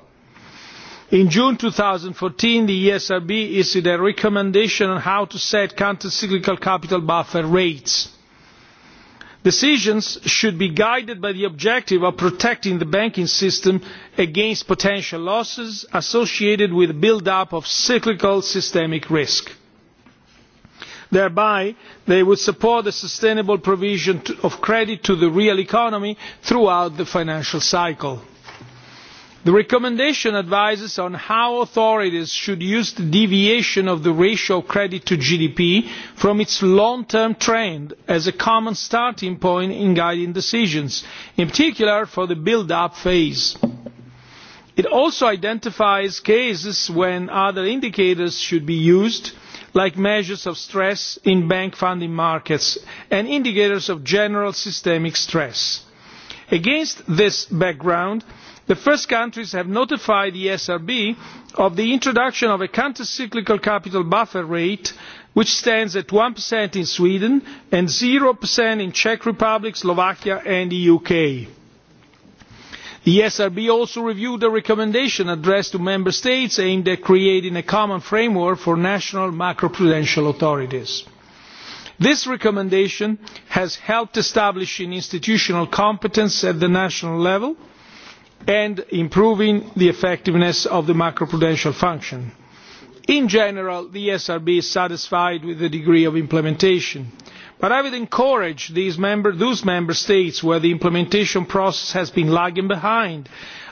in june two thousand and fourteen the esrb issued a recommendation on how to set counter cyclical capital buffer rates. decisions should be guided by the objective of protecting the banking system against potential losses associated with the build up of cyclical systemic risk. thereby they would support the sustainable provision of credit to the real economy throughout the financial cycle. The recommendation advises on how authorities should use the deviation of the ratio of credit to GDP from its long term trend as a common starting point in guiding decisions, in particular for the build up phase. It also identifies cases when other indicators should be used, like measures of stress in bank funding markets and indicators of general systemic stress. Against this background, the first countries have notified the esrb of the introduction of a counter cyclical capital buffer rate which stands at one in sweden and zero in czech republic slovakia and the uk. the esrb also reviewed a recommendation addressed to member states aimed at creating a common framework for national macroprudential authorities. this recommendation has helped establish institutional competence at the national level and improving the effectiveness of the macroprudential function. in general the esrb is satisfied with the degree of implementation but i would encourage those member states where the implementation process has been lagging behind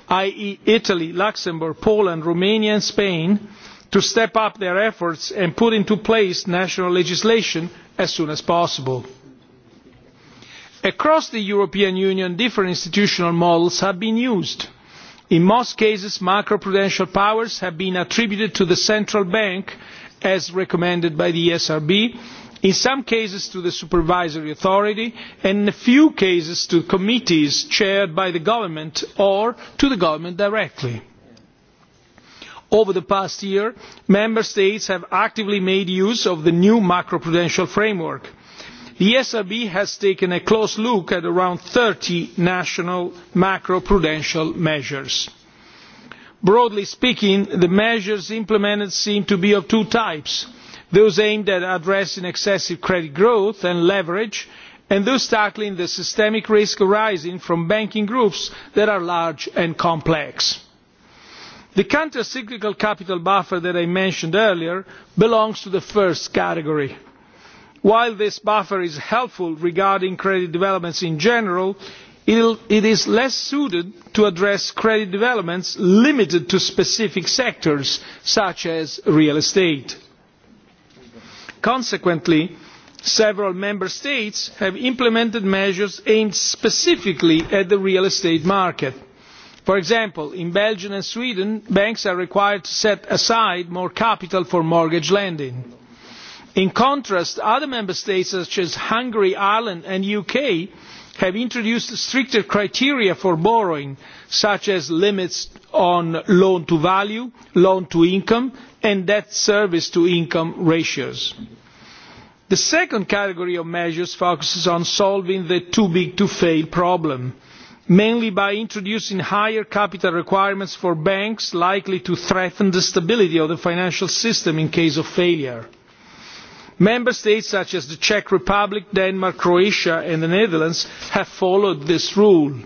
i. e. italy luxembourg poland romania and spain to step up their efforts and put into place national legislation as soon as possible across the european union different institutional models have been used. in most cases macro prudential powers have been attributed to the central bank as recommended by the esrb in some cases to the supervisory authority and in a few cases to committees chaired by the government or to the government directly. over the past year member states have actively made use of the new macro prudential framework the esrb has taken a close look at around thirty national macro prudential measures. broadly speaking the measures implemented seem to be of two types those aimed at addressing excessive credit growth and leverage and those tackling the systemic risk arising from banking groups that are large and complex. the counter cyclical capital buffer that i mentioned earlier belongs to the first category while this buffer is helpful regarding credit developments in general it is less suited to address credit developments limited to specific sectors such as real estate. consequently several member states have implemented measures aimed specifically at the real estate market. for example in belgium and sweden banks are required to set aside more capital for mortgage lending in contrast other member states such as hungary ireland and the uk have introduced stricter criteria for borrowing such as limits on loan to value loan to income and debt service to income ratios. the second category of measures focuses on solving the too big to fail problem mainly by introducing higher capital requirements for banks likely to threaten the stability of the financial system in case of failure member states such as the czech republic denmark croatia and the netherlands have followed this route.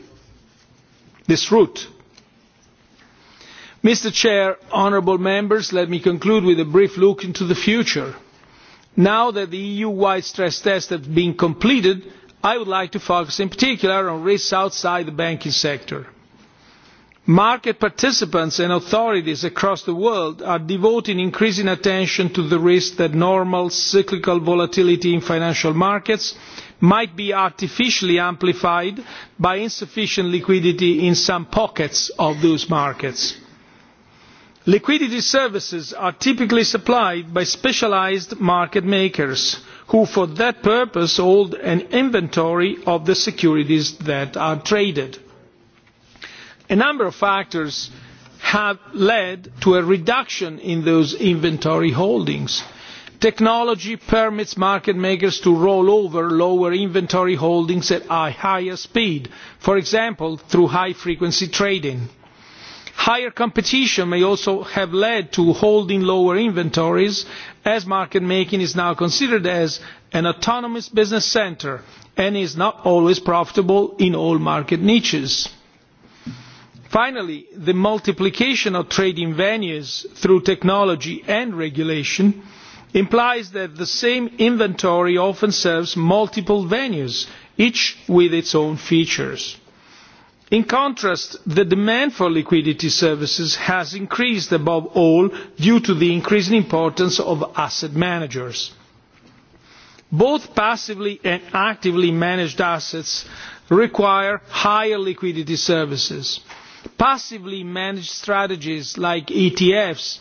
honourable members let me conclude with a brief look into the future. now that the eu wide stress tests have been completed i would like to focus in particular on risks outside the banking sector market participants and authorities across the world are devoting increasing attention to the risk that normal cyclical volatility in financial markets might be artificially amplified by insufficient liquidity in some pockets of those markets. Liquidity services are typically supplied by specialized market makers who for that purpose hold an inventory of the securities that are traded a number of factors have led to a reduction in those inventory holdings. Technology permits market makers to roll over lower inventory holdings at a higher speed, for example, through high frequency trading. Higher competition may also have led to holding lower inventories, as market making is now considered as an autonomous business center and is not always profitable in all market niches finally the multiplication of trading venues through technology and regulation implies that the same inventory often serves multiple venues each with its own features in contrast the demand for liquidity services has increased above all due to the increasing importance of asset managers both passively and actively managed assets require higher liquidity services passively managed strategies like etfs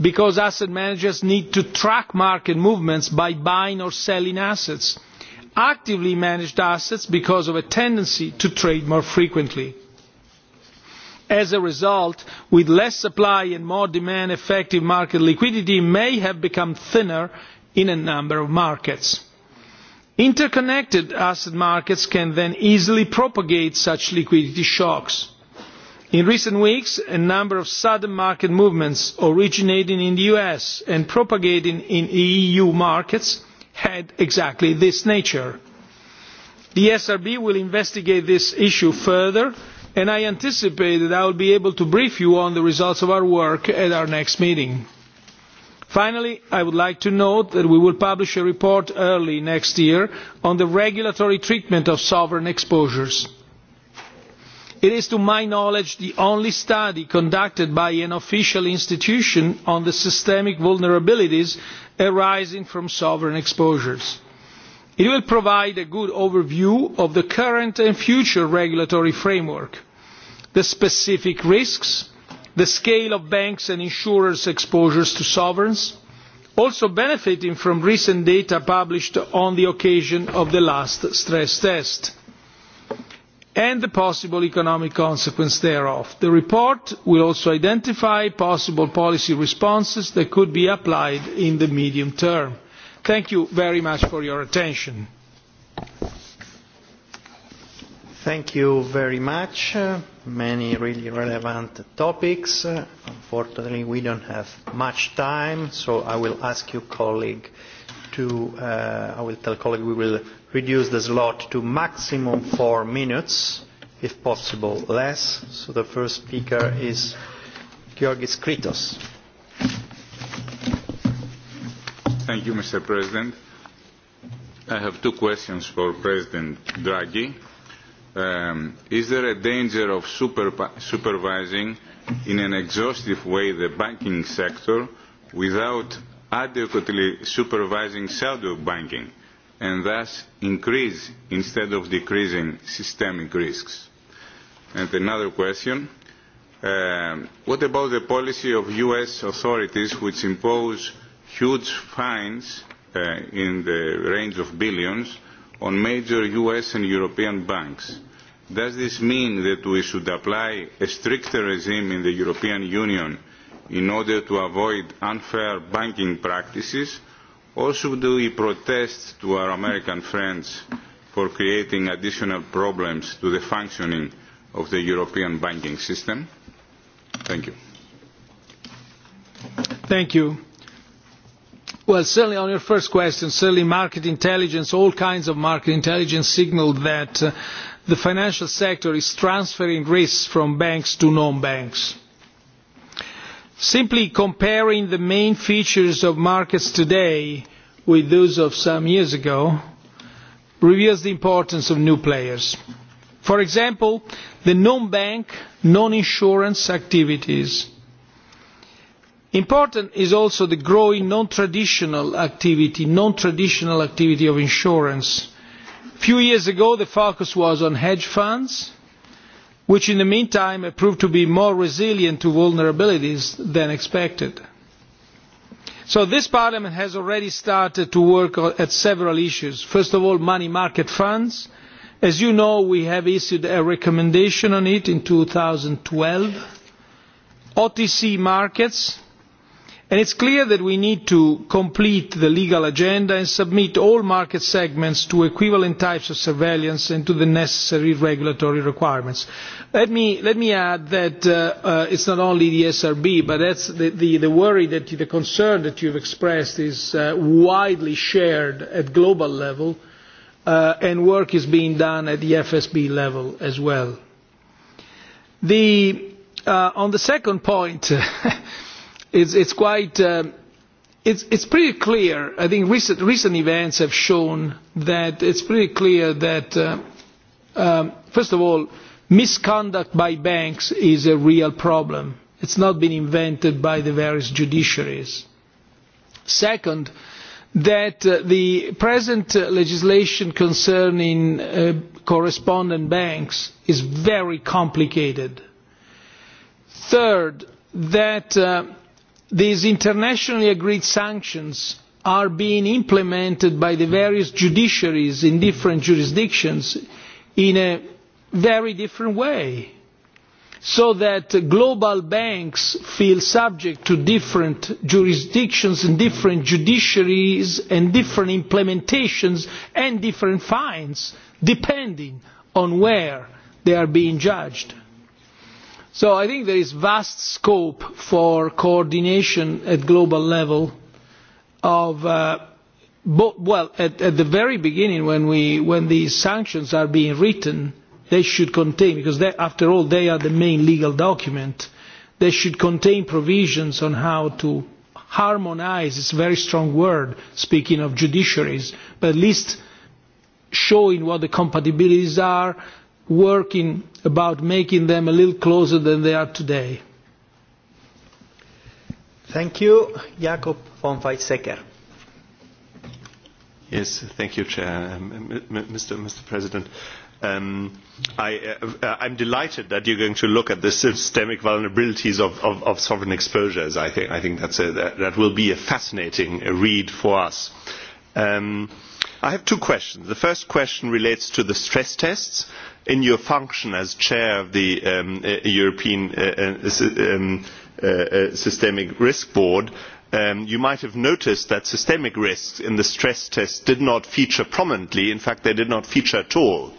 because asset managers need to track market movements by buying or selling assets actively managed assets because of a tendency to trade more frequently. As a result, with less supply and more demand, effective market liquidity may have become thinner in a number of markets. Interconnected asset markets can then easily propagate such liquidity shocks in recent weeks a number of sudden market movements originating in the us and propagating in eu markets had exactly this nature. the esrb will investigate this issue further and i anticipate that i will be able to brief you on the results of our work at our next meeting. finally i would like to note that we will publish a report early next year on the regulatory treatment of sovereign exposures it is to my knowledge the only study conducted by an official institution on the systemic vulnerabilities arising from sovereign exposures. it will provide a good overview of the current and future regulatory framework the specific risks the scale of banks' and insurers' exposures to sovereigns also benefiting from recent data published on the occasion of the last stress test and the possible economic consequences thereof. the report will also identify possible policy responses that could be applied in the medium term. thank you very much for your attention. thank you very much. Uh, many really relevant topics. Uh, unfortunately, we don't have much time, so i will ask you, colleague, to, uh, i will tell colleague, we will reduce the slot to maximum four minutes, if possible less. So the first speaker is Georgis Kritos. Thank you, Mr. President. I have two questions for President Draghi. Um, is there a danger of supervising in an exhaustive way the banking sector without adequately supervising shadow banking? and thus increase instead of decreasing systemic risks? And another question, um, what about the policy of U.S. authorities which impose huge fines uh, in the range of billions on major U.S. and European banks? Does this mean that we should apply a stricter regime in the European Union in order to avoid unfair banking practices? also do we protest to our american friends for creating additional problems to the functioning of the european banking system thank you thank you well, certainly on your first question, certainly market intelligence, all kinds of market intelligence signal that uh, the financial sector is transferring risks from banks to non-banks simply comparing the main features of markets today with those of some years ago reveals the importance of new players. For example, the non-bank, non-insurance activities. Important is also the growing non-traditional activity, non-traditional activity of insurance. A few years ago, the focus was on hedge funds, which in the meantime have proved to be more resilient to vulnerabilities than expected. So this Parliament has already started to work at several issues. First of all, money market funds. As you know, we have issued a recommendation on it in 2012. OTC markets, it is clear that we need to complete the legal agenda and submit all market segments to equivalent types of surveillance and to the necessary regulatory requirements. let me add that uh, uh, it is not only the esrb but the worry and the concern that you have expressed is uh, widely shared at global level and work is being done at the fsb level as well. on the second point it's quite uh, it's it's pretty clear i think recent recent events have shown that it's pretty clear that uh, um, first of all misconduct by banks is a real problem it's not been invented by the various judiciaries second that uh, the present uh, legislation concerning uh, correspondent banks is very complicated third that uh, these internationally agreed sanctions are being implemented by the various judiciaries in different jurisdictions in a very different way so that global banks feel subject to different jurisdictions and different judiciaries and different implementations and different fines depending on where they are being judged. So I think there is vast scope for coordination at global level of, uh, bo well, at, at the very beginning when, we, when these sanctions are being written, they should contain, because they, after all they are the main legal document, they should contain provisions on how to harmonize, it's a very strong word, speaking of judiciaries, but at least showing what the compatibilities are, working about making them a little closer than they are today. Thank you. Jakob von Weizsäcker. Yes, thank you, Chair, Mr. Um, Mr. President. Um, I, uh, I'm delighted that you're going to look at the systemic vulnerabilities of, of, of sovereign exposures. I think, I think that's a, that, that will be a fascinating uh, read for us. Um, I have two questions. The first question relates to the stress tests in your function as chair of the um, uh, European uh, uh, um, uh, Systemic Risk Board, um, you might have noticed that systemic risks in the stress test did not feature prominently. In fact, they did not feature at all.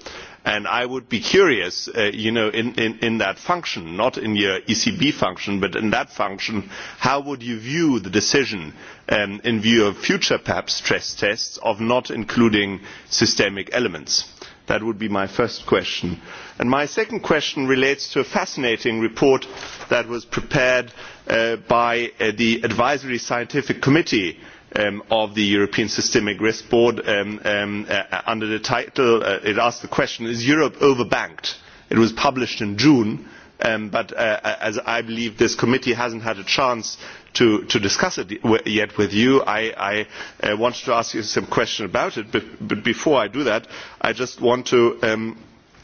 And I would be curious, uh, you know, in, in, in that function, not in your ECB function, but in that function, how would you view the decision um, in view of future perhaps stress tests of not including systemic elements? that would be my first question. my second question relates to a fascinating report that was prepared uh, by uh, the advisory scientific committee um, of the european systemic risk board um, um, uh, under the title it asks the question is europe overbanked? it was published in june. Um, but uh, uh, as i believe this committee has not had a chance to discuss it yet with you i uh, want to ask you some questions about it but before i do that i just want to um,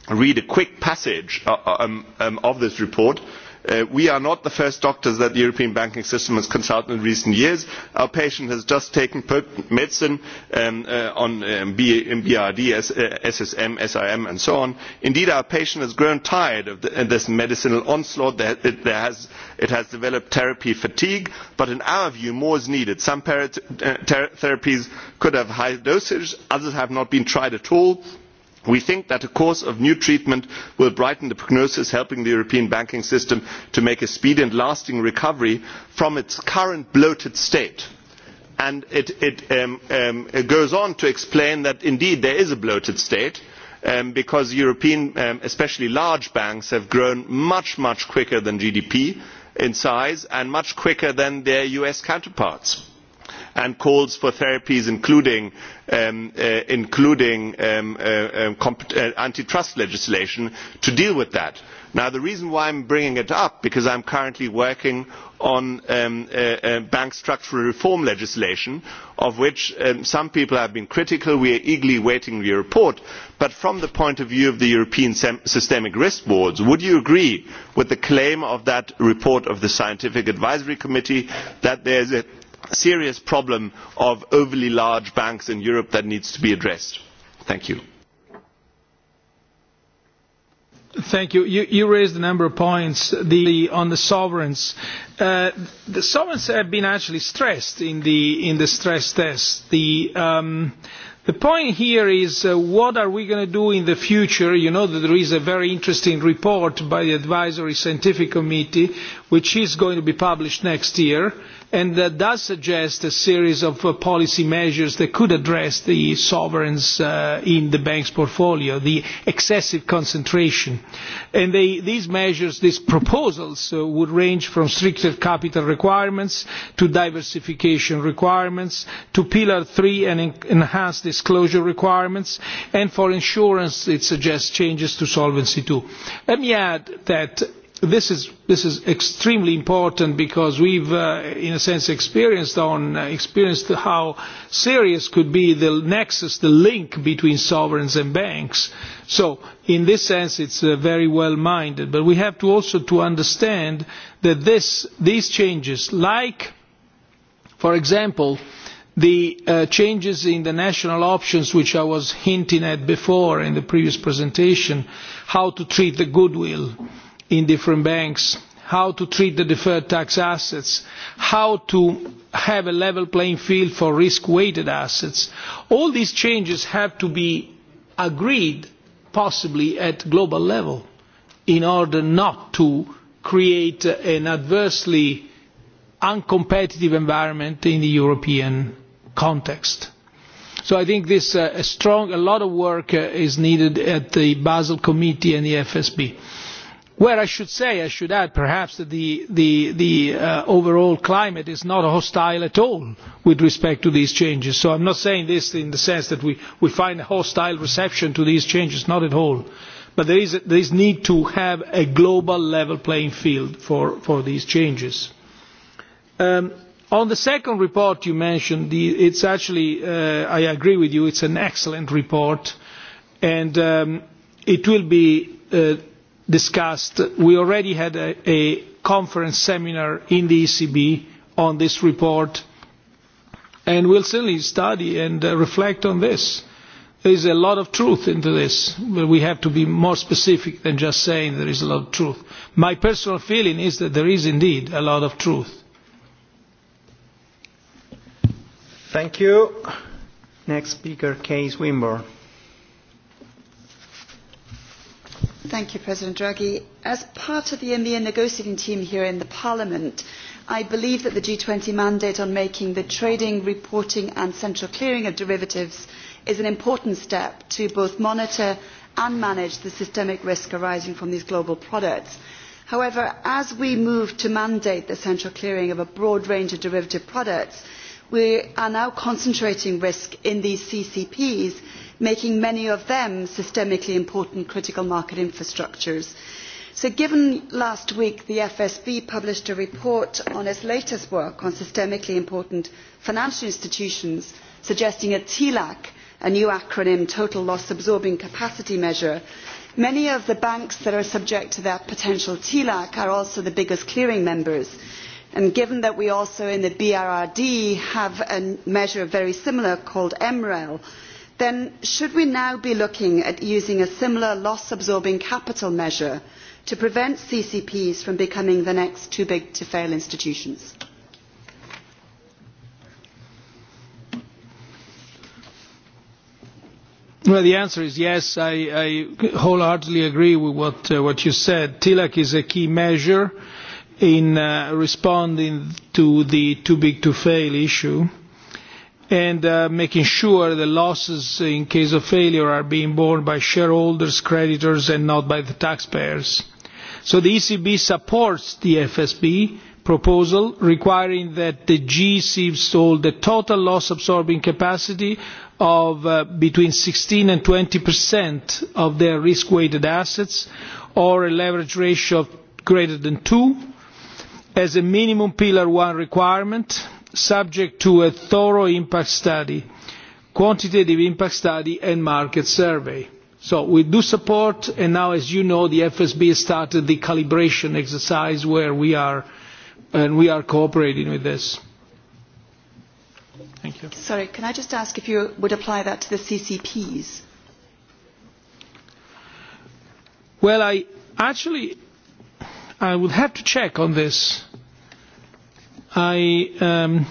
read a quick passage um, of this report. Uh, we are not the first doctors that the european banking system has consulted in recent years. our patient has just taken medicine um, uh, on um, brd ssm uh, sim and so on. indeed our patient has grown tired of this medicinal onslaught it has developed therapy fatigue but in our view more is needed. some therapies could have high dosage others have not been tried at all we think that a course of new treatment will brighten the prognosis helping the european banking system to make a speedy and lasting recovery from its current bloated state. Um, um, it goes on to explain that indeed there is a bloated state um, because european especially large banks have grown much quicker than gdp in size and much quicker than their us counterparts and calls for therapies including um, uh, um, uh, um, uh, anti trust legislation to deal with that. the reason why i am bringing it up is because i am currently working on bank structural reform legislation of which some people have been critical. we are eagerly awaiting your report but from the point of view of the european systemic risk boards would you agree with the claim of that report of the scientific advisory committee that there is serious problem of overly large banks in europe that needs to be addressed. thank you. Thank you. you. You raised a number of points the, on the sovereigns. Uh, the sovereigns have been actually stressed in the, in the stress test. The, um, the point here is uh, what are we going to do in the future? You know that there is a very interesting report by the Advisory Scientific Committee which is going to be published next year and that does suggest a series of uh, policy measures that could address the sovereigns uh, in the bank's portfolio, the excessive concentration. And they, these measures, these proposals, uh, would range from stricter capital requirements to diversification requirements to Pillar 3 and en- enhanced disclosure requirements. And for insurance, it suggests changes to Solvency II. Let me add that this is this is extremely important because we've uh, in a sense experienced on uh, experienced how serious could be the nexus the link between sovereigns and banks so in this sense it's uh, very well minded but we have to also to understand that this these changes like for example the uh, changes in the national options which i was hinting at before in the previous presentation how to treat the goodwill in different banks how to treat the deferred tax assets how to have a level playing field for risk weighted assets all these changes have to be agreed possibly at global level in order not to create an adversely uncompetitive environment in the european context so i think this uh, a strong a lot of work uh, is needed at the basel committee and the fsb well i should say i should add perhaps that the uh, overall climate is not hostile at all with respect to these changes so i am not saying this in the sense that we find a hostile reception to these changes not at all but there is a need to have a global level playing field for these changes. Um, on the second report you mentioned it is actually uh, i agree with you an excellent report and um, it will be uh, discussed we already had a, a conference seminar in the ECB on this report and we'll certainly study and uh, reflect on this there's a lot of truth into this but we have to be more specific than just saying there is a lot of truth my personal feeling is that there is indeed a lot of truth thank you next speaker case wimborne Thank you, President Draghi. As part of the EMEA negotiating team here in the Parliament, I believe that the G20 mandate on making the trading, reporting and central clearing of derivatives is an important step to both monitor and manage the systemic risk arising from these global products. However, as we move to mandate the central clearing of a broad range of derivative products, we are now concentrating risk in these CCPs making many of them systemically important critical market infrastructures. So given last week the FSB published a report on its latest work on systemically important financial institutions suggesting a TLAC, a new acronym, Total Loss Absorbing Capacity Measure, many of the banks that are subject to that potential TLAC are also the biggest clearing members. And given that we also in the BRRD have a measure very similar called MREL, then should we now be looking at using a similar loss absorbing capital measure to prevent ccps from becoming the next too big to fail institutions? Well, the answer is yes. I, I wholeheartedly agree with what, uh, what you said. TILAC e is a key measure in uh, responding to the too big to fail issue and uh, making sure the losses in case of failure are being borne by shareholders, creditors, and not by the taxpayers. So the ECB supports the FSB proposal requiring that the GECB hold the total loss absorbing capacity of uh, between 16 and 20 percent of their risk-weighted assets or a leverage ratio of greater than 2 as a minimum Pillar 1 requirement subject to a thorough impact study quantitative impact study and market survey. so we do support and now as you know the fsb has started the calibration exercise where we are and we are cooperating with this. Thank you. Sorry, can I just ask if you would apply that to the CCPs? Well, I actually I would have to check on this i um,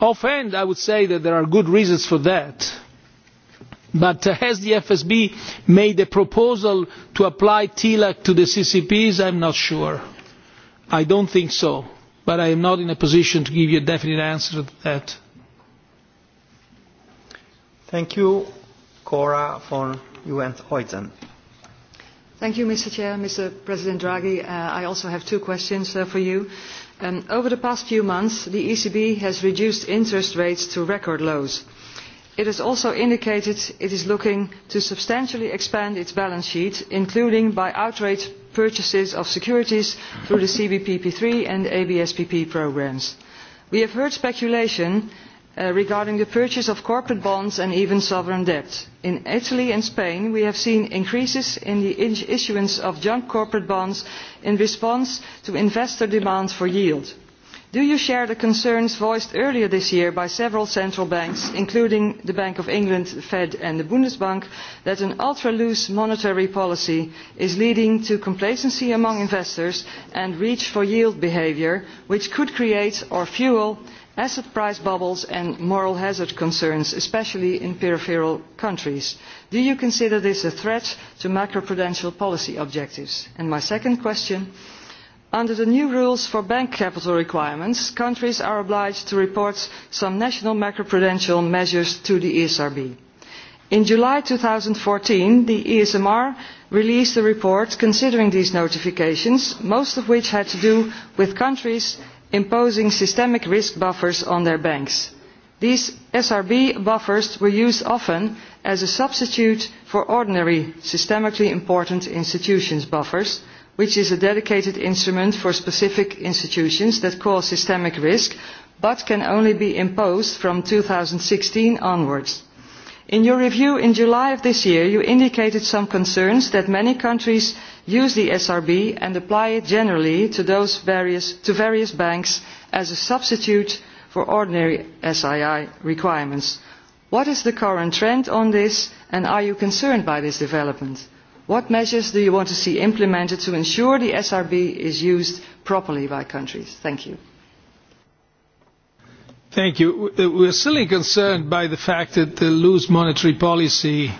offhand i would say that there are good reasons for that but uh, has the fsb made a proposal to apply tlac to the ccps i'm not sure i don't think so but i am not in a position to give you a definite answer to that thank you cora von uenthuizen thank you mr chair mr president draghi uh, i also have two questions uh, for you uh, Um, over the past few months the ecb has reduced interest rates to record lows. it has also indicated it is looking to substantially expand its balance sheet including by outright purchases of securities through the cbpp three and absbp programmes. we have heard speculation that Uh, regarding the purchase of corporate bonds and even sovereign debt. in italy and spain we have seen increases in the issuance of junk corporate bonds in response to investor demand for yield. do you share the concerns voiced earlier this year by several central banks including the bank of england the fed and the bundesbank that an ultra loose monetary policy is leading to complacency among investors and reach for yield behaviour which could create or fuel asset price bubbles and moral hazard concerns especially in peripheral countries. do you consider this a threat to macro prudential policy objectives? my second question under the new rules for bank capital requirements countries are obliged to report some national macro prudential measures to the esrb. in july two thousand and fourteen the esmr released a report considering these notifications most of which had to do with countries imposing systemic risk buffers on their banks. These SRB buffers were used often as a substitute for ordinary systemically important institutions buffers, which is a dedicated instrument for specific institutions that cause systemic risk but can only be imposed from 2016 onwards in your review in july of this year you indicated some concerns that many countries use the srb and apply it generally to various banks as a substitute for ordinary sii requirements. what is the current trend on this and are you concerned by this development? what measures do you want to see implemented to ensure the srb is used properly by countries? Thank you. We are certainly concerned by the fact that the loose monetary policy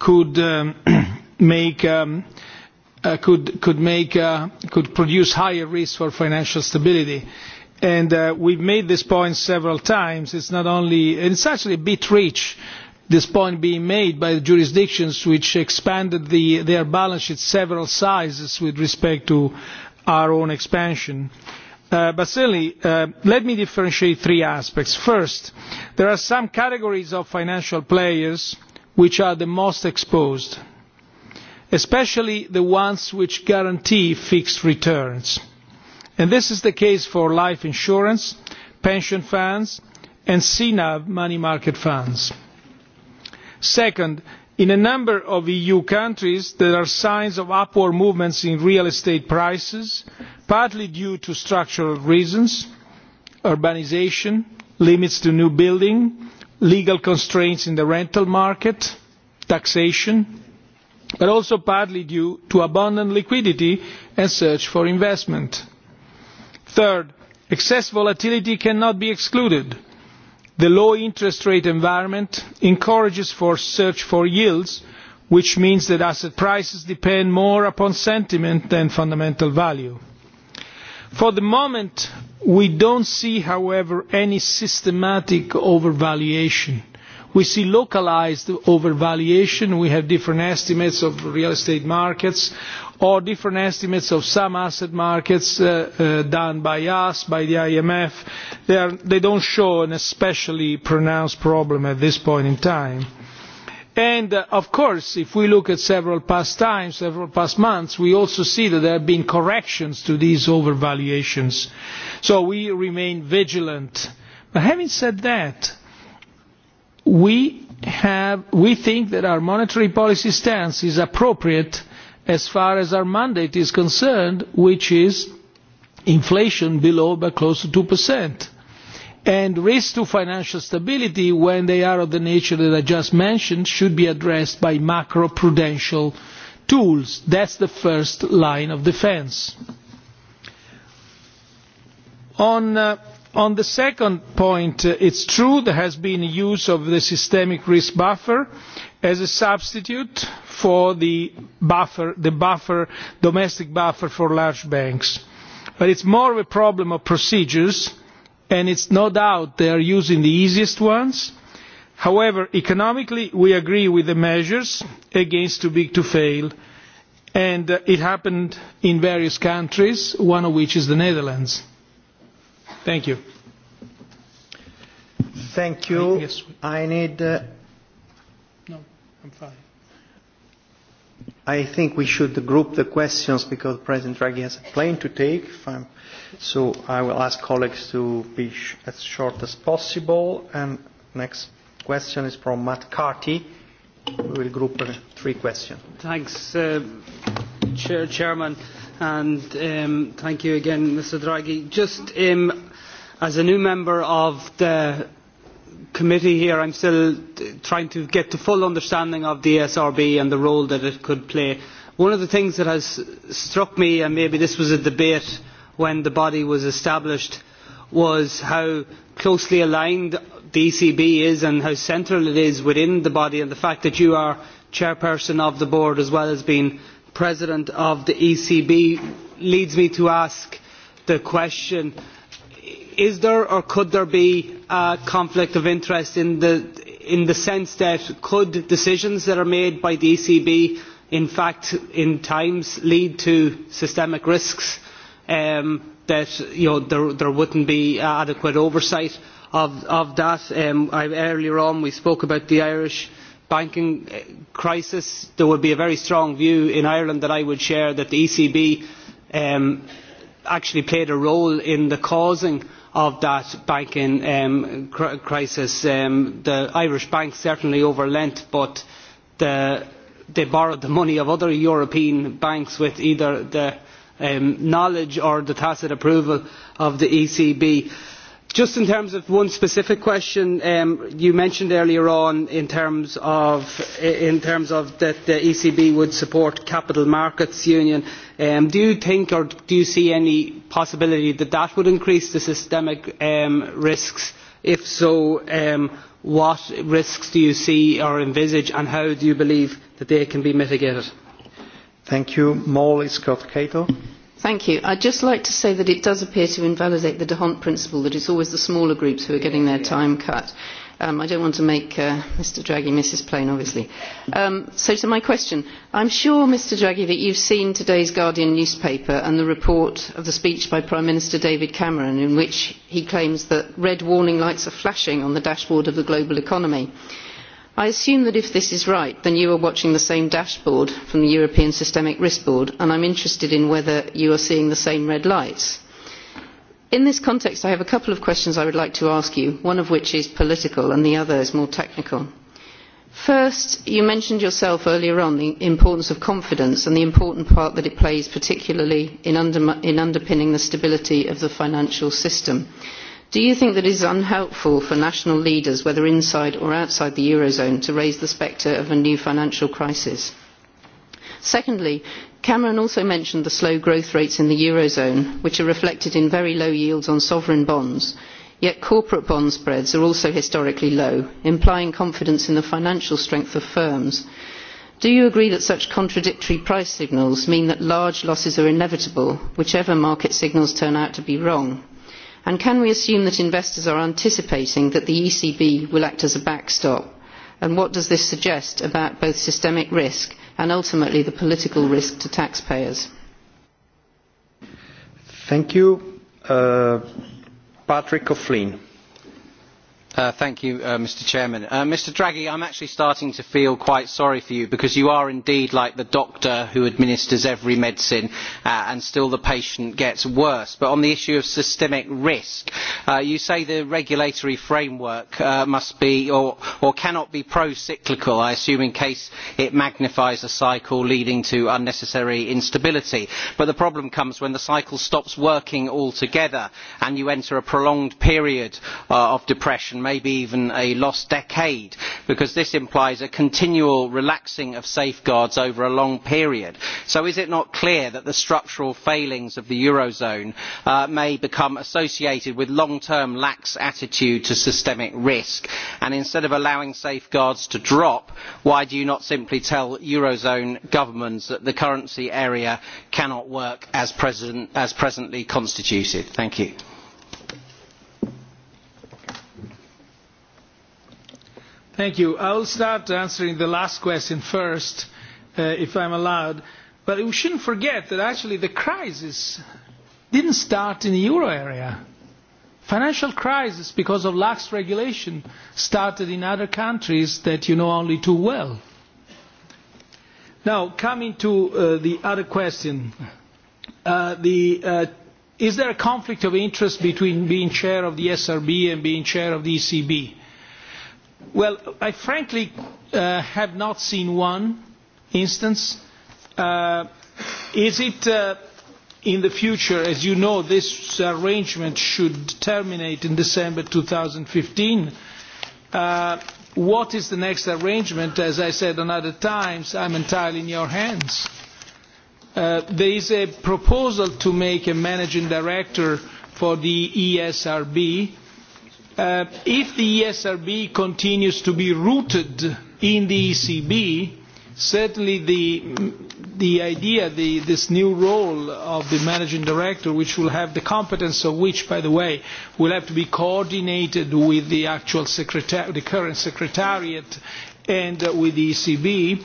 could um, make um, uh, could could make uh, could produce higher risk for financial stability, and uh, we've made this point several times. It's not only and it's actually a bit rich, this point being made by the jurisdictions which expanded the their balance sheet several sizes with respect to our own expansion vassili uh, uh, let me differentiate three aspects. first there are some categories of financial players which are the most exposed especially the ones which guarantee fixed returns and this is the case for life insurance pension funds and cnav money market funds. second in a number of eu countries there are signs of upward movements in real estate prices partly due to structural reasons urbanisation limits to new building legal constraints in the rental market taxation but also partly due to abundant liquidity and search for investment. third excess volatility cannot be excluded the low interest rate environment encourages a search for yields which means that asset prices depend more upon sentiment than fundamental value. for the moment we do not see however any systematic overvaluation. We see localized overvaluation. We have different estimates of real estate markets or different estimates of some asset markets uh, uh, done by us, by the IMF. They, are, they don't show an especially pronounced problem at this point in time. And, uh, of course, if we look at several past times, several past months, we also see that there have been corrections to these overvaluations. So we remain vigilant. But having said that, we think that our monetary policy stance is appropriate as far as our mandate is concerned which is inflation below but close to two and risks to financial stability when they are of the nature that i just mentioned should be addressed by macro prudential tools. that is the first line of defence. on uh, on the second point uh, it is true there has been a use of the systemic risk buffer as a substitute for the domestic buffer for large banks but it is more of a problem of procedures and it is no doubt they are using the easiest ones. however economically we agree with the measures against too big to fail and uh, it happened in various countries one of which is the netherlands. Thank you. Thank you. I need. Uh, no, I'm fine. I think we should group the questions because President Draghi has a plane to take. If I'm, so I will ask colleagues to be sh as short as possible. And next question is from Matt Carty. We will group uh, three questions. Thanks, uh, Chair Chairman. And um, thank you again, Mr Draghi. Just. Um, as a new member of the committee here i am still trying to get the full understanding of the esrb and the role that it could play. one of the things that has struck me and maybe this was a debate when the body was established was how closely aligned the ecb is and how central it is within the body and the fact that you are chairperson of the board as well as being president of the ecb leads me to ask the question is there or could there be a conflict of interest in the, in the sense that could decisions that are made by the ECB in fact in times lead to systemic risks um, that you know, there, there wouldn't be adequate oversight of, of that? Um, I, earlier on we spoke about the Irish banking uh, crisis. There would be a very strong view in Ireland that I would share that the ECB um, actually played a role in the causing of that banking um, cr crisis. Um, the Irish banks certainly overlent, but the, they borrowed the money of other European banks with either the um, knowledge or the tacit approval of the ECB. Uh, just in terms of one specific question um, you mentioned earlier on in terms of in terms of that the ECB would support capital markets union um, do you think or do you see any possibility that that would increase the systemic um, risks if so um, what risks do you see or envisage and how do you believe that they can be mitigated thank you Mall is Scott Cato i would just like to say that it does appear to invalidate the dehaene principle that it is always the smaller groups who are getting their time cut. Um, i do not want to make uh, mr draghi mrs plain obviously. Um, so to my question i am sure mr draghi that you have seen today's guardian newspaper and the report of the speech by prime minister david cameron in which he claims that red warning lights are flashing on the dashboard of the global economy i assume that if this is right then you are watching the same dashboard from the european systemic risk board and i am interested in whether you are seeing the same red lights. in this context i have a couple of questions i would like to ask you one of which is political and the other is more technical. First, you mentioned yourself earlier on the importance of confidence and the important part that it plays, particularly in, under, in underpinning the stability of the financial system do you think that it is unhelpful for national leaders, whether inside or outside the eurozone, to raise the spectre of a new financial crisis? secondly, cameron also mentioned the slow growth rates in the eurozone, which are reflected in very low yields on sovereign bonds. yet corporate bond spreads are also historically low, implying confidence in the financial strength of firms. do you agree that such contradictory price signals mean that large losses are inevitable, whichever market signals turn out to be wrong? And can we assume that investors are anticipating that the ECB will act as a backstop? And what does this suggest about both systemic risk and ultimately the political risk to taxpayers? Thank you. Uh, Patrick O'Flynn mr president mr draghi i am actually starting to feel quite sorry for you because you are indeed like the doctor who administers every medicine uh, and still the patient gets worse. but on the issue of systemic risk uh, you say the regulatory framework uh, must be or cannot be pro cyclical i assume in case it magnifies a cycle leading to unnecessary instability but the problem comes when the cycle stops working altogether and you enter a prolonged period of depression maybe even a lost decade because this implies a continual relaxing of safeguards over a long period. so is it not clear that the structural failings of the eurozone uh, may become associated with long term lax attitude to systemic risk and instead of allowing safeguards to drop why do you not simply tell eurozone governments that the currency area cannot work as, present, as presently constituted? Thank you. i will start by answering the last question first uh, if i am allowed but we should not forget that actually the crisis did not start in the euro area. the financial crisis because of lax regulation started in other countries that you know only too well. now coming to uh, the other question uh, the, uh, is there a conflict of interest between being chair of the srb and being chair of the ecb? Well, I frankly uh, have not seen one instance. Uh, is it uh, in the future, as you know, this arrangement should terminate in December 2015? Uh, what is the next arrangement? As I said on other times, I'm entirely in your hands. Uh, there is a proposal to make a managing director for the ESRB, uh, Uh, if the esrb continues to be rooted in the ecb certainly the idea this new role of the managing director which will have the competence of which by the way will have to be coordinated with the actual current secretariat and uh, with the ecb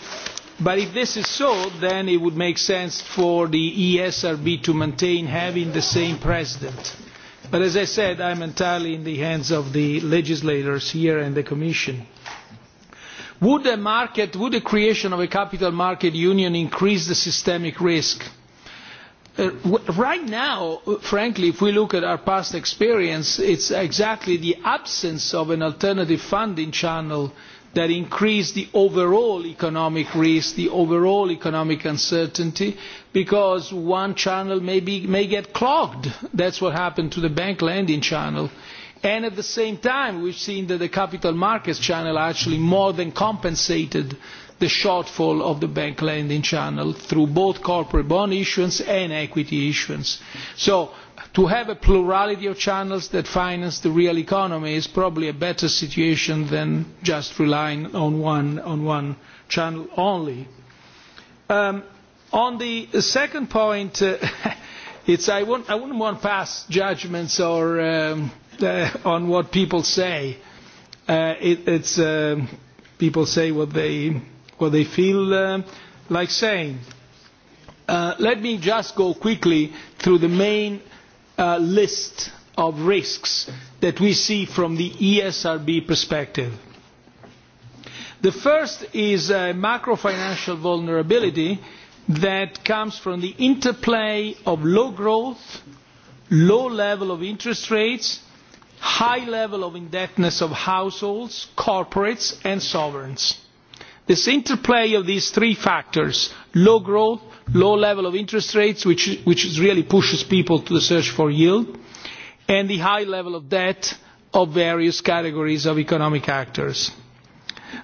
but if this is so then it would make sense for the esrb to maintain having the same president but as i said i am entirely in the hands of the legislators here and the commission. would the creation of a capital market union increase the systemic risk? Uh, right now uh, frankly if we look at our past experience it is exactly the absence of an alternative funding channel that increases the overall economic risk the overall economic uncertainty because one channel may, be, may get clogged. That's what happened to the bank lending channel. And at the same time, we've seen that the capital markets channel actually more than compensated the shortfall of the bank lending channel through both corporate bond issuance and equity issuance. So to have a plurality of channels that finance the real economy is probably a better situation than just relying on one, on one channel only. Um, On the second point, uh, it's, I, won't, I wouldn't want to pass judgments or, um, uh, on what people say. Uh, it, it's, uh, people say what they, what they feel uh, like saying. Uh, let me just go quickly through the main uh, list of risks that we see from the ESRB perspective. The first is uh, macro financial vulnerability that comes from the interplay of low growth low level of interest rates high level of indebtedness of households corporates and sovereigns this interplay of these three factors low growth low level of interest rates which which is really pushes people to the search for yield and the high level of debt of various categories of economic actors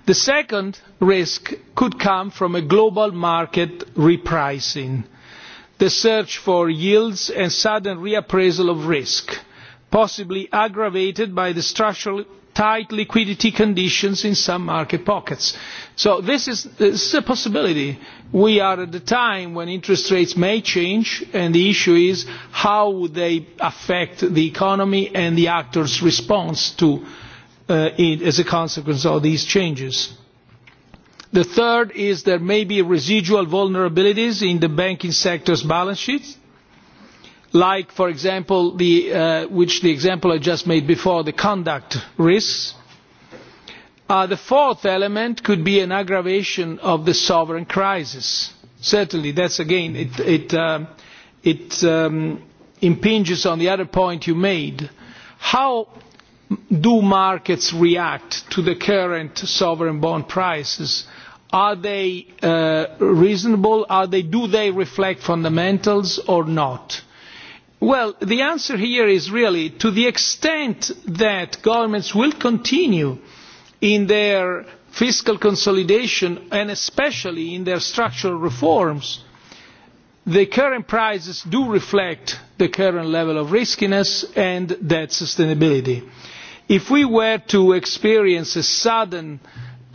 the second risk could come from a global market repricing the search for yields and sudden reappraisal of risk possibly aggravated by the structural tight liquidity conditions in some market pockets. So this is, this is a possibility. We are at a time when interest rates may change and the issue is how would they affect the economy and the actors' response to uh, Uh, as a consequence of these changes. The third is there may be residual vulnerabilities in the banking sector's balance sheets, like, for example, the, uh, which the example I just made before, the conduct risks. Uh, the fourth element could be an aggravation of the sovereign crisis. Certainly, that's again, it, it, uh, it um, impinges on the other point you made. How do markets react to the current sovereign bond prices? Are they uh, reasonable? Are they, do they reflect fundamentals or not? Well, the answer here is really to the extent that governments will continue in their fiscal consolidation and especially in their structural reforms, the current prices do reflect the current level of riskiness and debt sustainability. Uh, if we were to experience a sudden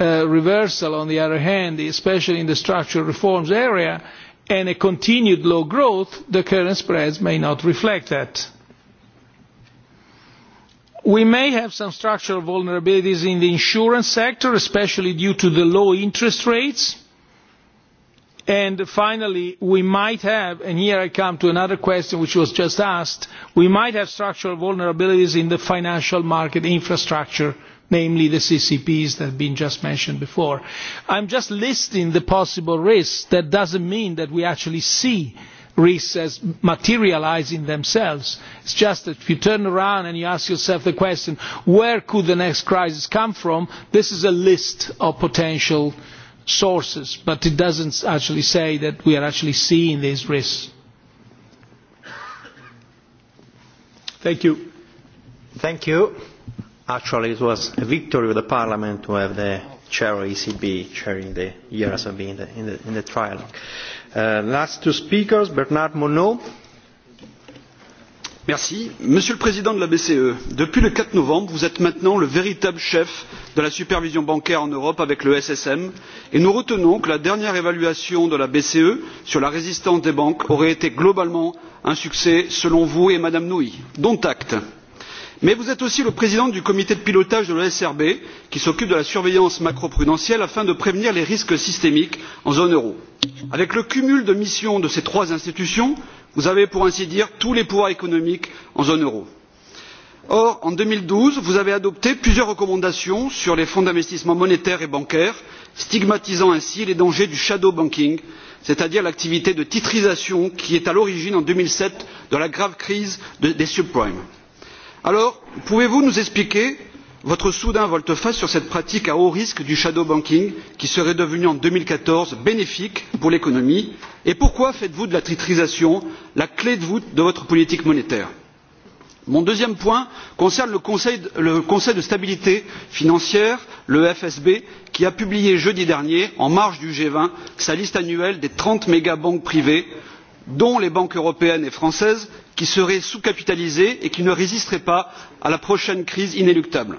uh, reversal, on the other hand, especially in the structural reforms area, and a continued low growth, the current spreads may not reflect that. We may have some structural vulnerabilities in the insurance sector, especially due to the low interest rates and finally we might have and here i come to another question which was just asked we might have structural vulnerabilities in the financial market infrastructure namely the ccps that have been just mentioned before. i am just listing the possible risks that does not mean that we actually see risks as materialising themselves. it is just that if you turn around and you ask yourself the question where could the next crisis come from this is a list of potential sources, but it doesn't actually say that we are actually seeing these risks. Thank you. Thank you. Actually, it was a victory of the Parliament to have the chair of ECB chairing the years of being in the, in the, in the trial. Uh, last two speakers, Bernard Monod monsieur le président de la bce depuis le quatre novembre vous êtes maintenant le véritable chef de la supervision bancaire en europe avec le ssm et nous retenons que la dernière évaluation de la bce sur la résistance des banques aurait été globalement un succès selon vous et mme nouy dont acte mais vous êtes aussi le président du comité de pilotage de l'esrb qui s'occupe de la surveillance macroprudentielle afin de prévenir les risques systémiques en zone euro. avec le cumul de missions de ces trois institutions vous avez pour ainsi dire tous les pouvoirs économiques en zone euro. or en deux mille douze vous avez adopté plusieurs recommandations sur les fonds d'investissement monétaire et bancaire stigmatisant ainsi les dangers du shadow banking c'est à dire l'activité de titrisation qui est à l'origine en deux mille sept de la grave crise des subprimes alors pouvez vous nous expliquer votre soudaine volte face sur cette pratique à haut risque du shadow banking qui serait devenue en deux mille quatorze bénéfique pour l'économie et pourquoi faites vous de la titrisation la clé de voûte de votre politique monétaire? mon deuxième point concerne le conseil de stabilité financière le fsb qui a publié jeudi dernier en marge du g vingt sa liste annuelle des trente mégabanques privées dont les banques européennes et françaises qui seraient sous capitalisées et qui ne résisteraient pas à la prochaine crise inéluctable.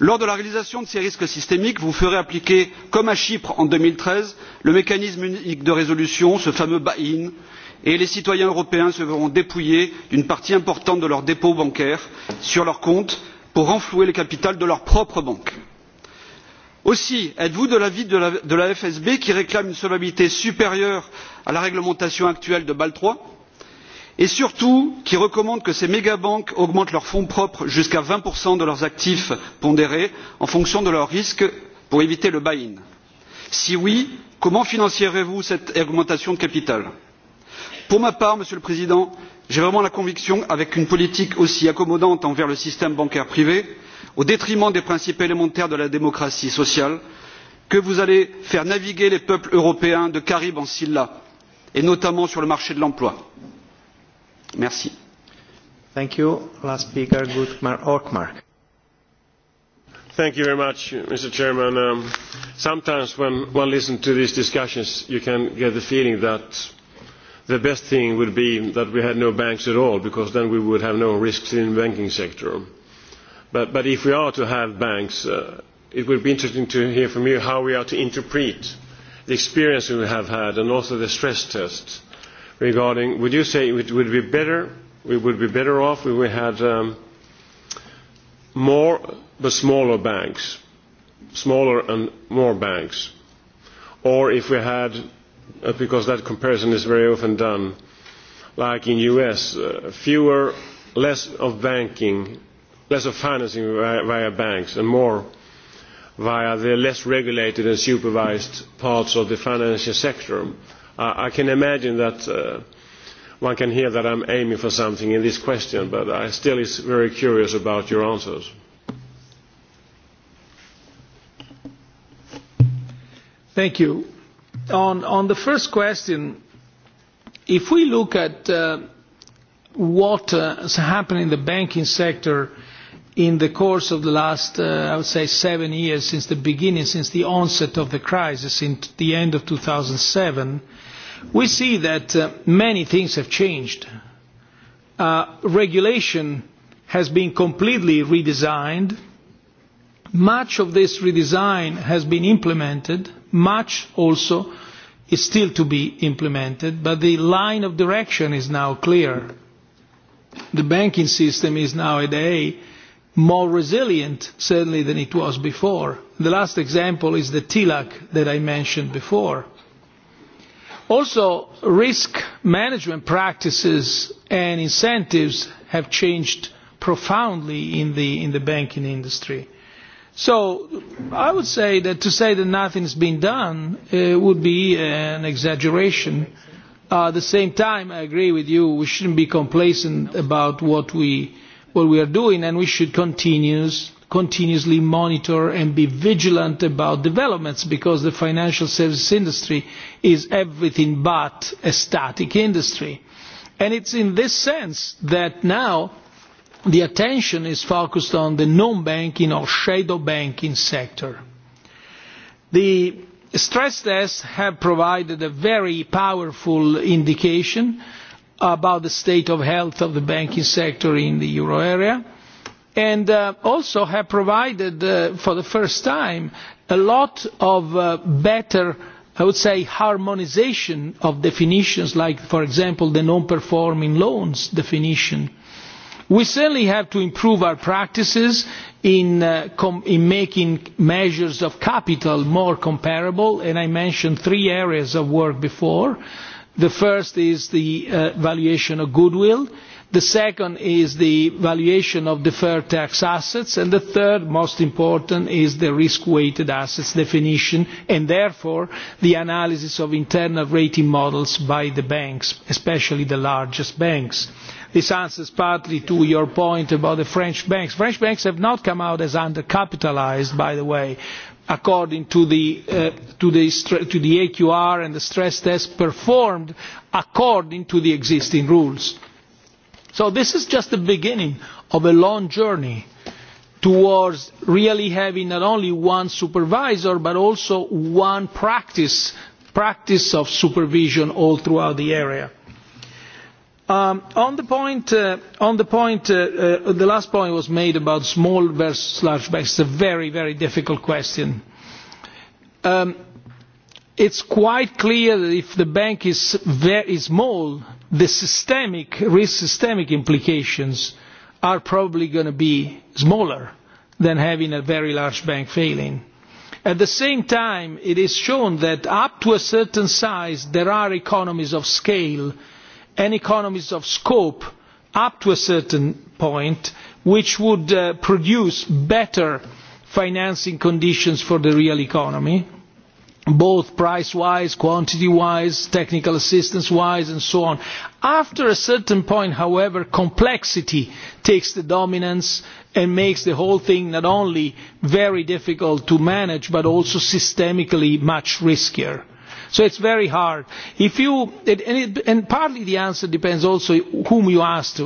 lors de la réalisation de ces risques systémiques vous ferez appliquer comme à chypre en deux mille treize le mécanisme unique de résolution ce fameux buy in et les citoyens européens se verront dépouillés d'une partie importante de leurs dépôts bancaires sur leur compte pour renflouer le capital de leur propre banque. aussi êtes vous de l'avis de la fsb qui réclame une solvabilité supérieure à la réglementation actuelle de bâle iii? et surtout qui recommande que ces mégabanques augmentent leurs fonds propres jusqu'à vingt de leurs actifs pondérés en fonction de leurs risques pour éviter le bail in. si oui comment financerez vous cette augmentation de capital? pour ma part monsieur le président j'ai vraiment la conviction qu'avec une politique aussi accommodante envers le système bancaire privé au détriment des principes élémentaires de la démocratie sociale vous allez faire naviguer les peuples européens de charybde en scylla et notamment sur le marché de l'emploi. Merci. Thank you. Last speaker, Gutmar Orkmark. Thank you very much, Mr. Chairman. Um, sometimes when one listens to these discussions, you can get the feeling that the best thing would be that we had no banks at all, because then we would have no risks in the banking sector. But, but if we are to have banks, uh, it would be interesting to hear from you how we are to interpret the experience we have had and also the stress tests regarding would you say it would be better we would be better off if we had um, more the smaller banks smaller and more banks or if we had uh, because that comparison is very often done like in US uh, fewer less of banking less of financing via, via banks and more via the less regulated and supervised parts of the financial sector I can imagine that uh, one can hear that I'm aiming for something in this question, but I still is very curious about your answers. Thank you. On, on the first question, if we look at uh, what uh, has happened in the banking sector in the course of the last, uh, I would say, seven years since the beginning, since the onset of the crisis in the end of 2007, we see that uh, many things have changed. Uh, regulation has been completely redesigned. Much of this redesign has been implemented. Much also is still to be implemented, but the line of direction is now clear. The banking system is now at A more resilient certainly than it was before. The last example is the TILAC that I mentioned before. Also, risk management practices and incentives have changed profoundly in the, in the banking industry. So I would say that to say that nothing has been done uh, would be an exaggeration. Uh, at the same time, I agree with you, we shouldn't be complacent about what we, uh, what we are doing and we should continues, continuously monitor and be vigilant about developments because the financial services industry is everything but a static industry. And it's in this sense that now the attention is focused on the non-banking or shadow banking sector. The stress tests have provided a very powerful indication uh, about the state of health of the banking sector in the euro area and uh, also have provided uh, for the first time a lot of uh, better i would say harmonisation of definitions like for example the non performing loans definition. we certainly have to improve our practices in, in making measures of capital more comparable and i mentioned three areas of work before the first is the uh, valuation of goodwill the second is the valuation of deferred tax assets and the third most important is the risk weighted assets definition and therefore the analysis of internal rating models by the banks especially the largest banks this answers partly to your point about the french banks french banks have not come out as undercapitalized by the way according to the uh, aqr and the stress test performed according to the existing rules. so this is just the beginning of a long journey towards really having not only one supervisor but also one practice of supervision all throughout the area. Um, uh, uh, uh, the last point was made about small versus large banks it is a very very difficult question. Um, it is quite clear that if the bank is small the real systemic implications are probably going to be smaller than having a very large bank failing. at the same time it is shown that up to a certain size there are economies of scale and economies of scope up to a certain point which would uh, produce better financing conditions for the real economy both price wise quantity wise technical assistance wise and so on. after a certain point however complexity takes the dominance and makes the whole thing not only very difficult to manage but also systemically much riskier so it is very hard. and partly the answer depends also on whom you ask.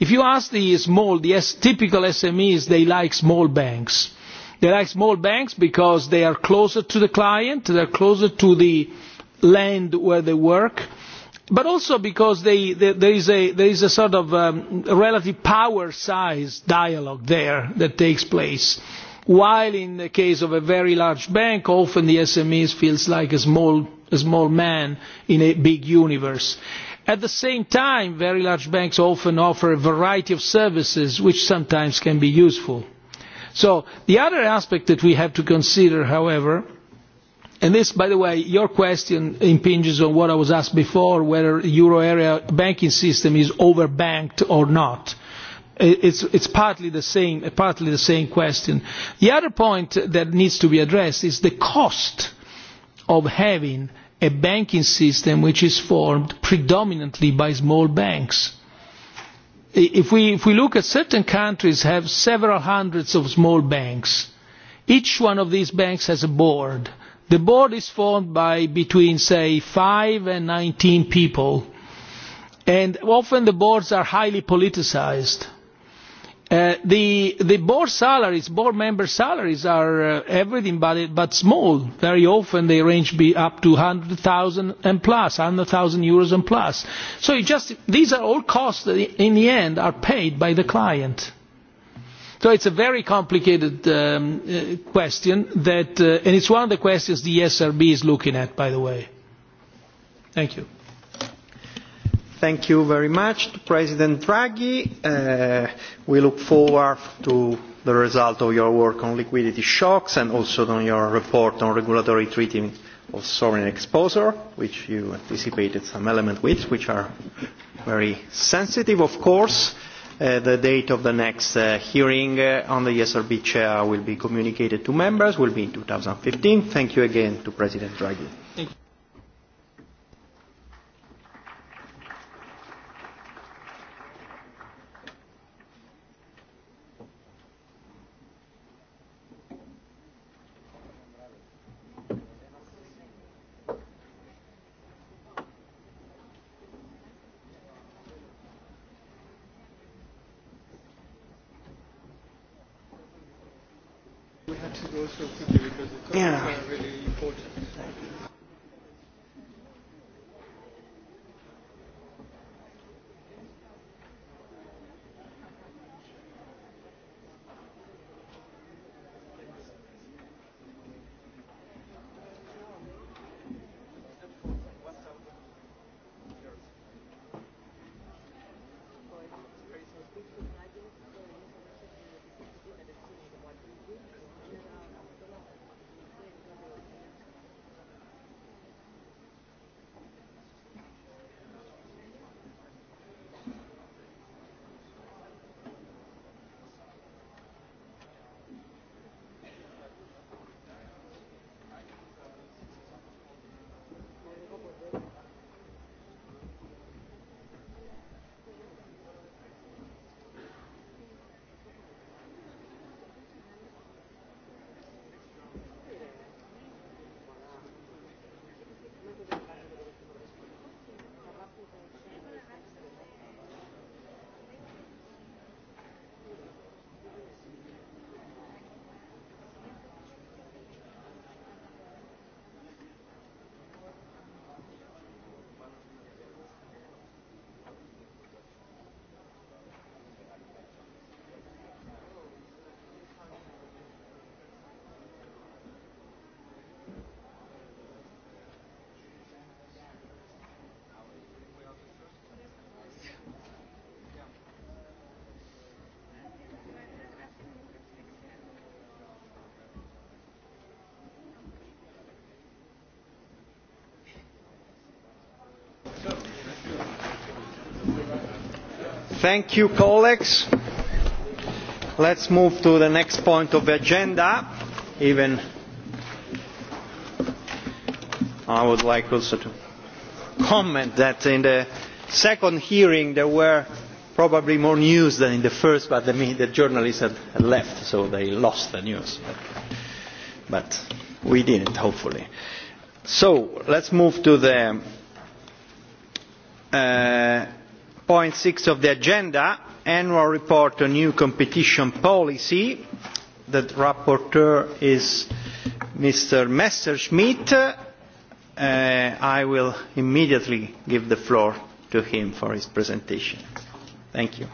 if you ask the small the typical smes they like small banks. they like small banks because they are closer to the client they are closer to the land where they work but also because they, they, there, is a, there is a sort of um, relative power size dialogue there that takes place. while in the case of a very large bank, often the smes feels like a small a small man in a big universe. At the same time, very large banks often offer a variety of services which sometimes can be useful. So the other aspect that we have to consider, however, and this, by the way, your question impinges on what I was asked before, whether the euro area banking system is overbanked or not. It's, it's partly, the same, partly the same question. The other point that needs to be addressed is the cost of having a banking system which is formed predominantly by small banks. If we, if we look at certain countries have several hundreds of small banks, each one of these banks has a board. The board is formed by between, say, 5 and 19 people. And often the boards are highly politicized. Uh, Uh, the board salaries board members' salaries are uh, everything but small very often they range up to one hundred zero and plus one hundred zero euros and plus so these are all costs that in the end are paid by the client so it is a very complicated um, uh, question and it is one of the questions the esrb is looking at by the way. Thank you very much to President Draghi. Uh, we look forward to the result of your work on liquidity shocks and also on your report on regulatory treating of sovereign exposure, which you anticipated some element with, which are very sensitive, of course. Uh, the date of the next uh, hearing uh, on the ESRB chair will be communicated to members, will be in 2015. Thank you again to President Draghi. yeah. thank you colleagues let's move to the next point of the agenda even i would like also to comment that in the second hearing there were probably more news than in the first but the, the journalists had, had left so they lost the news but, but we didn't hopefully so let's move to the uh, point six of the agenda annual report on new competition policy the rapporteur is mr messerschmidt uh, i will immediately give the floor to him for his presentation thank you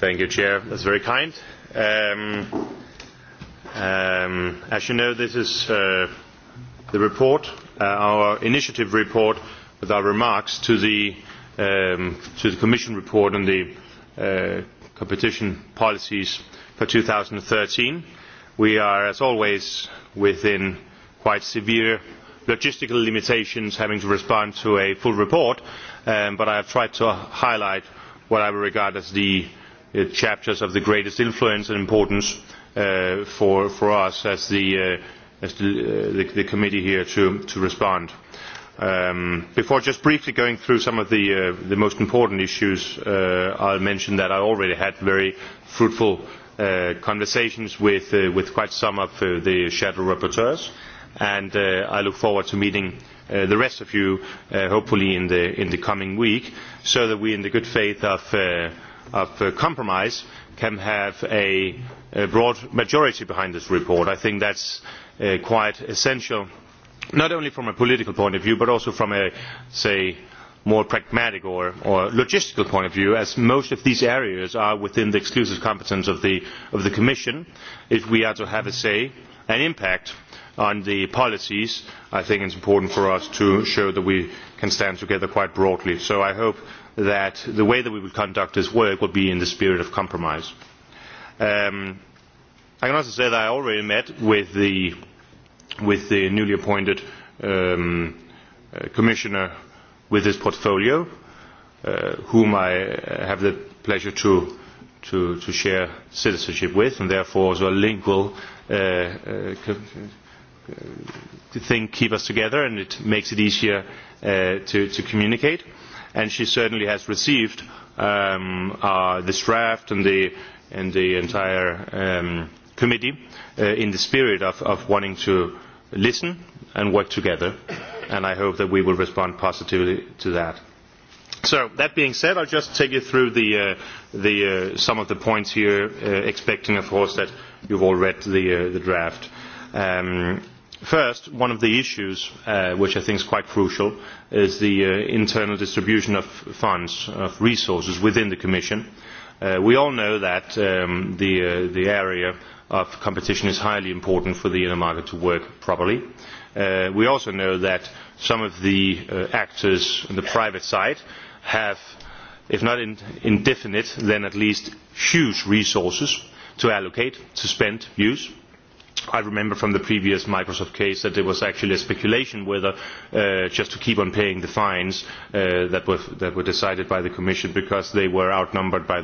thank you chair that's very kind um, um, as you know this is uh, the report uh, our initiative report with our remarks to the Um, to the commission report on the uh, competition policies for. two thousand and thirteen we are as always within quite severe logistical limitations having to respond to a full report um, but i have tried to highlight what i regard as the uh, chapters of the greatest influence and importance uh, for us as the committee here to respond to. Um, before just briefly going through some of the uh, most important issues i uh, will mention that i already had very fruitful uh, conversations with quite some of the shadow rapporteurs and i look forward to meeting the rest of you hopefully in the coming week so that we in the good faith of compromise can have a broad majority behind this report. i think that is quite essential not only from a political point of view but also from a more pragmatic or logistical point of view as most of these areas are within the exclusive competence of the commission if we are to have a say and impact on the policies i think it is important for us to show that we can stand together quite broadly. so i hope that the way that we will conduct this work will be in the spirit of compromise. Um, i can also say that i already met with the with the newly appointed um, uh, commissioner with his portfolio, uh, whom I uh, have the pleasure to, to, to share citizenship with, and therefore also a lingual uh, uh, uh, thing keep us together, and it makes it easier uh, to, to communicate. And she certainly has received um, our, this draft and the, and the entire um, committee uh, in the spirit of, of wanting to, listen and work together and i hope that we will respond positively to that. that being said i will just take you through uh, uh, some of the points here uh, expecting of course that you have all read the draft. Um, first one of the issues which i think is quite crucial is the internal distribution of funds of resources within the commission. we all know that um, the area of competition is highly important for the inner market to work properly. Uh, we also know that some of the uh, actors on the private side have, if not in, indefinite, then at least huge resources to allocate, to spend, use. Uh, i remember from the previous microsoft case that there was actually speculation whether uh, just to keep on paying the fines uh, that were decided by the commission because they were outnumbered by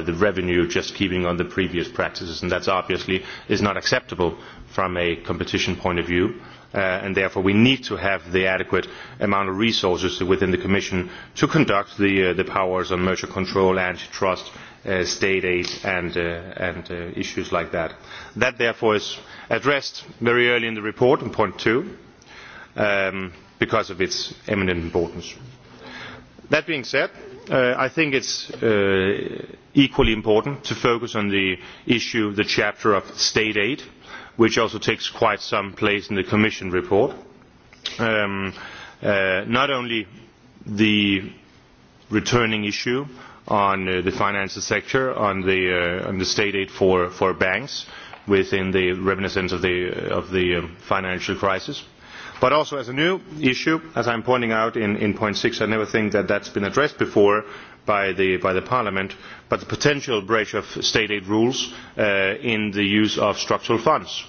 the revenue just keeping on the previous practices and that obviously is not acceptable from a competition point of view uh, and therefore we need to have the adequate amount of resources within the commission to conduct the, uh, the powers on merger control antitrust uh, state aid and, uh, and uh, issues like that that therefore is addressed very early in the report in point two um, because of its eminent importance. that being said uh, i think it is uh, equally important to focus on the issue of the chapter on state aid which also takes quite some place in the commission report. Um, uh, not only the returning issue on the financial sector on the state aid for banks within the reminiscence of the um, financial crisis. Also as a new issue, as I'm pointing out in point six, I never think that that's been addressed before by the parliament, but the potential breach of state aid rules uh, in the use of structural funds.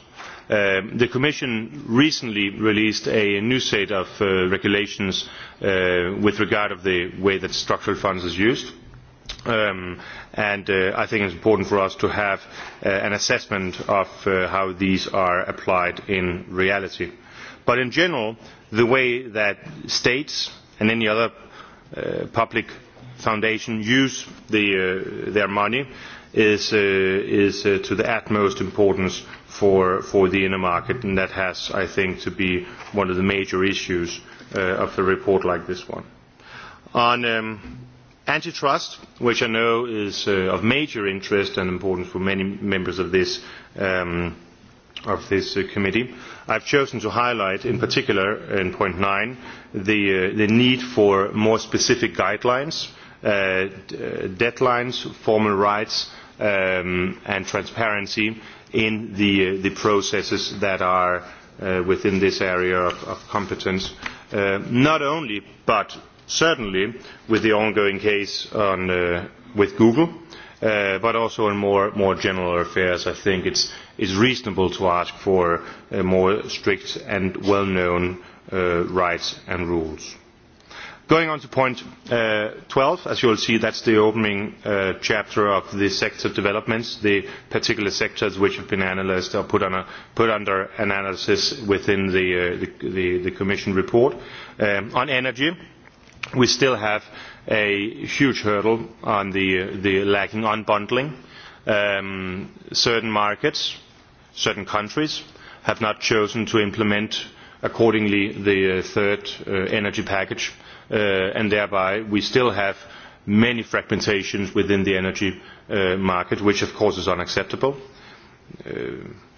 Um, the commission recently released a new set of uh, regulations uh, with regard of the way that structural funds is used. Um, and uh, i think it is important for us to have uh, an assessment of uh, how these are applied in reality. but in general the way that states and any other public foundation use their money is of the utmost importance for the inner market and that has i think to be one of the major issues of a report like this one. Um, antitrust which i know is uh, of major interest and importance for many members of this um, of this uh, committee. I've chosen to highlight in particular in point nine the, uh, the need for more specific guidelines, uh, d- uh, deadlines, formal rights um, and transparency in the, uh, the processes that are uh, within this area of, of competence. Uh, not only but certainly with the ongoing case uh, with google uh, but also in more general affairs i think it is reasonable to ask for more strict and well known uh, rights and rules. going on to point twelve as you will see that is the opening chapter of the sector developments the particular sectors which have been analysed or put under analysis within the commission report. Um, on energy we still have a huge hurdle on the lacking unbundling. Um, certain markets certain countries have not chosen to implement accordingly the uh, third uh, energy package uh, and thereby we still have many fragmentations within the energy market which of course is unacceptable.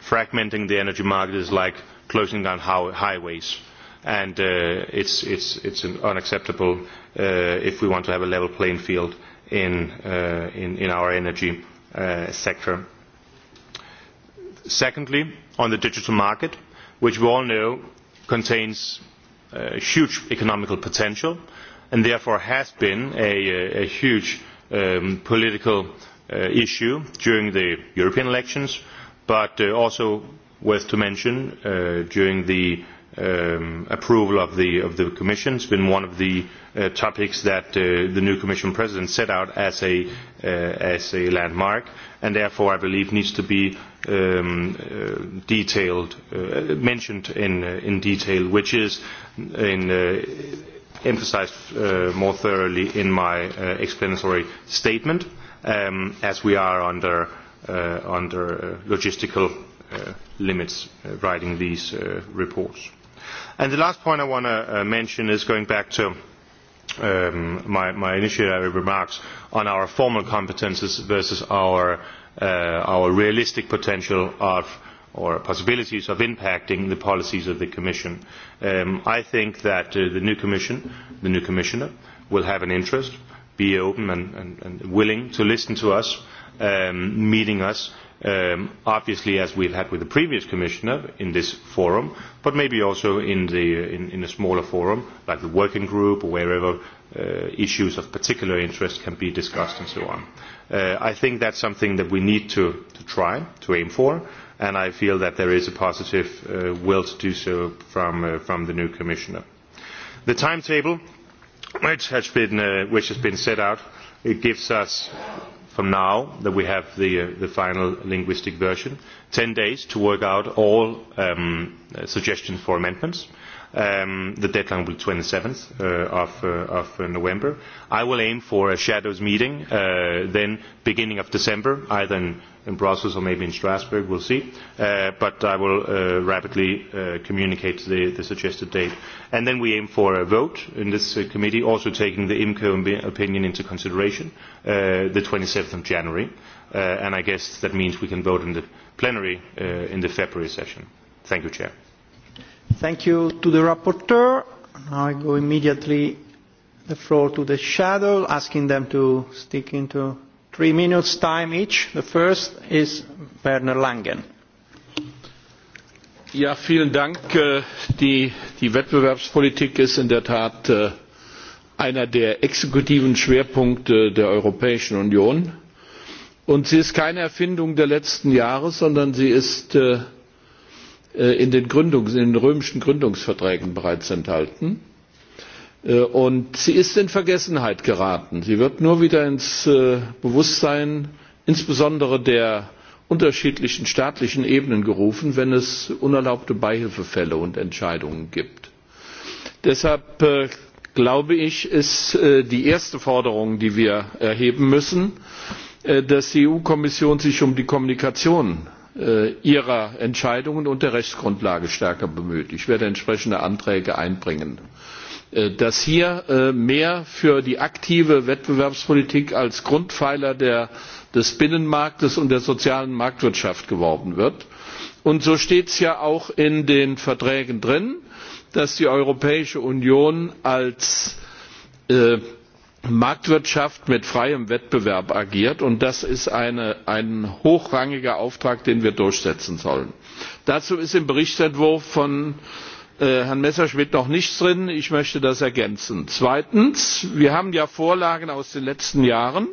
fragmenting the energy market is like closing down highways and uh, it is unacceptable uh, if we want to have a level playing field in uh, our energy sector. secondly on the digital market which we all know contains huge economic potential and therefore has been a huge um, political issue during the european elections but also worth mentioning during the um, approval of the of the commission. It's been one of the uh, topics that uh, the new commission president set out as a uh, as a landmark, and therefore I believe needs to be um, uh, detailed uh, mentioned in uh, in detail, which is in. Uh, emphasized uh, more thoroughly in my uh, explanatory statement um, as we are under, uh, under uh, logistical uh, limits uh, writing these uh, reports the last point i want to uh, mention is going back to um, my initial remarks on our formal competences versus our uh, realistic potential or possibilities of impacting the policies of the commission. Um, i think that uh, the new commission the new commissioner will have an interest be open and willing to listen to us um, meeting us Um, obviously as we have had with the previous commissioner in this forum but maybe also in uh, a smaller forum like the working group or wherever uh, issues of particular interest can be discussed and so on. Uh, i think that is something that we need to try to aim for and i feel that there is a positive will to do so from, uh, from the new commissioner. the timetable which has been, uh, which has been set out it gives us from now that we have uh, the final linguistic version ten days to work out all um, uh, suggestions for amendments um, the deadline will be 27th uh, of, uh, of uh, November. I will aim for a shadows meeting uh, then beginning of December, either in, in Brussels or maybe in Strasbourg, we'll see. Uh, but I will uh, rapidly uh, communicate the, the suggested date. And then we aim for a vote in this uh, committee, also taking the IMCO opinion into consideration, uh, the 27th of January. Uh, and I guess that means we can vote in the plenary uh, in the February session. Thank you, Chair. Thank you to the rapporteur. Now I go immediately the floor to the shadow, asking them to stick into three minutes time each. The first is Werner Langen. Ja, vielen Dank. Äh, die, die Wettbewerbspolitik ist in der Tat äh, einer der exekutiven Schwerpunkte der Europäischen Union. Und sie ist keine Erfindung der letzten Jahre, sondern sie ist äh, Äh, in den, Gründungs-, in den römischen Gründungsverträgen bereits enthalten. Äh, und sie ist in Vergessenheit geraten. Sie wird nur wieder ins äh, Bewusstsein, insbesondere der unterschiedlichen staatlichen Ebenen gerufen, wenn es unerlaubte Beihilfefälle und Entscheidungen gibt. Deshalb glaube ich, ist die erste Forderung, die wir erheben müssen, dass die EU-Kommission sich um die Kommunikation Äh, ihrer entscheidungen und der rechtsgrundlage stärker bemüht. ich werde entsprechende anträge einbringen. Äh, dass hier äh, mehr für die aktive wettbewerbspolitik als grundpfeiler des binnenmarktes und der sozialen marktwirtschaft geworben wird und so steht es ja auch in den verträgen drin dass die europäische union als marktwirtschaft mit freiem wettbewerb agiert und das ist ein hochrangiger auftrag den wir durchsetzen sollen. dazu ist im berichtsentwurf von äh, herrn messerschmidt noch nichts drin ich möchte das ergänzen. zweitens wir haben ja vorlagen aus den letzten jahren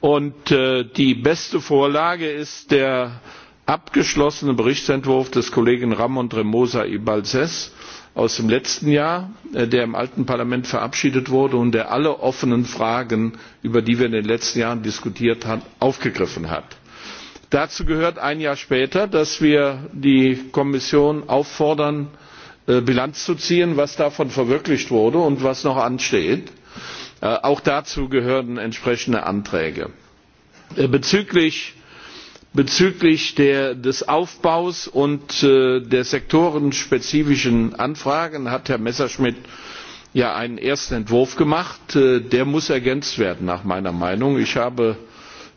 und äh, die beste vorlage ist der abgeschlossene berichtsentwurf des kollegen ramon tremosa i balzs aus dem letzten jahr äh, der im alten parlament verabschiedet wurde und der alle offenen fragen über die wir in den letzten jahren diskutiert haben aufgegriffen hat. dazu gehört ein jahr später dass wir die kommission auffordern äh, bilanz zu ziehen was davon verwirklicht wurde und was noch ansteht. Äh, auch dazu gehören entsprechende anträge. bezüglich bezüglich des aufbaus und äh, der sektorenspezifischen anfragen hat herr messerschmidt ja einen ersten entwurf gemacht. Äh, der muss ergänzt werden nach meiner meinung. ich habe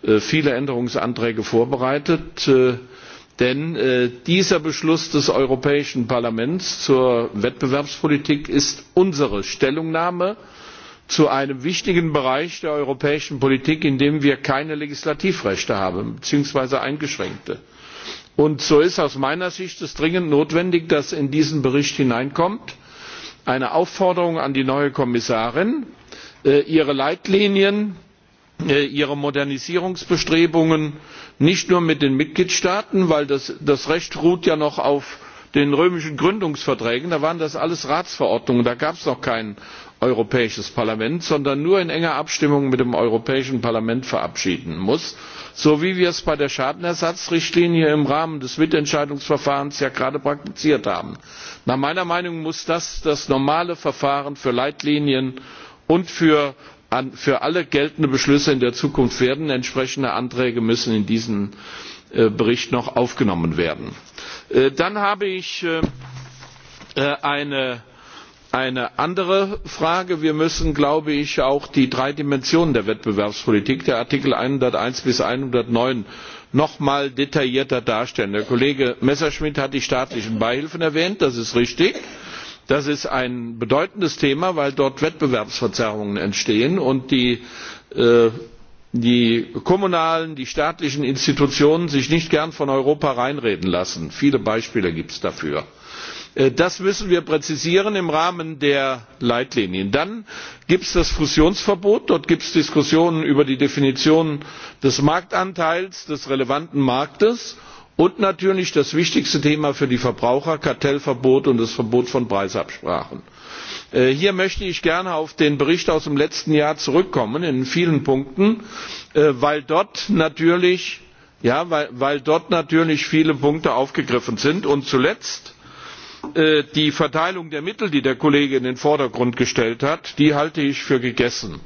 äh, viele änderungsanträge vorbereitet denn dieser beschluss des europäischen parlaments zur wettbewerbspolitik ist unsere stellungnahme zu einem wichtigen bereich der europäischen politik in dem wir keine legislativrechte haben beziehungsweise eingeschränkte. so ist es aus meiner sicht dringend notwendig dass in diesen bericht eine aufforderung an die neue kommissarin hineinkommt äh, ihre leitlinien äh, ihre modernisierungsbestrebungen nicht nur mit den mitgliedstaaten weil das recht ruht ja noch auf den römischen gründungsverträgen da waren das alles ratsverordnungen da gab es noch kein europäisches parlament sondern nur in enger abstimmung mit dem europäischen parlament verabschieden muss so wie wir es bei der schadenersatzrichtlinie im rahmen des mitentscheidungsverfahrens ja gerade praktiziert haben. nach meiner meinung muss das das normale verfahren für leitlinien und für alle geltenden beschlüsse in der zukunft werden. entsprechende anträge müssen in diesen äh, bericht noch aufgenommen werden. Äh, dann habe ich äh, eine eine andere frage wir müssen glaube ich auch die drei dimensionen der wettbewerbspolitik der artikel einhunderteins bis einhundertneun noch einmal detaillierter darstellen. der kollege messerschmidt hat die staatlichen beihilfen erwähnt das ist richtig. das ist ein bedeutendes thema weil dort wettbewerbsverzerrungen entstehen und die äh, kommunalen die staatlichen institutionen sich nicht gern von europa reinreden lassen viele beispiele gibt es dafür. Äh, das müssen wir präzisieren im rahmen der leitlinien. dann gibt es das fusionsverbot dort gibt es diskussionen über die definition des marktanteils des relevanten marktes und natürlich das wichtigste thema für die verbraucher kartellverbot und das verbot von preisabsprachen. Äh, hier möchte ich gerne auf den bericht aus dem letzten jahr zurückkommen in vielen punkten äh, ja, weil dort natürlich viele punkte aufgegriffen sind. und zuletzt Äh, die verteilung der mittel die der kollege in den vordergrund gestellt hat halte ich für gegessen.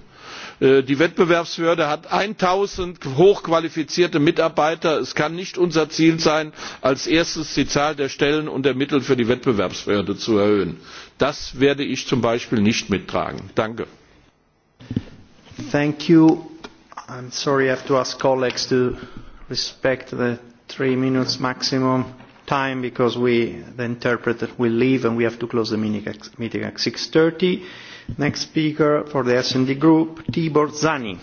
Äh, die wettbewerbsbehörde hat eins null hochqualifizierte mitarbeiter. es kann nicht unser ziel sein als erstes die zahl der stellen und der mittel für die wettbewerbsbehörde zu erhöhen. das werde ich zum beispiel nicht mittragen. danke. thank you. i'm sorry i have to ask colleagues to respect the three minutes maximum time because we the interpreter will leave and we have to close the meeting at, meeting at 6.30. Next speaker for the S&D group, Tibor Zani.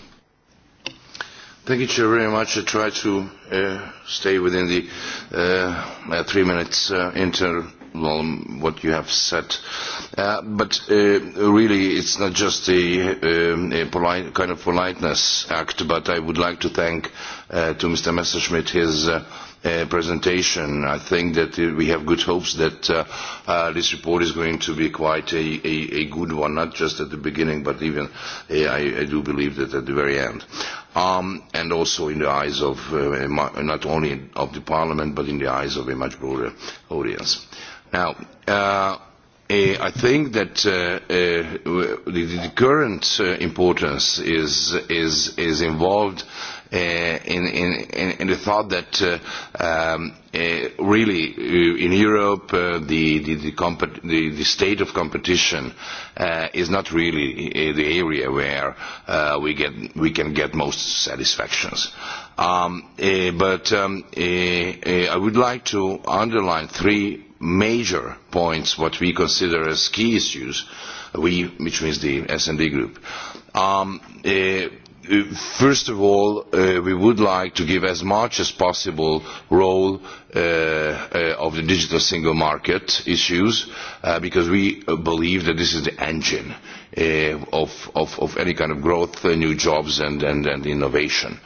Thank you chair, very much. I try to uh, stay within the uh, uh, three minutes uh, interval what you have said. Uh, but uh, really, it's not just a, a, uh, a polite, kind of politeness act, but I would like to thank uh, to Mr. Messerschmidt his uh, uh, presentation. I think that uh, we have good hopes that uh, uh, this report is going to be quite a, a, a good one, not just at the beginning, but even uh, I, I do believe that at the very end. Um, and also in the eyes of uh, not only of the Parliament, but in the eyes of a much broader audience. Now, uh, I think that uh, uh, the, the current uh, importance is, is, is involved uh, Uh, in, in, in, in the thought that uh, um, uh, really uh, in Europe uh, the, the, the, comp- the, the state of competition uh, is not really uh, the area where uh, we, get, we can get most satisfactions. Um, uh, but um, uh, uh, I would like to underline three major points what we consider as key issues, we, which means the SD group. Um, uh, first of all, uh, we would like to give as much as possible role uh, uh, of the digital single market issues uh, because we uh, believe that this is the engine uh, of, of, of any kind of growth, uh, new jobs and, and, and innovation.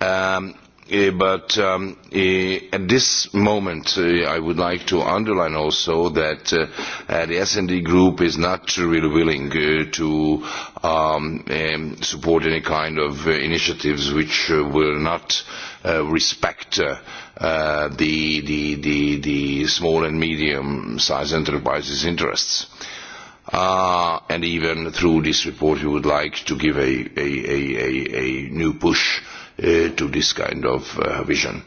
Um, Eh, but um, eh, at this moment eh, i would like to underline also that uh, uh, the sd group is not really willing uh, to um, um, support any kind of initiatives which will not respect the small and medium sized enterprises' interests and even through this report we would like to give a new push uh, to this kind of uh, vision.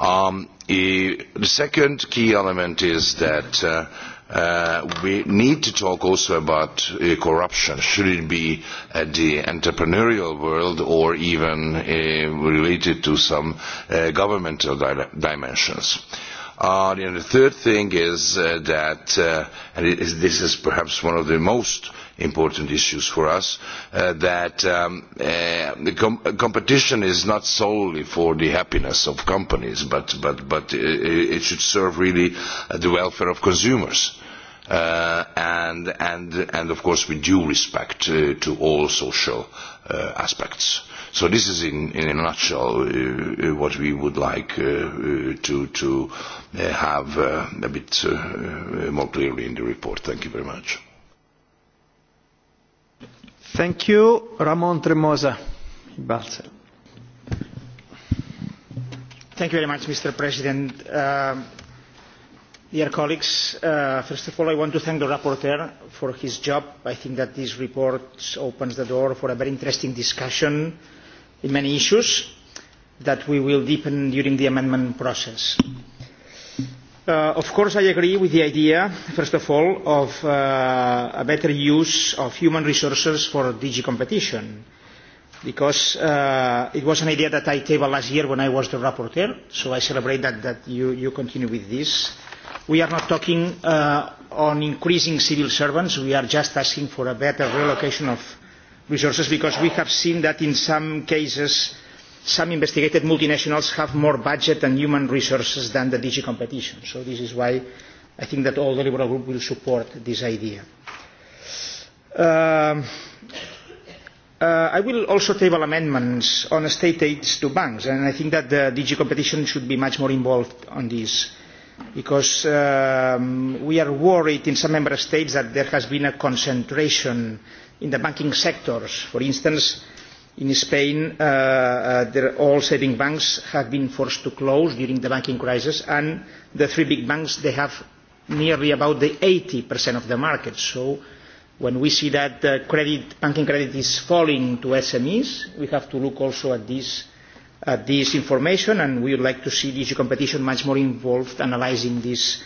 Um, e- the second key element is that uh, uh, we need to talk also about uh, corruption. Should it be at the entrepreneurial world or even uh, related to some uh, governmental di- dimensions? Uh, and the third thing is uh, that, uh, and it is, this is perhaps one of the most uh, important issues for us uh, that um, uh, com competition is not solely for the happiness of companies but, but, but it should serve really uh, the welfare of consumers. Uh, and, and, and of course with due respect uh, to all social uh, aspects. So this is in, in a nutshell uh, uh what we would like uh, uh, to, to uh, have uh, a bit uh, more clearly in the report. Thank you very much mr president um, uh, first of all i want to thank the rapporteur for his job. i think that this report opens the door for a very interesting discussion on many issues that we will deepen during the amendment process. Uh, of course i agree with the idea first of all of uh, a better use of human resources for dg competition because uh, it was an idea that i tabled last year when i was the rapporteur so i celebrate that, that you, you continue with this. we are not talking uh, on increasing civil servants we are just asking for a better reallocation of resources because we have seen that in some cases uh, some investigated multinationals have more budget and human resources than the DG competition. So this is why I think that all the Liberal Group will support this idea. Um, uh, I will also table amendments on state aids to banks, and I think that the DG competition should be much more involved on this, because um, we are worried in some member states that there has been a concentration in the banking sectors. For instance, In Spain, uh, uh, all saving banks have been forced to close during the banking crisis, and the three big banks they have nearly about the 80% of the market. So, when we see that uh, credit, banking credit is falling to SMEs, we have to look also at this, at this information, and we would like to see this competition much more involved, analysing this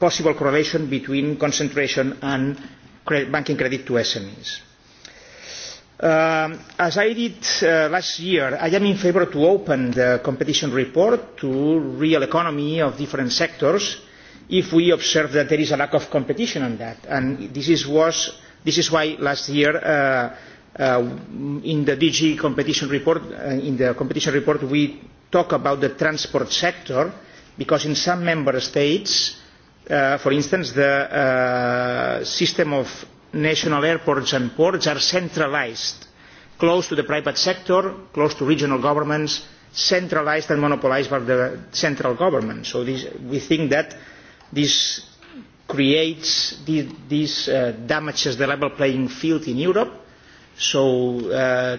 possible correlation between concentration and cre banking credit to SMEs. Um, as i did uh, last year i am in favour of opening the competition report to the real economy of different sectors if we observe that there is a lack of competition in that and this is why last year uh, uh, in the dg competition report in the competition report we talked about the transport sector because in some member states for instance the system of national airports and ports are centralised close to the private sector close to regional governments centralised and monopolised by the central government. so we think that this creates this uh, damages the level playing field in europe so uh,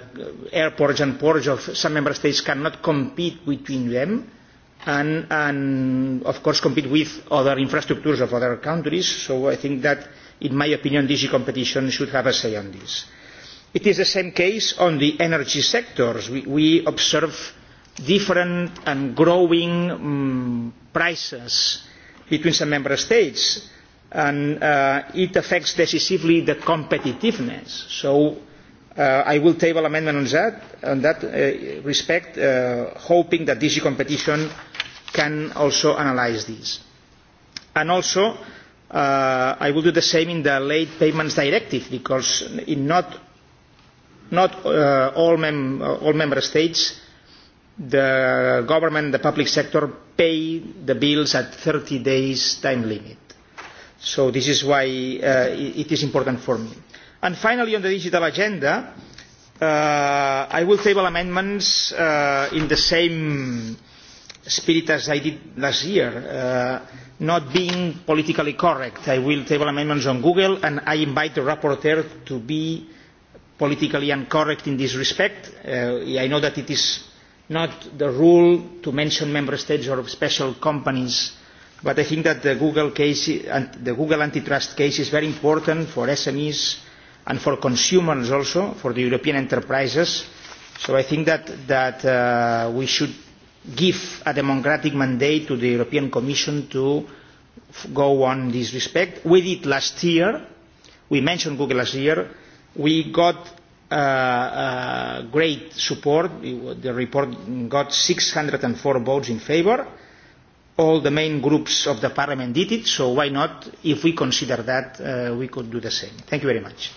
airports and ports of some member states cannot compete between them and of course compete with other infrastructures of other countries so i think that in my opinion dg competition should have a say on this. it is the same case on the energy sectors. we, we observe different and growing um, prices between some member states and uh, it affects decisively the competitiveness. so uh, i will table amendment on that, on that uh, respect, uh, hoping that dg competition can also analyse this. and also, Uh, I will do the same in the late payments directive because in not, not uh, all, mem uh, all member states the government, the public sector pay the bills at 30 days time limit. So this is why uh, it is important for me. And finally on the digital agenda, uh, I will table amendments uh, in the same spirit as I did last year. Uh, not being politically correct, I will table amendments on Google and I invite the rapporteur to be politically incorrect in this respect. Uh, I know that it is not the rule to mention member states or special companies, but I think that the Google, case, the Google antitrust case is very important for SMEs and for consumers also, for the European enterprises. So I think that, that uh, we should give a democratic mandate to the European Commission to go on in this respect. We did last year. We mentioned Google last year. We got uh, uh, great support. The report got 604 votes in favor. All the main groups of the parliament did it, so why not? If we consider that, uh, we could do the same. Thank you very much.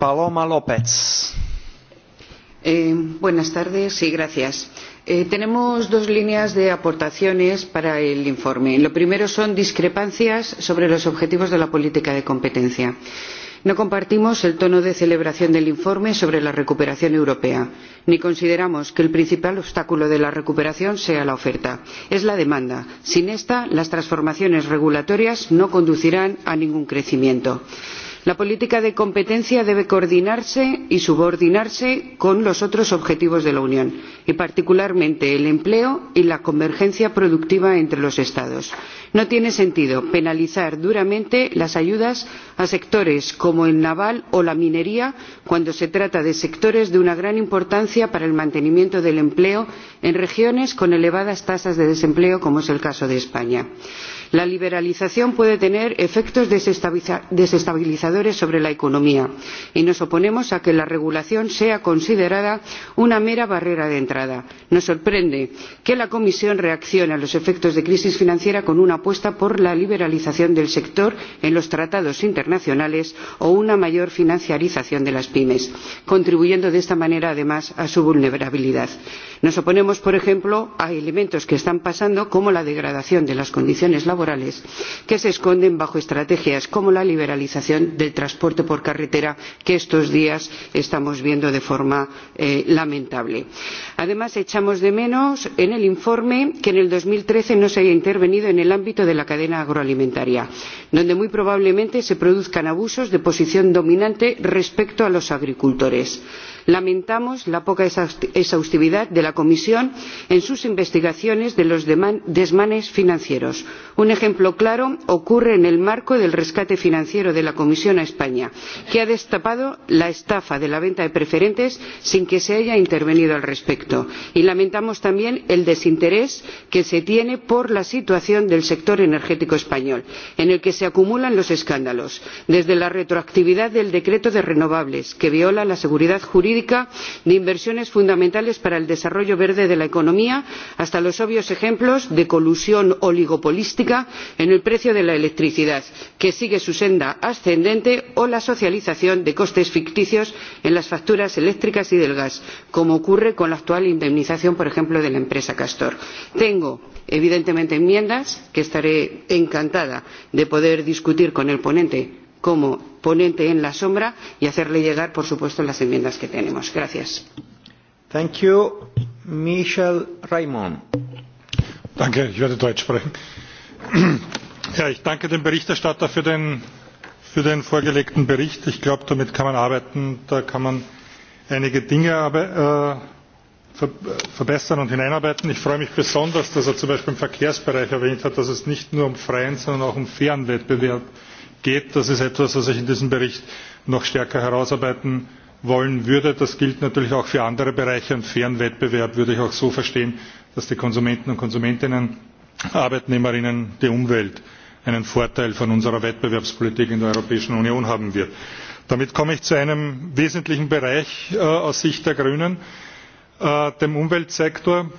Paloma Lopez. Eh, buenas tardes y gracias. Eh, tenemos dos líneas de aportaciones para el informe. la primera son discrepancias sobre los objetivos de la política de competencia. no compartimos el tono de celebración del informe sobre la recuperación europea ni consideramos que el principal obstáculo de la recuperación sea la oferta es la demanda. sin esta las transformaciones regulatorias no conducirán a ningún crecimiento la política de competencia debe coordinarse y subordinarse con los otros objetivos de la unión y particularmente el empleo y la convergencia productiva entre los estados. no tiene sentido penalizar duramente las ayudas a sectores como el naval o la minería cuando se trata de sectores de una gran importancia para el mantenimiento del empleo en regiones con elevadas tasas de desempleo como es el caso de españa la liberalización puede tener efectos desestabilizadores sobre la economía y nos oponemos a que la regulación sea considerada una mera barrera de entrada. nos sorprende que la comisión reaccione a los efectos de la crisis financiera con una apuesta por la liberalización del sector en los tratados internacionales o una mayor financiarización de las pyme contribuyendo de esta manera además a su vulnerabilidad. nos oponemos por ejemplo a elementos que están pasando como la degradación de las condiciones laborales que se esconden bajo estrategias como la liberalización del transporte por carretera que estos días estamos viendo de forma eh, lamentable. además echamos de menos en el informe que en el dos mil trece no se haya intervenido en el ámbito de la cadena agroalimentaria donde muy probablemente se produzcan abusos de posición dominante respecto a los agricultores. Lamentamos la poca exhaustividad de la Comisión en sus investigaciones de los desmanes financieros, un ejemplo claro ocurre en el marco del rescate financiero de la comisión a españa que ha destapado la estafa de la venta de preferentes sin que se haya intervenido al respecto y lamentamos también el desinterés que se tiene por la situación del sector energético español en el que se acumulan los escándalos desde la retroactividad del decreto de renovables que viola la seguridad jurídica de inversiones fundamentales para el desarrollo verde de la economía hasta los obvios ejemplos de colusión oligopolística en el precio de la electricidad que sigue su senda ascendente o la socialización de costes ficticios en las facturas eléctricas y del gas como ocurre con la actual indemnización por ejemplo de la empresa castor. tengo evidentemente enmiendas que estaré encantada de poder discutir con el ponente como ponente en la sombra y hacerle llegar por supuesto las enmiendas que tenemos. gracias. Thank you. Michel Raymond. Danke, ich werde Deutsch sprechen. Ja, ich danke dem berichterstatter für den vorgelegten bericht. ich glaube damit kann man arbeiten da kann man einige dinge äh, äh, verbessern und hineinarbeiten. ich freue mich besonders dass er zum beispiel im verkehrsbereich erwähnt hat dass es nicht nur um freien sondern auch um fairen wettbewerb geht. das ist etwas was ich in diesem bericht noch stärker herausarbeiten wollen würde. das gilt natürlich auch für andere bereiche und fairen wettbewerb würde ich auch so verstehen dass die konsumenten und konsumentinnen arbeitnehmerinnen die umwelt einen vorteil von unserer wettbewerbspolitik in der europäischen union haben wird. damit komme ich zu einem wesentlichen bereich äh, aus sicht der grünen äh, dem umweltsektor.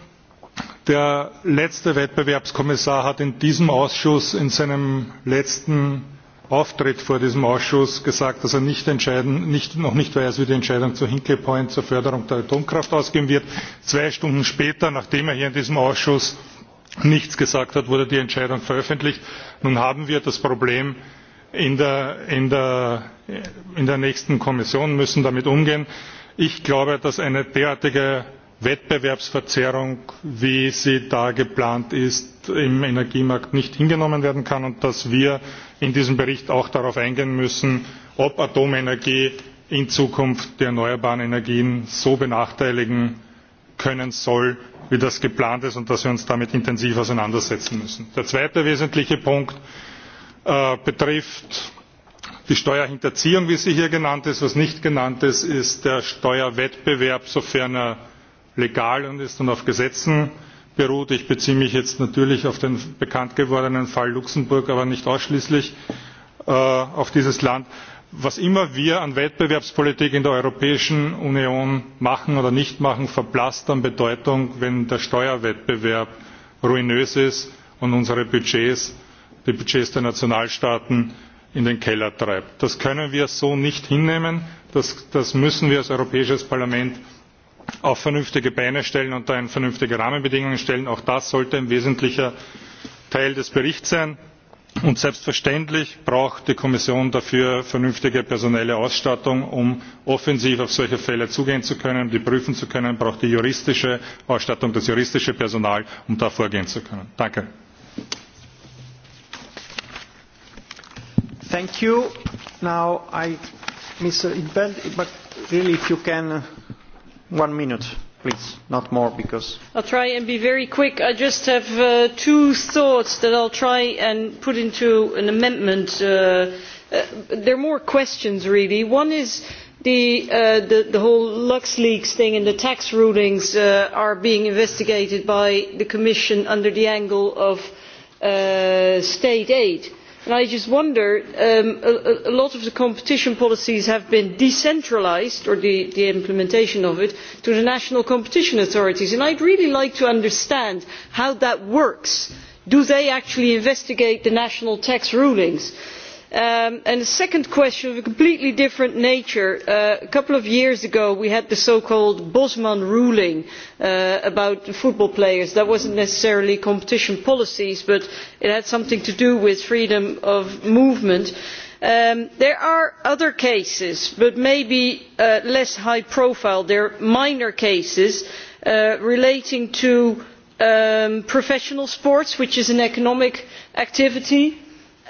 der letzte wettbewerbskommissar hat in diesem ausschuss in seinem letzten auftritt vor diesem ausschuss gesagt dass er noch nicht weiß wie die entscheidung zu hinkley point zur förderung der atomkraft ausgehen wird. zwei stunden später nachdem er hier in diesem ausschuss nichts gesagt hat wurde die entscheidung veröffentlicht. nun haben wir das problem in der, in der, in der nächsten kommission und müssen damit umgehen. ich glaube dass eine derartige wettbewerbsverzerrung wie sie da geplant ist im energiemarkt nicht hingenommen werden kann und dass wir in diesem bericht auch darauf eingehen müssen ob atomenergie in zukunft die erneuerbaren energien so benachteiligen können soll wie das geplant ist und dass wir uns damit intensiv auseinandersetzen müssen. der zweite wesentliche punkt äh, betrifft die steuerhinterziehung wie sie hier genannt wird. was nicht genannt ist ist der steuerwettbewerb sofern er legal ist und auf gesetzen beruht. ich beziehe mich jetzt natürlich auf den bekannt gewordenen fall luxemburg aber nicht ausschließlich äh, auf dieses land was immer wir an wettbewerbspolitik in der europäischen union machen oder nicht machen verblasst an bedeutung wenn der steuerwettbewerb ruinös ist und unsere budgets die budgets der nationalstaaten in den keller treibt. das können wir so nicht hinnehmen das müssen wir als europäisches parlament auf vernünftige beine stellen und vernünftige rahmenbedingungen schaffen. auch das sollte ein wesentlicher teil des berichts und selbstverständlich braucht die kommission dafür vernünftige personelle ausstattung um offensiv auf solche fälle zugehen zu können sie prüfen zu können braucht die juristische ausstattung das juristische personal um da vorgehen zu können please not more because i'll try and be very quick i just have uh, two thoughts that i'll try and put into an amendment uh, uh, they're more questions really one is the, uh, the, the whole LuxLeaks thing and the tax rulings uh, are being investigated by the Commission under the angle of uh, state aid. Uh, i just wonder um, a lot of the competition policies have been decentralised or the implementation of them to the national competition authorities and i would really like to understand how that works. do they actually investigate the national tax rulings? Um, a second question of a completely different nature uh, a couple of years ago we had the so called bosman ruling uh, about football players. that was not necessarily competition policies but it had something to do with freedom of movement. Um, there are other cases but maybe uh, less high profile they are minor cases relating to um, professional sports which is an economic activity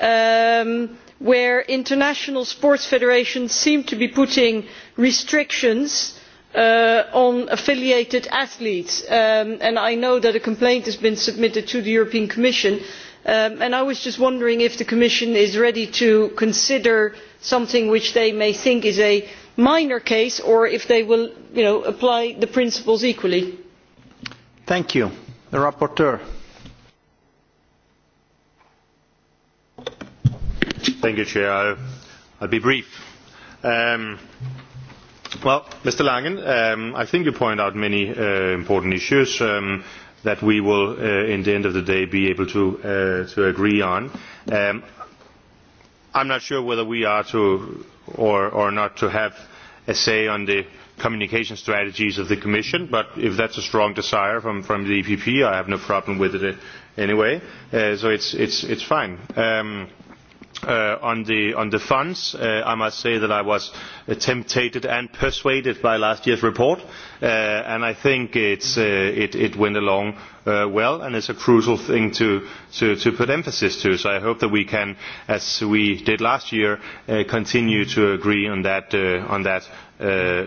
and where international sports federations seem to be putting restrictions uh, on affiliated athletes um, and i know that a complaint has been submitted to the european commission um, and i was just wondering if the commission is ready to consider something which they may think is a minor case or if they will apply the principles equally. i'll be brief. mr um, langen um, i think you point out many uh, important issues um, that we will at uh, the end of the day be able to uh, agree on. i'm not sure whether we are to or not to have a say on the communication strategies of the commission but if that's a strong desire from the epp i have no problem with it anyway so it's fine. Uh, on the funds uh, i must say that i was tempted and persuaded by last year's report uh, and i think it went along well and is a crucial thing to put emphasis on so i hope that we can as we did last year continue to agree on that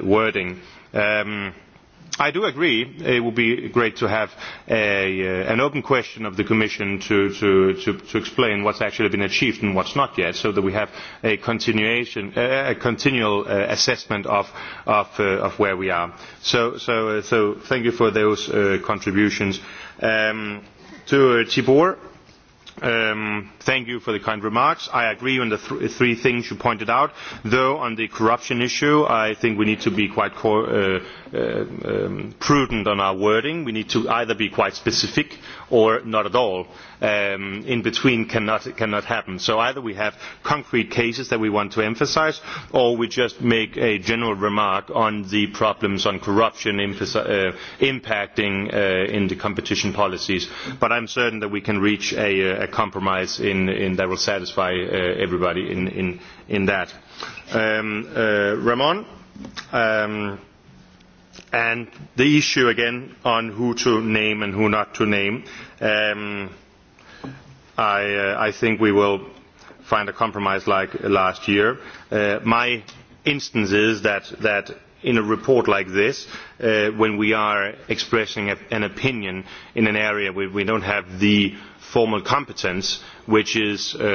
wording. Um, i do agree it would be great to have uh, an open question of the commission to explain what has actually been achieved and what has not yet so that we have a continual uh, assessment uh, of where we are. so thank you for those contributions. Um, to mr tibor um, thank you for the kind remarks. i agree on the three things you pointed out though on the corruption issue i think we need to be quite uh, uh, um, prudent on our wording. we need to either be quite specific or not at all. Um, in between cannot, cannot happen. so either we have concrete cases that we want to emphasize or we just make a general remark on the problems on corruption uh, impacting in the competition policies. but i'm certain that we can reach a, a compromise in in that will satisfy uh, everybody in, in, in that. Um, uh, Ramon, um, and the issue again on who to name and who not to name, um, I, uh, I think we will find a compromise like last year. Uh, my instance is that, that in a report like this, uh, when we are expressing a, an opinion in an area where we don't have the uh, formal competence which is uh,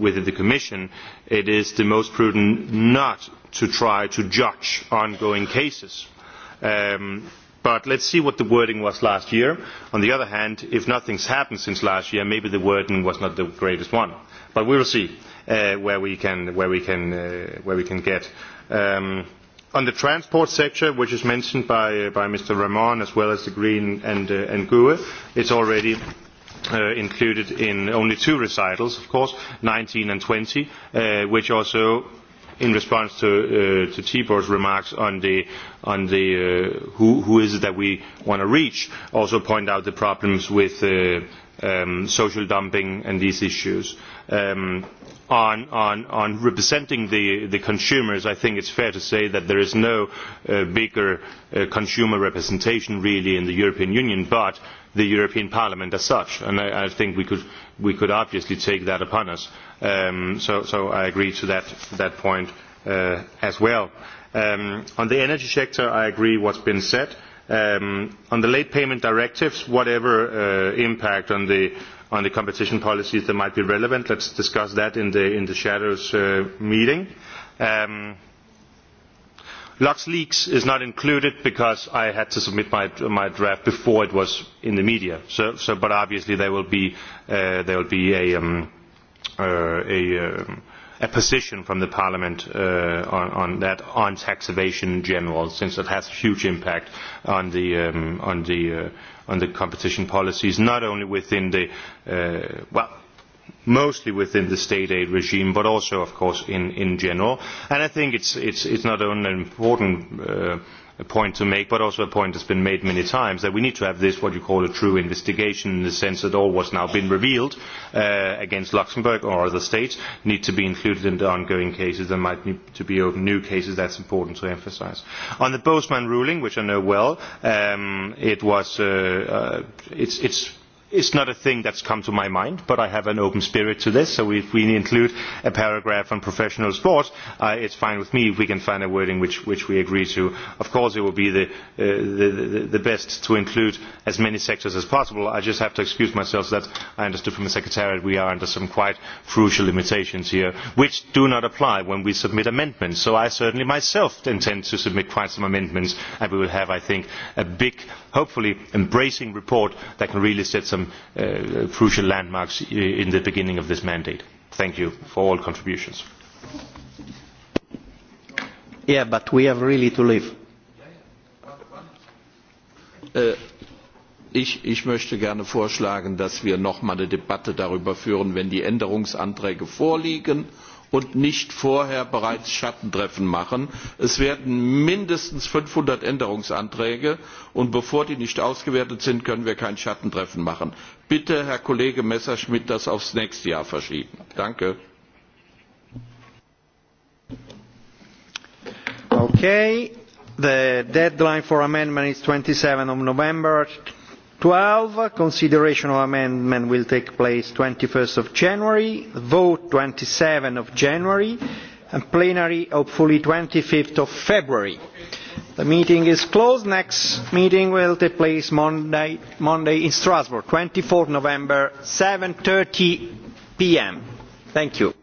within the commission it is the most prudent not to try to judge ongoing cases. Um, but let us see what the wording was last year. on the other hand if nothing has happened since last year maybe the wording was not the greatest one. but we will see uh, where, we can, where, we can, uh, where we can get. Um, on the transport sector, which is mentioned by, uh, by Mr. Ramon as well as the Green and, uh, and GUE, it's already uh, included in only two recitals, of course, 19 and 20, uh, which also, in response to, uh, to Tibor's remarks on the, on the uh, who, who is it that we want to reach, also point out the problems with uh, um, social dumping and these issues. Um, on, on, on representing the, the consumers, I think it's fair to say that there is no uh, bigger uh, consumer representation really in the European Union, but uh, the European Parliament as such, and I, I think we could, we could obviously take that upon us. Um, so, so I agree to that, that point uh, as well. Um, on the energy sector, I agree what's been said. Um, on the late payment directives, whatever uh, impact on the, on the competition policies that might be relevant, let's discuss that in the, in the shadows uh, meeting. Um, luxleaks is not included because i had to submit my draft before it was in the media but obviously there uh, will be a um, uh, uh, position from parliament on that on tax evasion in general since it has a huge impact on the um, competition policies not only within the well mostly within the state aid regime but also of course in general and i think it is not only an important uh, point to make but also a point that has been made many times that we need to have what you call a true investigation in the sense that all that has now been revealed uh, against luxembourg or other states needs to be included in the ongoing cases there might need to be opened new cases that is important to emphasise. on the bozeman ruling which i know well um, it is is not a thing that has come to my mind but i have an open spirit to this so if we include a paragraph on professional sports uh, it is fine with me if we can find a wording which we agree to. of course it would be uh, the best to include as many sectors as possible i just have to excuse myself that i understood from the secretariat that we are under some quite crucial limitations here which do not apply when we submit amendments so i certainly myself intend to submit quite some amendments and we will have i think a big hopefully embracing report that can really set Uh, crucial landmarks in the beginning of this mandate. Thank you for all contributions. Yeah, but we have really to leave. Uh, äh, Ich, ich möchte gerne vorschlagen, dass wir noch einmal eine Debatte darüber führen, wenn die Änderungsanträge vorliegen und nicht vorher bereits schattentreffen machen. es werden mindestens fünfhundert änderungsanträge und bevor die nicht ausgewertet sind können wir kein schattentreffen machen. bitte herr kollege messerschmidt das aufs nächste jahr verschieben! die frist für änderungsanträge ist der. zwanzig november twelve consideration of amendment will take place twenty one january vote twenty seven january and plenary hopefully twenty five february. the meeting is closed. next meeting will take place monday, monday in strasbourg twenty four november seven thirty pm. thank you.